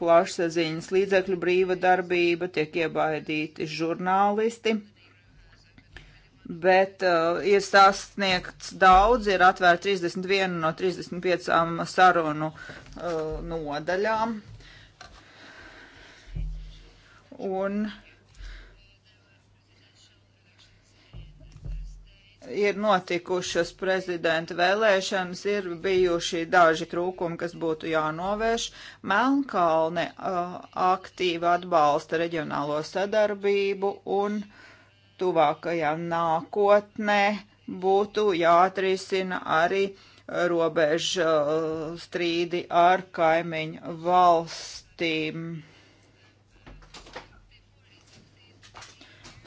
plašsaziņas līdzekļu brīva darbība, tiek iebaidīti žurnālisti. Bet uh, ir sasniegts daudz, ir atvērta 31 no 35 sarunu uh, nodaļām. Un uh, ir notikušas prezidenta vēlēšanas, ir bijuši daži trūkumi, kas būtu jānovērš. Melnkalne aktīvi atbalsta reģionālo sadarbību un tuvākajā nākotnē būtu jāatrisina arī robežu strīdi ar kaimiņu valstīm.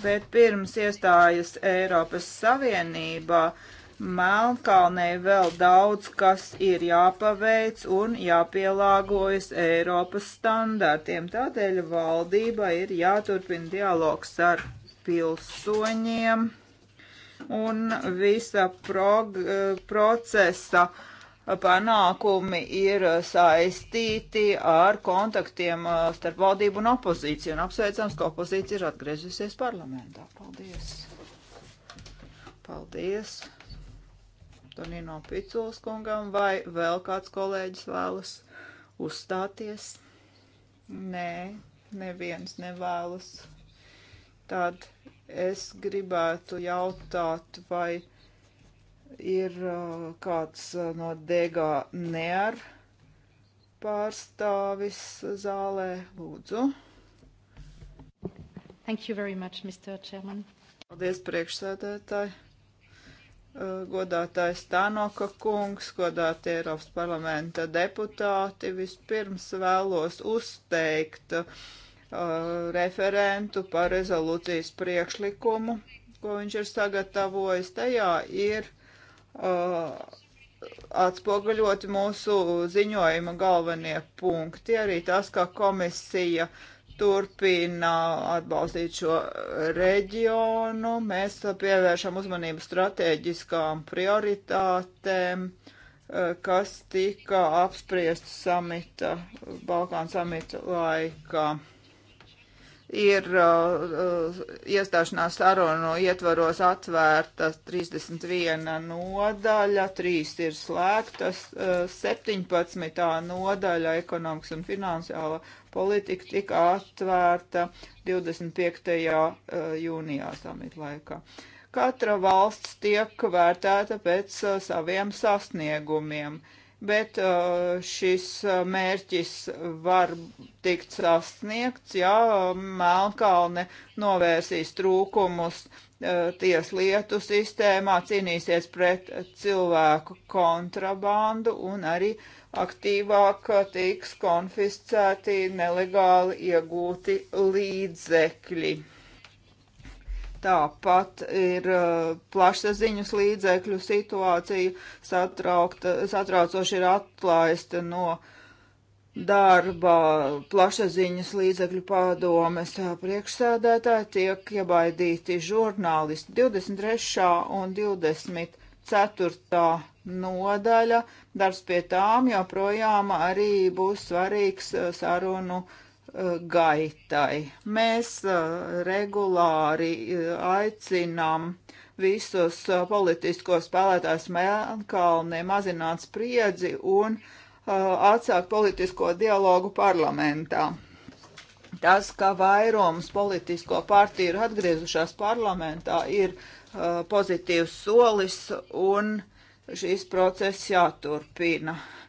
bet pirms iestājas Eiropas Savienībā Melnkalnē vēl daudz kas ir jāpaveic un jāpielāgojas Eiropas standartiem. Tādēļ valdība ir jāturpina dialogs ar pilsoņiem un visa prog procesa uh, panākumi ir uh, saistīti ar kontaktiem uh, starp valdību un opozīciju. Un apsveicams, ka opozīcija ir atgriezusies parlamentā. Paldies! Paldies! Tonino Piculs kungam vai vēl kāds kolēģis vēlas uzstāties? Nē, neviens nevēlas. Tad es gribētu jautāt, vai ir uh, kāds uh, no Dēgā Near pārstāvis zālē. Lūdzu. Thank you very much, Mr. Chairman. Paldies, priekšsēdētāji. Uh, Godātais Tanoka kungs, godātie Eiropas parlamenta deputāti, vispirms vēlos uzteikt uh, referentu par rezolūcijas priekšlikumu, ko viņš ir sagatavojis. Tajā ir uh, Uh, atspoguļoti mūsu ziņojuma galvenie punkti, arī tas, kā komisija turpina atbalstīt šo reģionu. Mēs pievēršam uzmanību strateģiskām prioritātēm, uh, kas tika apspriest samita, Balkānu samita laikā ir uh, uh, iestāšanās sarunu ietvaros atvērta 31 nodaļa, 3 ir slēgtas, uh, 17. nodaļa ekonomikas un finansiāla politika tika atvērta 25. Uh, jūnijā samita laikā. Katra valsts tiek vērtēta pēc uh, saviem sasniegumiem. Uh, bet uh, šis uh, mērķis var tikt sasniegts, ja Melnkalne novērsīs trūkumus uh, tieslietu sistēmā, cīnīsies pret cilvēku kontrabandu un arī aktīvāk tiks konfiscēti nelegāli iegūti līdzekļi. Tāpat ir uh, plašsaziņas līdzekļu situācija satraukta, satraucoši ir atlaista no darba plašsaziņas līdzekļu padomes priekšsēdētāji, tiek iebaidīti žurnālisti 23. un 24. nodaļa. Darbs pie tām joprojām arī būs svarīgs sarunu. Uh, gaitai. Mēs regulāri aicinām visus politiskos spēlētājus Melnkalnē mazināt spriedzi un atsākt politisko dialogu parlamentā. Tas, ka vairums politisko partiju ir atgriezušās parlamentā, ir uh, pozitīvs solis un šīs process jāturpina. Uh,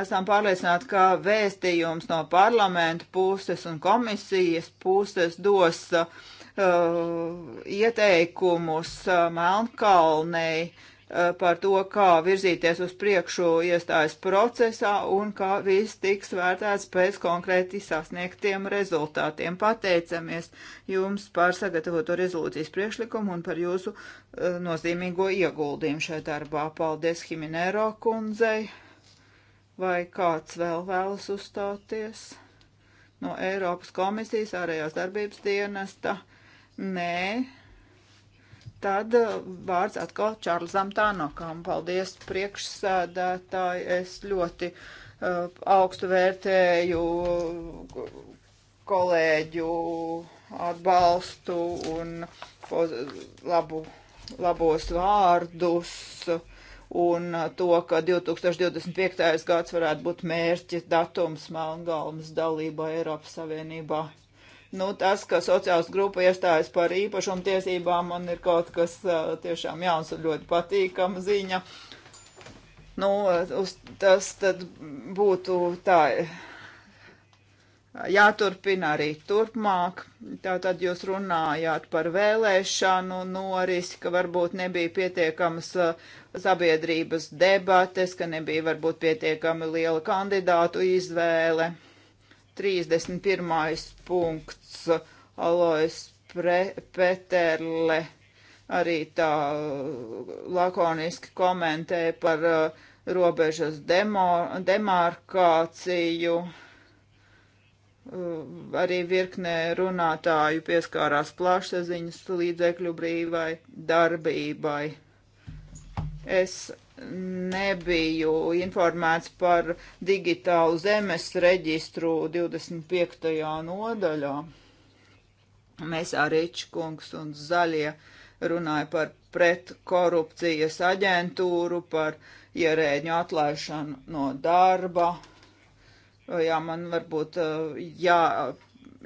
esam pārliecināti, ka vēstījums no parlamenta puses un komisijas puses dos uh, ieteikumus uh, Melnkalnei uh, par to, kā virzīties uz priekšu iestājas procesā un kā viss tiks vērtēts pēc konkrēti sasniegtiem rezultātiem. Pateicamies jums par sagatavoto rezolūcijas priekšlikumu un par jūsu uh, nozīmīgo ieguldījumu šajā darbā. Paldies Himinēro kundzei! Vai kāds vēl vēlas uzstāties no Eiropas komisijas ārējās darbības dienesta? Nē. Tad uh, vārds atkal Čārlzam Tānokam. Paldies priekšsēdētāji. Es ļoti uh, augstu vērtēju uh, kolēģu atbalstu un poz, labu, labos vārdus. Uh, un uh, to, ka 2025. gads varētu būt mērķis datums Melngalmas dalībā Eiropas Savienībā. Nu, tas, ka sociāls grupa iestājas par īpašumtiesībām, man ir kaut kas uh, tiešām jauns un ļoti patīkama ziņa. Nu, uh, uz, tas tad būtu tā jāturpina arī turpmāk. Tātad jūs runājāt par vēlēšanu norisi, ka varbūt nebija pietiekamas uh, sabiedrības debates, ka nebija varbūt pietiekami liela kandidātu izvēle. 31. punkts Alois Peterle arī tā uh, lakoniski komentēja par uh, robežas demo, demarkāciju arī virknē runātāju pieskārās plašsaziņas līdzekļu brīvai darbībai. Es nebiju informēts par digitālu zemes reģistru 25. nodaļā. Mesāriķis kungs un zaļie runāja par pretkorupcijas aģentūru, par ierēģu atlaišanu no darba Jā, man varbūt jā,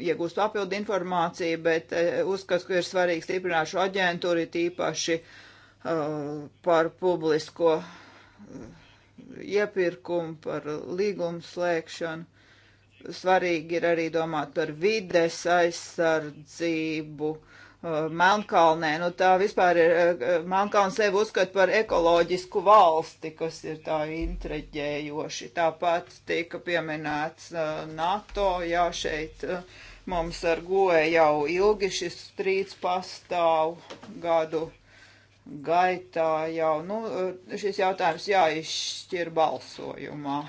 iegūst papildu informāciju, bet uzskatu, ka ir svarīgi stiprināt šo aģentūru, tīpaši uh, par publisko iepirkumu, par līgumu slēgšanu. Svarīgi ir arī domāt par vides aizsardzību. Uh, Uh, Melnkalnē. Nu, tā vispār ir, uh, uh, Melnkalna sevi uzskata par ekoloģisku valsti, kas ir tā intreģējoši. Tāpat tika pieminēts NATO, jā, šeit mums ar goe jau ilgi šis strīds pastāv gadu gaitā jau, nu, šis jautājums jāizšķir balsojumā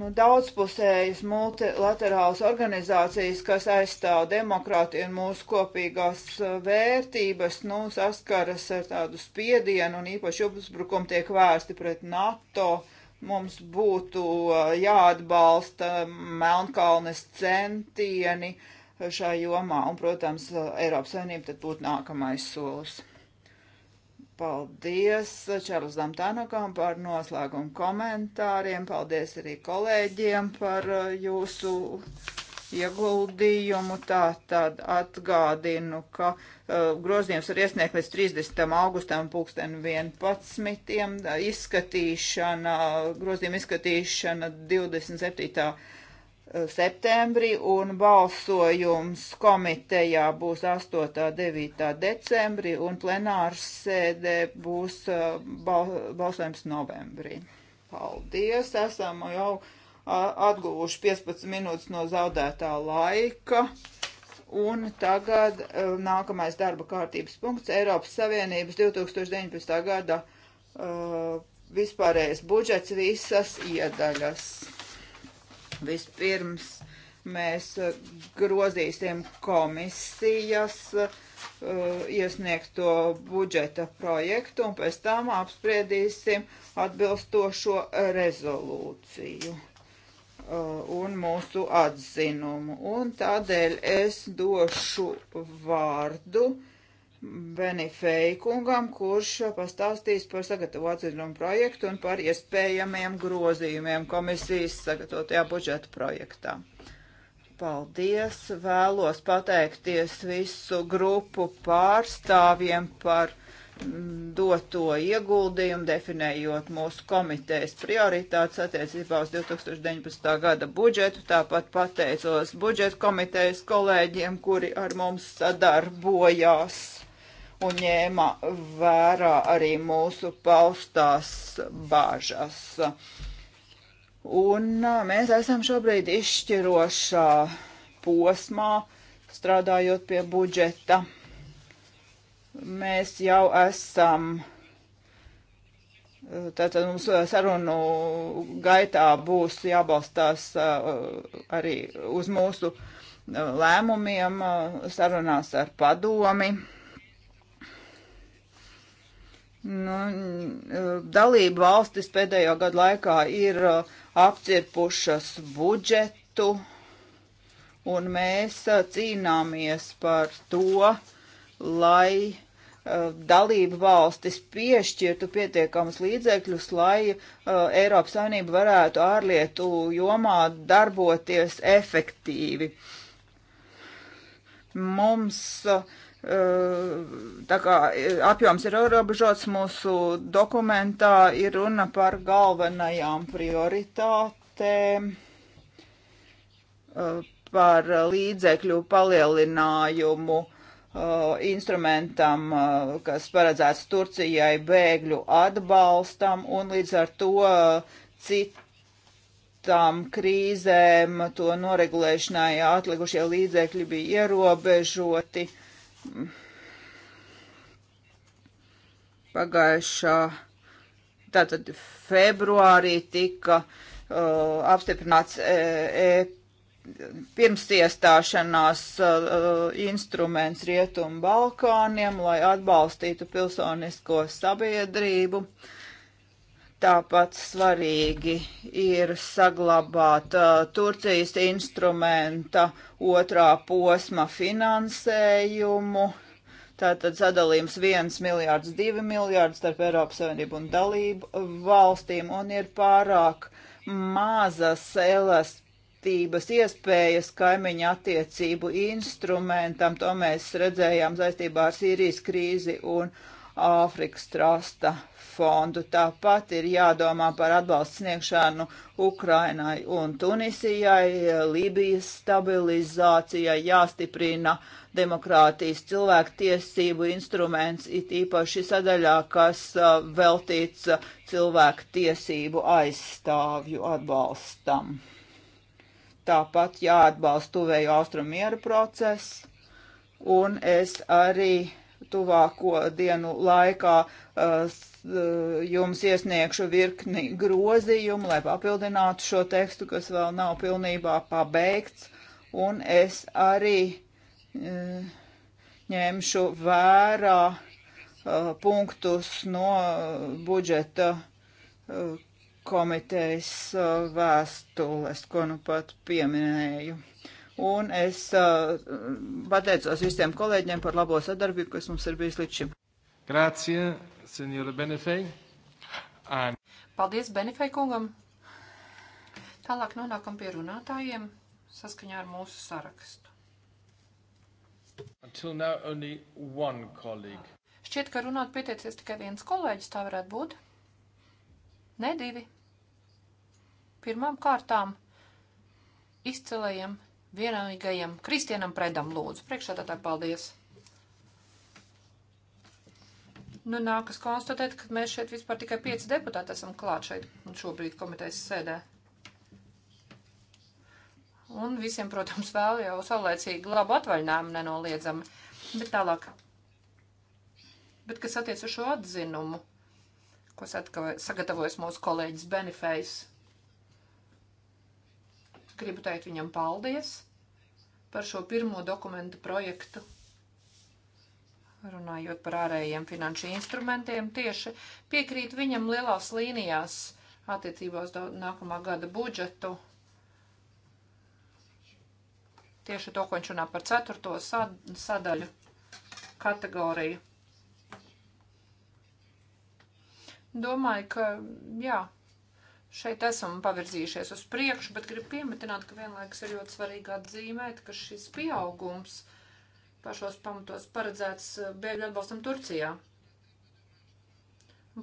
nu, daudzpusējas multilaterālas organizācijas, kas aizstāv demokrātiju un mūsu kopīgās eh, vērtības, nu, saskaras ar tādu spiedienu un īpaši uzbrukumu tiek vērsti pret NATO. Mums būtu eh, jāatbalsta Melnkalnes centieni šajā jomā, un, protams, eh, Eiropas Savienība tad būtu nākamais solis. Paldies Čārlzam Tanakam par noslēgumu komentāriem. Paldies arī kolēģiem par uh, jūsu ieguldījumu. Tā tad atgādinu, ka uh, grozījums var iesniegt līdz 30. augustam pulksten 11. Izskatīšana, grozījuma izskatīšana 27 septembrī un balsojums komitejā būs 8. 9. decembrī un plenārs sēdē būs uh, bal balsojums novembrī. Paldies, esam jau atguvuši 15 minūtes no zaudētā laika. Un tagad uh, nākamais darba kārtības punkts - Eiropas Savienības 2019. gada uh, vispārējais budžets visas iedaļas. Vispirms mēs eh, grozīsim komisijas eh, iesniegto budžeta projektu un pēc tam apspriedīsim atbilstošo rezolūciju eh, un mūsu atzinumu. Un tādēļ es došu vārdu uh, Benifeikungam, kurš pastāstīs par sagatavo atziļumu projektu un par iespējamiem grozījumiem komisijas sagatavotajā budžeta projektā. Paldies! Vēlos pateikties visu grupu pārstāvjiem par mm, doto ieguldījumu, definējot mūsu komitejas prioritātes attiecībā uz 2019. gada budžetu. Tāpat pateicos budžeta komitejas kolēģiem, kuri ar mums sadarbojās un ņēma vērā arī mūsu paustās bāžas. Un mēs esam šobrīd izšķirošā posmā, strādājot pie budžeta. Mēs jau esam Tātad mums sarunu gaitā būs jābalstās arī uz mūsu lēmumiem sarunās ar padomi. Nu, dalību valstis pēdējo gadu laikā ir uh, apcirpušas budžetu, un mēs uh, cīnāmies par to, lai uh, dalību valstis piešķirtu pietiekamus līdzekļus, lai Eiropas Savienība varētu ārlietu jomā darboties efektīvi. Mums uh, tā kā apjoms ir ierobežots, mūsu dokumentā ir runa par galvenajām prioritātēm, par līdzekļu palielinājumu instrumentam, kas paredzēts Turcijai bēgļu atbalstam un līdz ar to citu tām krīzēm, to noregulēšanai atlikušie līdzekļi bija ierobežoti. Uh, Pagājušā, tātad februārī tika uh, apstiprināts e, e, pirmsiestāšanās uh, instruments Rietumu Balkāniem, lai atbalstītu pilsonisko sabiedrību. Uh, Tāpat svarīgi ir saglabāt uh, Turcijas instrumenta otrā posma finansējumu. Tātad sadalījums 1 miljārds, 2 miljārds starp Eiropas Savienību un dalību valstīm un ir pārāk mazas elastības iespējas kaimiņa attiecību instrumentam. To mēs redzējām saistībā ar Sīrijas krīzi un Ukrainu Āfrikas trasta fondu. Tāpat ir jādomā par atbalstu sniegšanu Ukrainai un Tunisijai, Libijas stabilizācijai, jāstiprina demokrātijas cilvēktiesību instruments, it īpaši sadaļā, kas veltīts cilvēktiesību aizstāvju atbalstam. Tāpat jāatbalsta tuvējo austrumu miera process, un es arī tuvāko dienu laikā uh, uh, jums iesniegšu virkni grozījumu, lai papildinātu šo tekstu, kas vēl nav pilnībā pabeigts. Un es arī uh, ņemšu vērā punktus no budžeta komitejas vēstules, ko nu pat pieminēju un es uh, pateicos visiem kolēģiem par labo sadarbību, kas mums ir bijis līdz šim. Grācija, senjora Benefei. An... Paldies Benefei kungam. Tālāk nonākam pie runātājiem saskaņā ar mūsu sarakstu. Until now only one colleague. Šķiet, ka runāt pieteicies tikai viens kolēģis, tā varētu būt. Ne divi. Pirmām kārtām izcilējam vienīgajam Kristianam Predam lūdzu. Priekšādātāji, paldies! Nu, nākas konstatēt, ka mēs šeit vispār tikai pieci deputāti esam klāt šeit un šobrīd komitejas sēdē. Un visiem, protams, vēl jau saulēcīgi labu atvaļinājumu nenoliedzami. Bet tālāk. Bet kas attiec uz šo atzinumu, ko sagatavojas mūsu kolēģis Benifejs Gribu teikt viņam paldies par šo pirmo dokumentu projektu. Runājot par ārējiem finanšu instrumentiem, tieši piekrīt viņam lielās līnijās attiecībās nākamā gada budžetu. Tieši to, ko viņš runā par ceturto sad sadaļu kategoriju. Domāju, ka jā Šeit esam pavirzījušies uz priekšu, bet gribu piemetināt, ka vienlaikus ir ļoti svarīgi atzīmēt, ka šis pieaugums pašos pamatos paredzēts eh, bēgļu atbalstam Turcijā.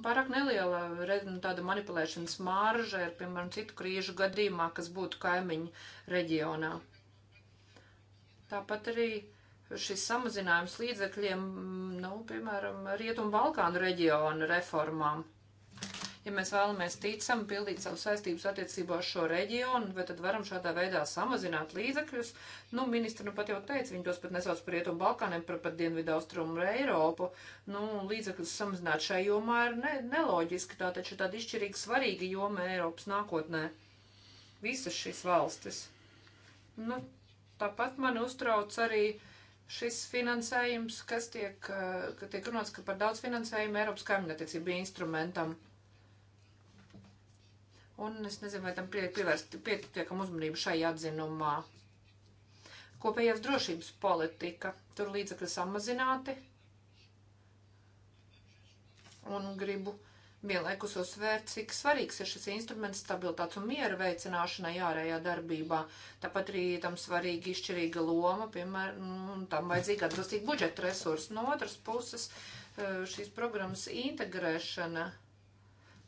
Pārāk neliela nu, tāda manipulēšanas mārža ir, piemēram, citu krīžu gadījumā, kas būtu kaimiņu reģionā. Tāpat arī šis samazinājums līdzekļiem, mm, nu, piemēram, Rietumu Balkānu reģionu reformām – Ja mēs vēlamies ticam, pildīt savu saistības attiecībā ar šo reģionu, vai tad varam šādā veidā samazināt līdzekļus? Nu, ministra nu pat jau teica, viņi tos pat nesauc par Rietumu Balkāniem, par pat Dienvidu Austrumu Eiropu. Nu, līdzekļus samazināt šai jomā ir ne, neloģiski, tā taču tāda izšķirīga svarīga joma Eiropas nākotnē. Visas šīs valstis. Nu, tāpat man uztrauc arī šis finansējums, kas tiek, ka tiek runāts, ka par daudz finansējumu Eiropas kaimiņattiecību instrumentam. Un es nezinu, vai tam pievērst pietiekam uzmanību šai atzinumā. Kopējās drošības politika. Tur līdzekļi samazināti. Un gribu vienlaikus uzsvērt, cik svarīgs ir šis instruments stabilitātes un miera veicināšanai ārējā darbībā. Tāpat arī tam svarīga izšķirīga loma, piemēram, un tam vajadzīga atbilstīga budžeta resursa. No otras puses, eh, šīs programmas integrēšana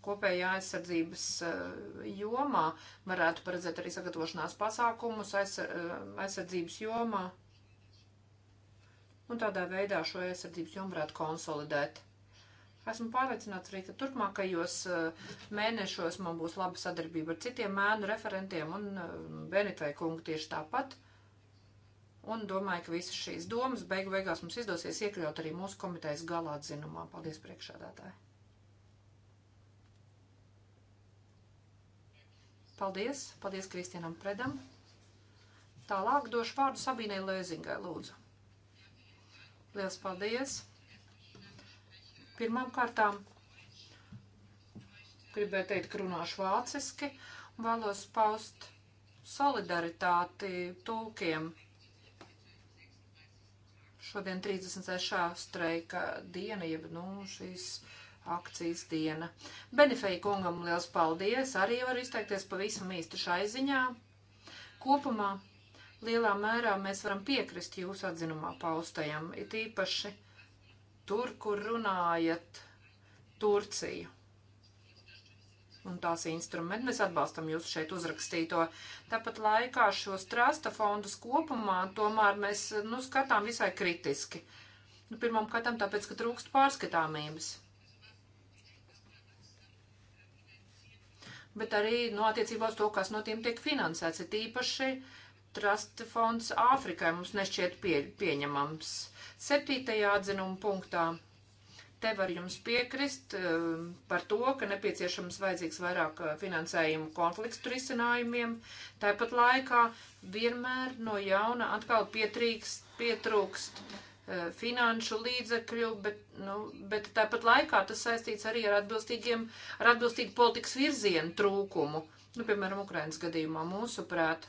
kopējā aizsardzības eh, jomā, varētu paredzēt arī sagatavošanās pasākumus eh, aizsardzības jomā. Un tādā veidā šo aizsardzības jomu varētu konsolidēt. Esmu pārliecināts arī, ka turpmākajos eh, mēnešos man būs laba sadarbība ar citiem mēnu referentiem un Benitai kungu tieši tāpat. Un domāju, ka visas šīs domas beigu beigās mums izdosies iekļaut arī mūsu komitejas galā atzinumā. Paldies priekšādātāji! Paldies. Paldies Kristianam Predam. Tālāk došu vārdu Sabīnai Lēzingai, lūdzu. Liels paldies. Pirmām kārtām gribēju teikt, ka runāšu vāciski un vēlos paust solidaritāti tulkiem. Šodien 36. streika diena, jeb, nu, šīs akcijas diena. Benefeja kungam liels paldies, arī varu izteikties pavisam īsti šai ziņā. Kopumā lielā mērā mēs varam piekrist jūsu atzinumā paustajam, it īpaši tur, kur runājat Turciju. Un tās instrumenti mēs atbalstam jūsu šeit uzrakstīto. Tāpat laikā šos trasta fondus kopumā tomēr mēs, nu, skatām visai kritiski. Nu, pirmam katam tāpēc, ka trūkst pārskatāmības. bet arī no nu, attiecībā uz to, kas no tiem tiek finansēts. Ir īpaši Trust fonds Āfrikai mums nešķiet pie, pieņemams. Septītajā atzinuma punktā te var jums piekrist um, par to, ka nepieciešams vajadzīgs vairāk uh, finansējumu konfliktu risinājumiem. Tāpat laikā vienmēr no jauna atkal pietrīkst, pietrūkst Eh, finanšu līdzekļu, bet, nu, bet tāpat laikā tas saistīts arī ar, atbilstīgiem, ar atbilstīgu politikas virzienu trūkumu. Nu, piemēram, Ukrainas gadījumā mūsuprāt,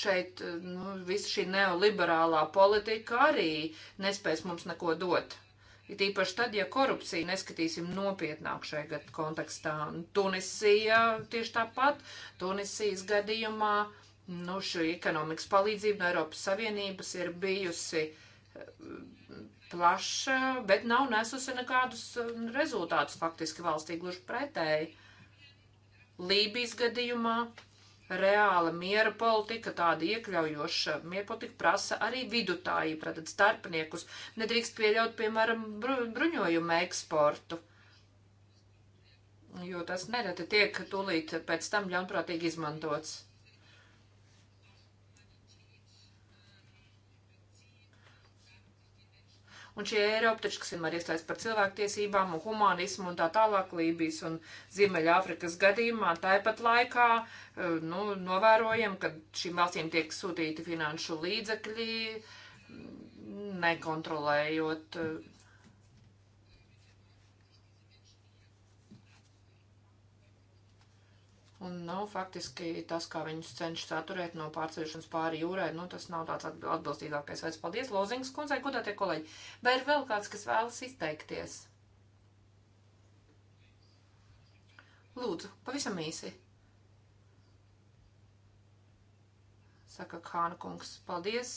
šeit eh, nu, visa šī neoliberālā politika arī nespēs mums neko dot. It īpaši tad, ja korupciju neskatīsim nopietnāk šajā gadu kontekstā. Tunisija tieši tāpat, Tunisijas gadījumā, nu, šī ekonomikas palīdzība no Eiropas Savienības ir bijusi uh, plaša, bet nav nesusi nekādus um, rezultātus faktiski valstī, gluži pretēji. Lībijas gadījumā reāla miera politika, tāda iekļaujoša miera politika prasa arī vidutāji, tātad starpniekus. Nedrīkst pieļaut, piemēram, bru, bruņojumu eksportu, jo tas nereti tiek tūlīt pēc tam ļaunprātīgi izmantots. Un šī Eiropa, taču, kas vienmēr iestājas par cilvēktiesībām un humanismu un tā tālāk Lībijas un Ziemeļāfrikas gadījumā, tāpat laikā eh, nu, novērojam, ka šīm valstīm tiek sūtīti finanšu līdzekļi, nekontrolējot eh, un nav faktiski tas, kā viņus cenšas atturēt no pārceļšanas pāri jūrai. Nu, tas nav tāds atbilstīgākais veids. Paldies, Lozings kundzei, godātie kolēģi. Vai ir vēl kāds, kas vēlas izteikties? Lūdzu, pavisam īsi. Saka Hāna kungs, paldies.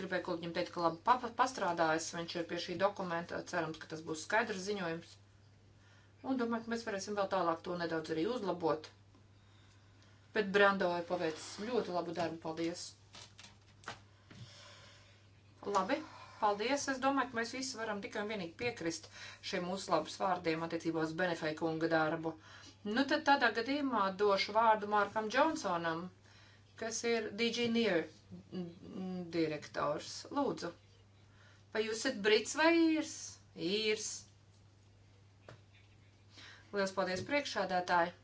Gribēju kaut viņam teikt, ka labi pastrādājas, viņš ir pie šī dokumenta, cerams, ka tas būs skaidrs ziņojums. Un domāju, ka mēs varēsim vēl tālāk to nedaudz arī uzlabot bet Brando ir paveicis ļoti labu darbu. Paldies! Labi, paldies. Es domāju, ka mēs visi varam tikai un vienīgi piekrist šiem uzlabus vārdiem attiecībā uz Benefei kunga darbu. Nu tad tādā gadījumā došu vārdu Markam Džonsonam, kas ir DG Near direktors. Lūdzu, vai jūs esat brits vai īrs? Īrs. Lielas paldies priekšādātāji!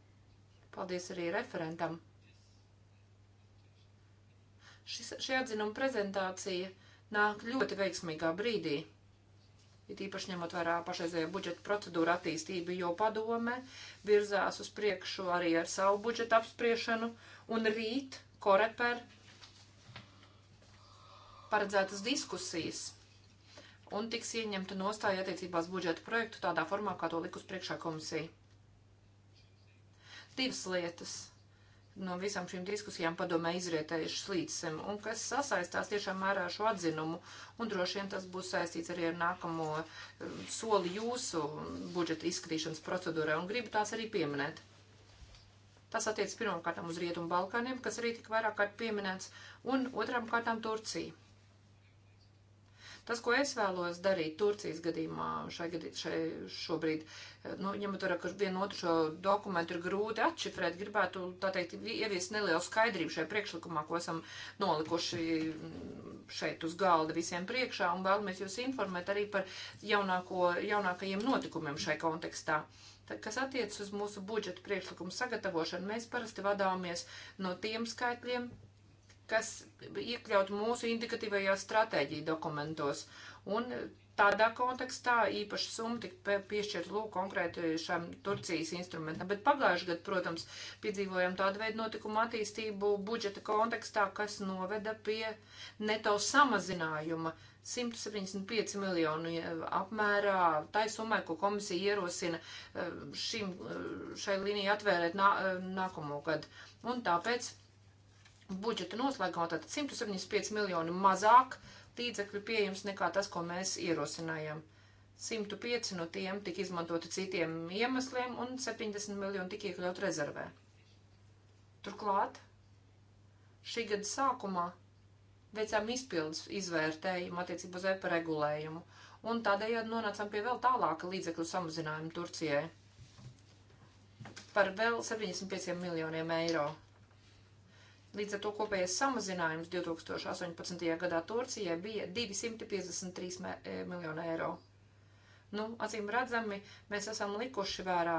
Paldies arī referentam. Šis, šī atzinuma prezentācija nāk ļoti veiksmīgā brīdī. Ir īpaši ņemot vērā pašreizējo budžeta procedūru attīstību, jo padome virzās uz priekšu arī ar savu budžeta apspriešanu, un rīt koreper paredzētas diskusijas un tiks ieņemta nostāja attiecībās budžeta projektu tādā formā, kā to likus priekšā komisija divas lietas no visām šīm diskusijām padomē izrietējušas līdzsem un kas sasaistās tiešām ar šo atzinumu. Un droši vien tas būs saistīts arī ar nākamo um, soli jūsu budžeta izskatīšanas procedūrā un gribu tās arī pieminēt. Tas attiec pirmkārt uz Rietumu Balkāniem, kas arī tik vairāk kārt pieminēts, un otrām kārtām Turciju. Tas, ko es vēlos darīt Turcijas gadījumā, šai gadījumā, šai šobrīd, eh, nu, ņemot vērā, ka vienu otru šo dokumentu ir grūti atšifrēt, gribētu, tā teikt, ieviest nelielu skaidrību šajā priekšlikumā, ko esam nolikuši mm, šeit uz galda visiem priekšā, un vēlamies jūs informēt arī par jaunāko, jaunākajiem notikumiem šai kontekstā. Tad, kas attiecas uz mūsu budžeta priekšlikumu sagatavošanu, mēs parasti vadāmies no tiem skaitļiem, kas iekļaut mūsu indikatīvajā stratēģija dokumentos. Un tādā kontekstā īpaša summa tika piešķirta lūk konkrēti šam Turcijas instrumentam. Bet pagājuši gadu, protams, piedzīvojam tādu veidu notikumu attīstību budžeta kontekstā, kas noveda pie neto samazinājuma 175 miljonu apmērā tai summai, ko komisija ierosina eh, šim, eh, šai līnijai atvērēt nā, eh, nākamo gadu. Un tāpēc budžeta noslēgumā tātad 175 miljoni mazāk līdzekļu pieejams nekā tas, ko mēs ierosinājām. 105 no tiem tika izmantoti citiem iemesliem un 70 miljoni tika iekļaut rezervē. Turklāt šī gada sākumā veicām izpildus izvērtējumu attiecībā uz EPA regulējumu un tādējādi nonācām pie vēl tālāka līdzekļu samazinājuma Turcijai par vēl 75 miljoniem eiro Līdz ar to kopējais samazinājums 2018. gadā Turcijai bija 253 e, miljonu eiro. Nu, acīm redzami, mēs esam likuši vērā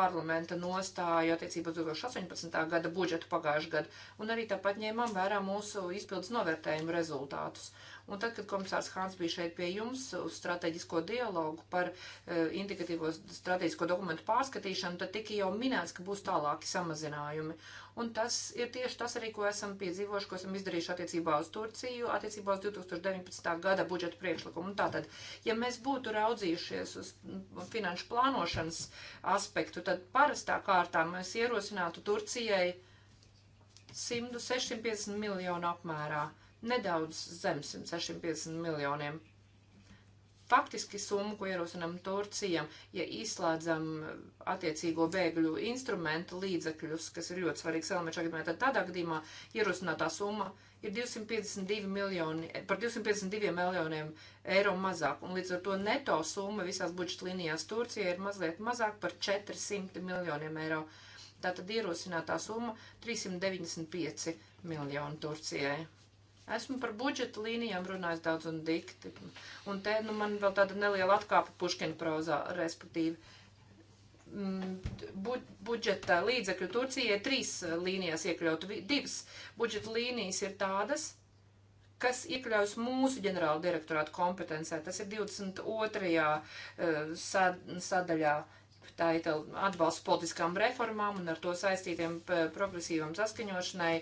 parlamenta nostāju attiecībā uz 2018. gada budžetu pagājušajā gadā, un arī tāpat ņēmām vērā mūsu izpildes novērtējumu rezultātus. Un tad, kad komisārs Hāns bija šeit pie jums uz strateģisko dialogu par eh, indikatīvo strateģisko dokumentu pārskatīšanu, tad tika jau minēts, ka būs tālāki samazinājumi. Un tas ir tieši tas arī, ko esam piedzīvojuši, ko esam izdarījuši attiecībā uz Turciju, attiecībā uz 2019. gada budžeta priekšlikumu. Un tātad, ja mēs būtu raudzījušies uz finanšu plānošanas aspektu, tad parastā kārtā mēs ierosinātu Turcijai 100, 650 miljonu apmērā. Uh, nedaudz zem 150 miljoniem. Faktiski summa, ko ierosinam Turcijam, ja izslēdzam attiecīgo bēgļu instrumentu līdzekļus, kas ir ļoti svarīgs elements šajā gadījumā, tad tādā gadījumā ierosinātā summa ir 252 miljoni, par 252 miljoniem eiro mazāk, un līdz ar to neto summa visās budžeta līnijās Turcija ir mazliet mazāk par 400 miljoniem eiro. Tātad ierosinātā summa 395 miljoni Turcijai. Esmu par budžeta līnijām runājis daudz un dikti. Un te nu, man vēl tāda neliela atkāpa Puškina prozā, respektīvi. Mm, bu, budžeta līdzekļu Turcijai trīs eh, līnijās iekļautu. Divas budžeta līnijas ir tādas, kas iekļaujas mūsu ģenerāla direktorāta kompetencē. Tas ir 22. Uh, eh, sad, sadaļā tā ir atbalsts politiskām reformām un ar to saistītiem eh, progresīvam saskaņošanai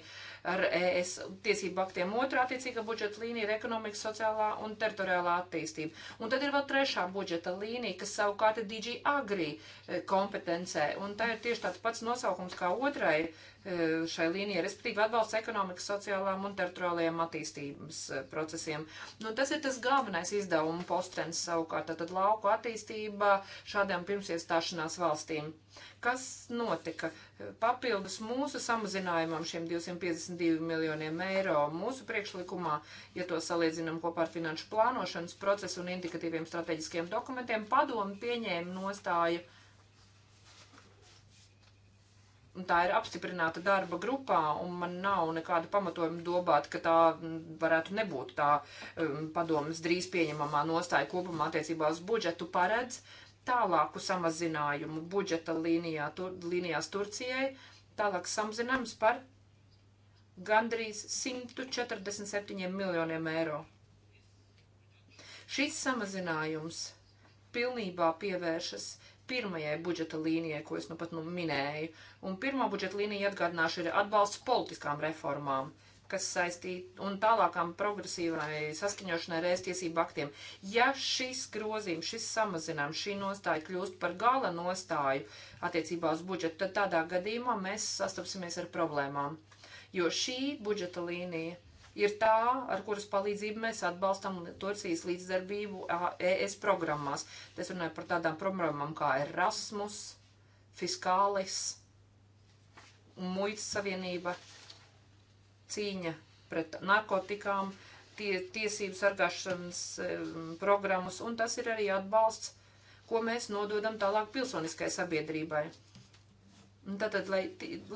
ar ES tiesību aktiem. Otra attiecīga budžeta līnija ir ekonomika, sociālā un teritoriālā attīstība. Un tad ir vēl trešā budžeta līnija, kas savukārt ir DG Agri eh, kompetencē, un tā ir tieši tāds pats nosaukums kā otrai Eh, šai līnijai, respektīvi atbalsts ekonomikas, sociālām un teritoriālajām attīstības eh, procesiem. Nu, tas ir tas galvenais izdevuma postrens savukārt, tad lauku attīstībā šādām pirmsiestāšanās valstīm. Kas notika? Papildus mūsu samazinājumam šiem 252 miljoniem eiro mūsu priekšlikumā, ja to salīdzinām kopā ar finanšu plānošanas procesu un indikatīviem strateģiskiem dokumentiem, padomu pieņēma nostāju Un tā ir apstiprināta darba grupā, un man nav nekāda pamatojuma domāt, ka tā varētu nebūt tā um, padomas drīz pieņemamā nostāja kopumā attiecībā uz budžetu paredz tālāku samazinājumu budžeta līnijā, tur, līnijās Turcijai, tālāk samazinājums par gandrīz 147 miljoniem eiro. Šis samazinājums pilnībā pievēršas pirmajai budžeta līnijai, ko es nu pat nu minēju. Un pirmā budžeta līnija atgādināšu ir atbalsts politiskām reformām kas saistīti un tālākām progresīvai saskaņošanai reiz tiesību aktiem. Ja šis grozījums, šis samazinājums, šī nostāja kļūst par gala nostāju attiecībā uz budžetu, tad tādā gadījumā mēs sastapsimies ar problēmām. Jo šī budžeta līnija ir tā, ar kuras palīdzību mēs atbalstam Turcijas līdzdarbību ES programmās. Es runāju par tādām programmām kā Erasmus, Fiskālis, Muitas Savienība, cīņa pret narkotikām, tie, tiesību sargāšanas e, programmas, un tas ir arī atbalsts, ko mēs nododam tālāk pilsoniskai sabiedrībai Tātad, lai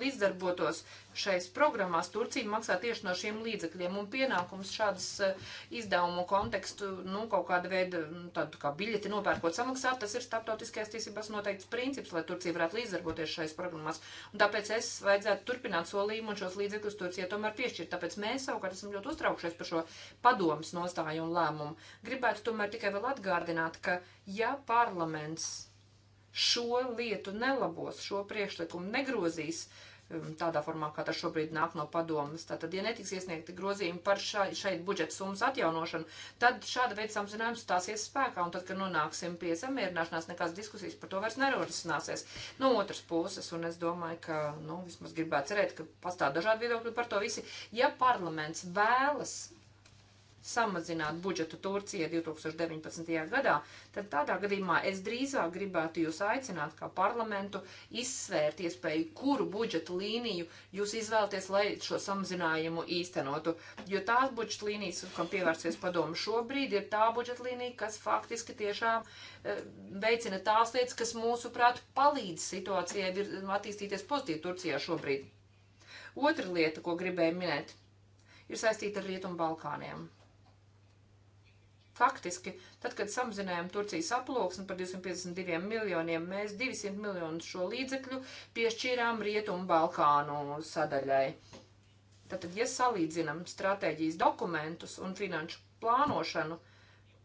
līdzdarbotos šais programmās, Turcija maksā tieši no šiem līdzekļiem un pienākums šādas eh, izdevumu kontekstu, nu, kaut kāda veida, mm, tādu kā biļeti nopērkot samaksāt, tas ir starptautiskajās tiesībās noteikts princips, lai Turcija varētu līdzdarboties šais programmās. Un tāpēc es vajadzētu turpināt solījumu un šos līdzekļus Turcija tomēr piešķirt. Tāpēc mēs savukārt esam ļoti uztraukšies par šo padomas nostāju un lēmumu. Gribētu tomēr tikai vēl atgārdināt, ka ja parlaments šo lietu nelabos, šo priekšlikumu negrozīs um, tādā formā, kā tas šobrīd nāk no padomas. Tātad, ja netiks iesniegti grozījumi par šai, šeit budžeta summas atjaunošanu, tad šāda veida samazinājums stāsies spēkā, un tad, kad nonāksim pie samierināšanās, nekādas diskusijas par to vairs nerorisināsies. No otras puses, un es domāju, ka, nu, vismaz gribētu cerēt, ka pastāv dažādi viedokļi par to visi, ja parlaments vēlas samazināt budžetu Turcijai 2019. gadā, tad tādā gadījumā es drīzāk gribētu jūs aicināt kā parlamentu izsvērt iespēju, kuru budžetu līniju jūs izvēlaties, lai šo samazinājumu īstenotu. Jo tās budžeta līnijas, kam pievērsies padomu šobrīd, ir tā budžeta līnija, kas faktiski tiešām eh, veicina tās lietas, kas mūsuprāt palīdz situācijai attīstīties pozitīvi Turcijā šobrīd. Otra lieta, ko gribēju minēt, ir saistīta ar Rietumu Balkāniem. Faktiski, tad, kad samazinājām Turcijas aploksni par 252 miljoniem, mēs 200 miljonus šo līdzekļu piešķīrām Rietumu Balkānu sadaļai. Tātad, ja salīdzinam stratēģijas dokumentus un finanšu plānošanu,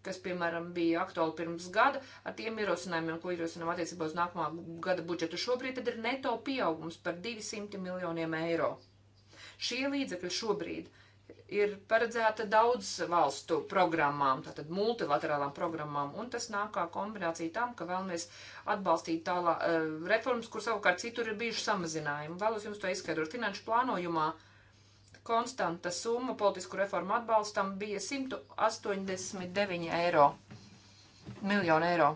kas, piemēram, bija aktuāli pirms gada, ar tiem ierosinājumiem, ko ierosinām attiecībā uz nākamā gada budžetu šobrīd, tad ir neto pieaugums par 200 miljoniem eiro. Šie līdzekļi šobrīd ir paredzēta daudz valstu programmām, tātad multilaterālām programmām, un tas nāk kā kombinācija tam, ka vēlamies atbalstīt tālāk eh, reformas, kur savukārt citur ir bijuši samazinājumi. Vēlos jums to izskaidrot. Finanšu plānojumā konstanta summa politisku reformu atbalstam bija 189 eiro, miljonu eiro.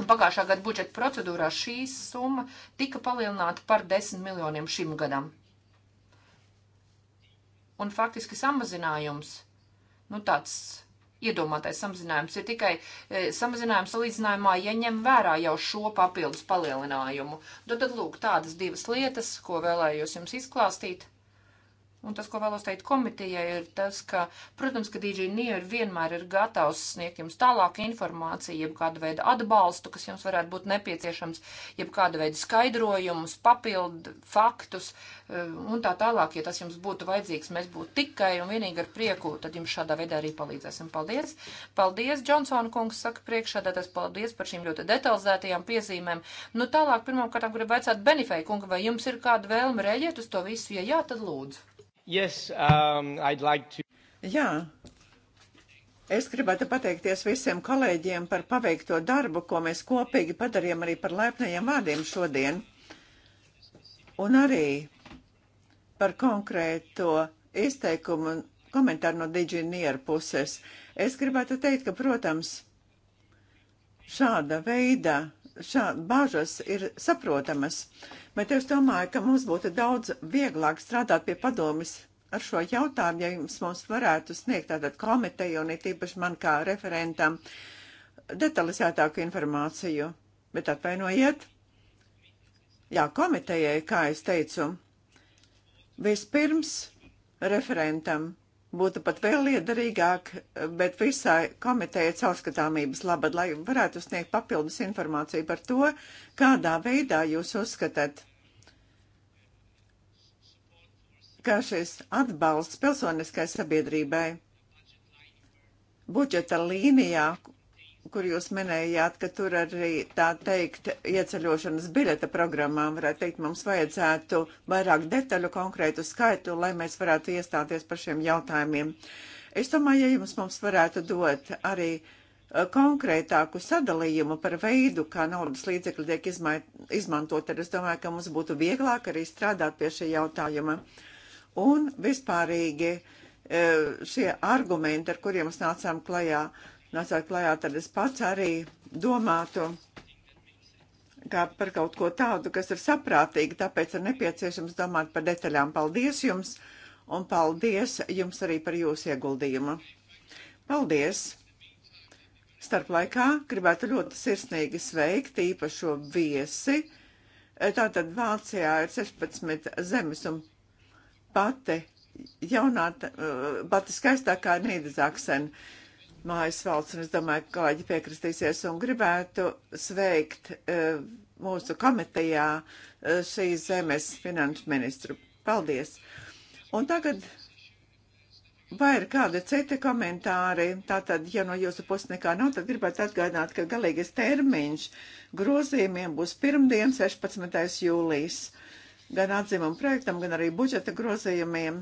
Pagājušā gada budžeta procedūrā šī summa tika palielināta par 10 miljoniem šim gadam un faktiski samazinājums, nu tāds iedomātais samazinājums ir tikai e, samazinājums salīdzinājumā, ja ņem vērā jau šo papildus palielinājumu. Tad, nu, tad lūk, tādas divas lietas, ko vēlējos jums izklāstīt. Un tas, ko vēlos teikt komitejai, ir tas, ka, protams, ka DJ Nier vienmēr ir gatavs sniegt jums tālāku informāciju, jeb kādu veidu atbalstu, kas jums varētu būt nepieciešams, jeb kādu veidu skaidrojumus, papildu faktus eh, un tā tālāk, ja tas jums būtu vajadzīgs, mēs būtu tikai un vienīgi ar prieku, tad jums šādā veidā arī palīdzēsim. Paldies! Paldies, Džonsona kungs, saka priekšādātājs, paldies par šīm ļoti detalizētajām piezīmēm. Nu tālāk, pirmkārt, gribu vaicāt Benifei kunga, vai jums ir kāda vēlme reaģēt uz to visu, ja jā, tad lūdzu. Yes, um, I'd like to... Jā, es gribētu pateikties visiem kolēģiem par paveikto darbu, ko mēs kopīgi padarījām arī par laipnajiem vārdiem šodien. Un arī par konkrēto izteikumu un komentāru no diģinieru puses. Es gribētu teikt, ka, protams, šāda veida šāda bāžas ir saprotamas, bet es domāju, ka mums būtu daudz vieglāk strādāt pie padomis ar šo jautājumu, ja jums mums varētu sniegt tātad komiteju un it īpaši man kā referentam detalizētāku informāciju. Bet atvainojiet, jā, komitejai, kā es teicu, vispirms referentam būtu pat vēl liederīgāk, bet visai komiteja caurskatāmības labad, lai varētu sniegt papildus informāciju par to, kādā veidā jūs uzskatāt, ka šis atbalsts pilsoniskai sabiedrībai budžeta līnijā, kur jūs minējāt, ka tur arī tā teikt ieceļošanas biļeta programmām, varētu teikt, mums vajadzētu vairāk detaļu konkrētu skaitu, lai mēs varētu iestāties par šiem jautājumiem. Es domāju, ja jums mums varētu dot arī eh, konkrētāku sadalījumu par veidu, kā naudas līdzekļi tiek izmantot, tad es domāju, ka mums būtu vieglāk arī strādāt pie šī jautājuma. Un vispārīgi eh, šie argumenti, ar kuriem mēs nācām klajā, uh, nācāt klajā, tad es pats arī domātu kā par kaut ko tādu, kas ir saprātīgi, tāpēc ir nepieciešams domāt par detaļām. Paldies jums un paldies jums arī par jūsu ieguldījumu. Paldies! Starp laikā gribētu ļoti sirsnīgi sveikt īpašo viesi. Tātad Vācijā ir 16 zemes un pati jaunā, pati skaistākā Nīdezaksen. Uh, mājas valsts, un es domāju, ka kolēģi piekristīsies un gribētu sveikt e, mūsu komitejā e, šīs zemes finanšu ministru. Paldies! Un tagad Vai ir kādi citi komentāri? Tātad, ja no jūsu puses nekā nav, tad gribētu atgādināt, ka galīgais termiņš grozījumiem būs pirmdien, 16. jūlijas. Gan atzīmuma projektam, gan arī budžeta grozījumiem.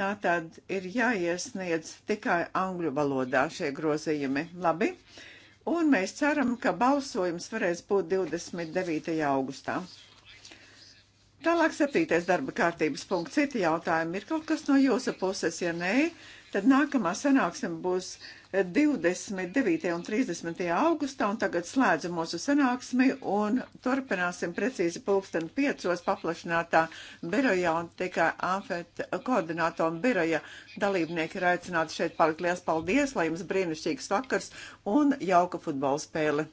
Tā tad ir jāiesniedz tikai angļu valodā šie grozījumi. Labi. Un mēs ceram, ka balsojums varēs būt 29. augustā. Tālāk septītais darba kārtības punkts. Citi jautājumi ir kaut kas no jūsu puses, ja nē, Tad nākamā sanāksme būs 29. Eh, un 30. augustā, un tagad slēdzam mūsu sanāksmi un turpināsim precīzi pulksten piecos paplašinātā birojā, un tikai ANFET koordinātoru biroja dalībnieki ir aicināti šeit palikt. Liels paldies, lai jums brīnišķīgs vakars un jauka futbola spēle!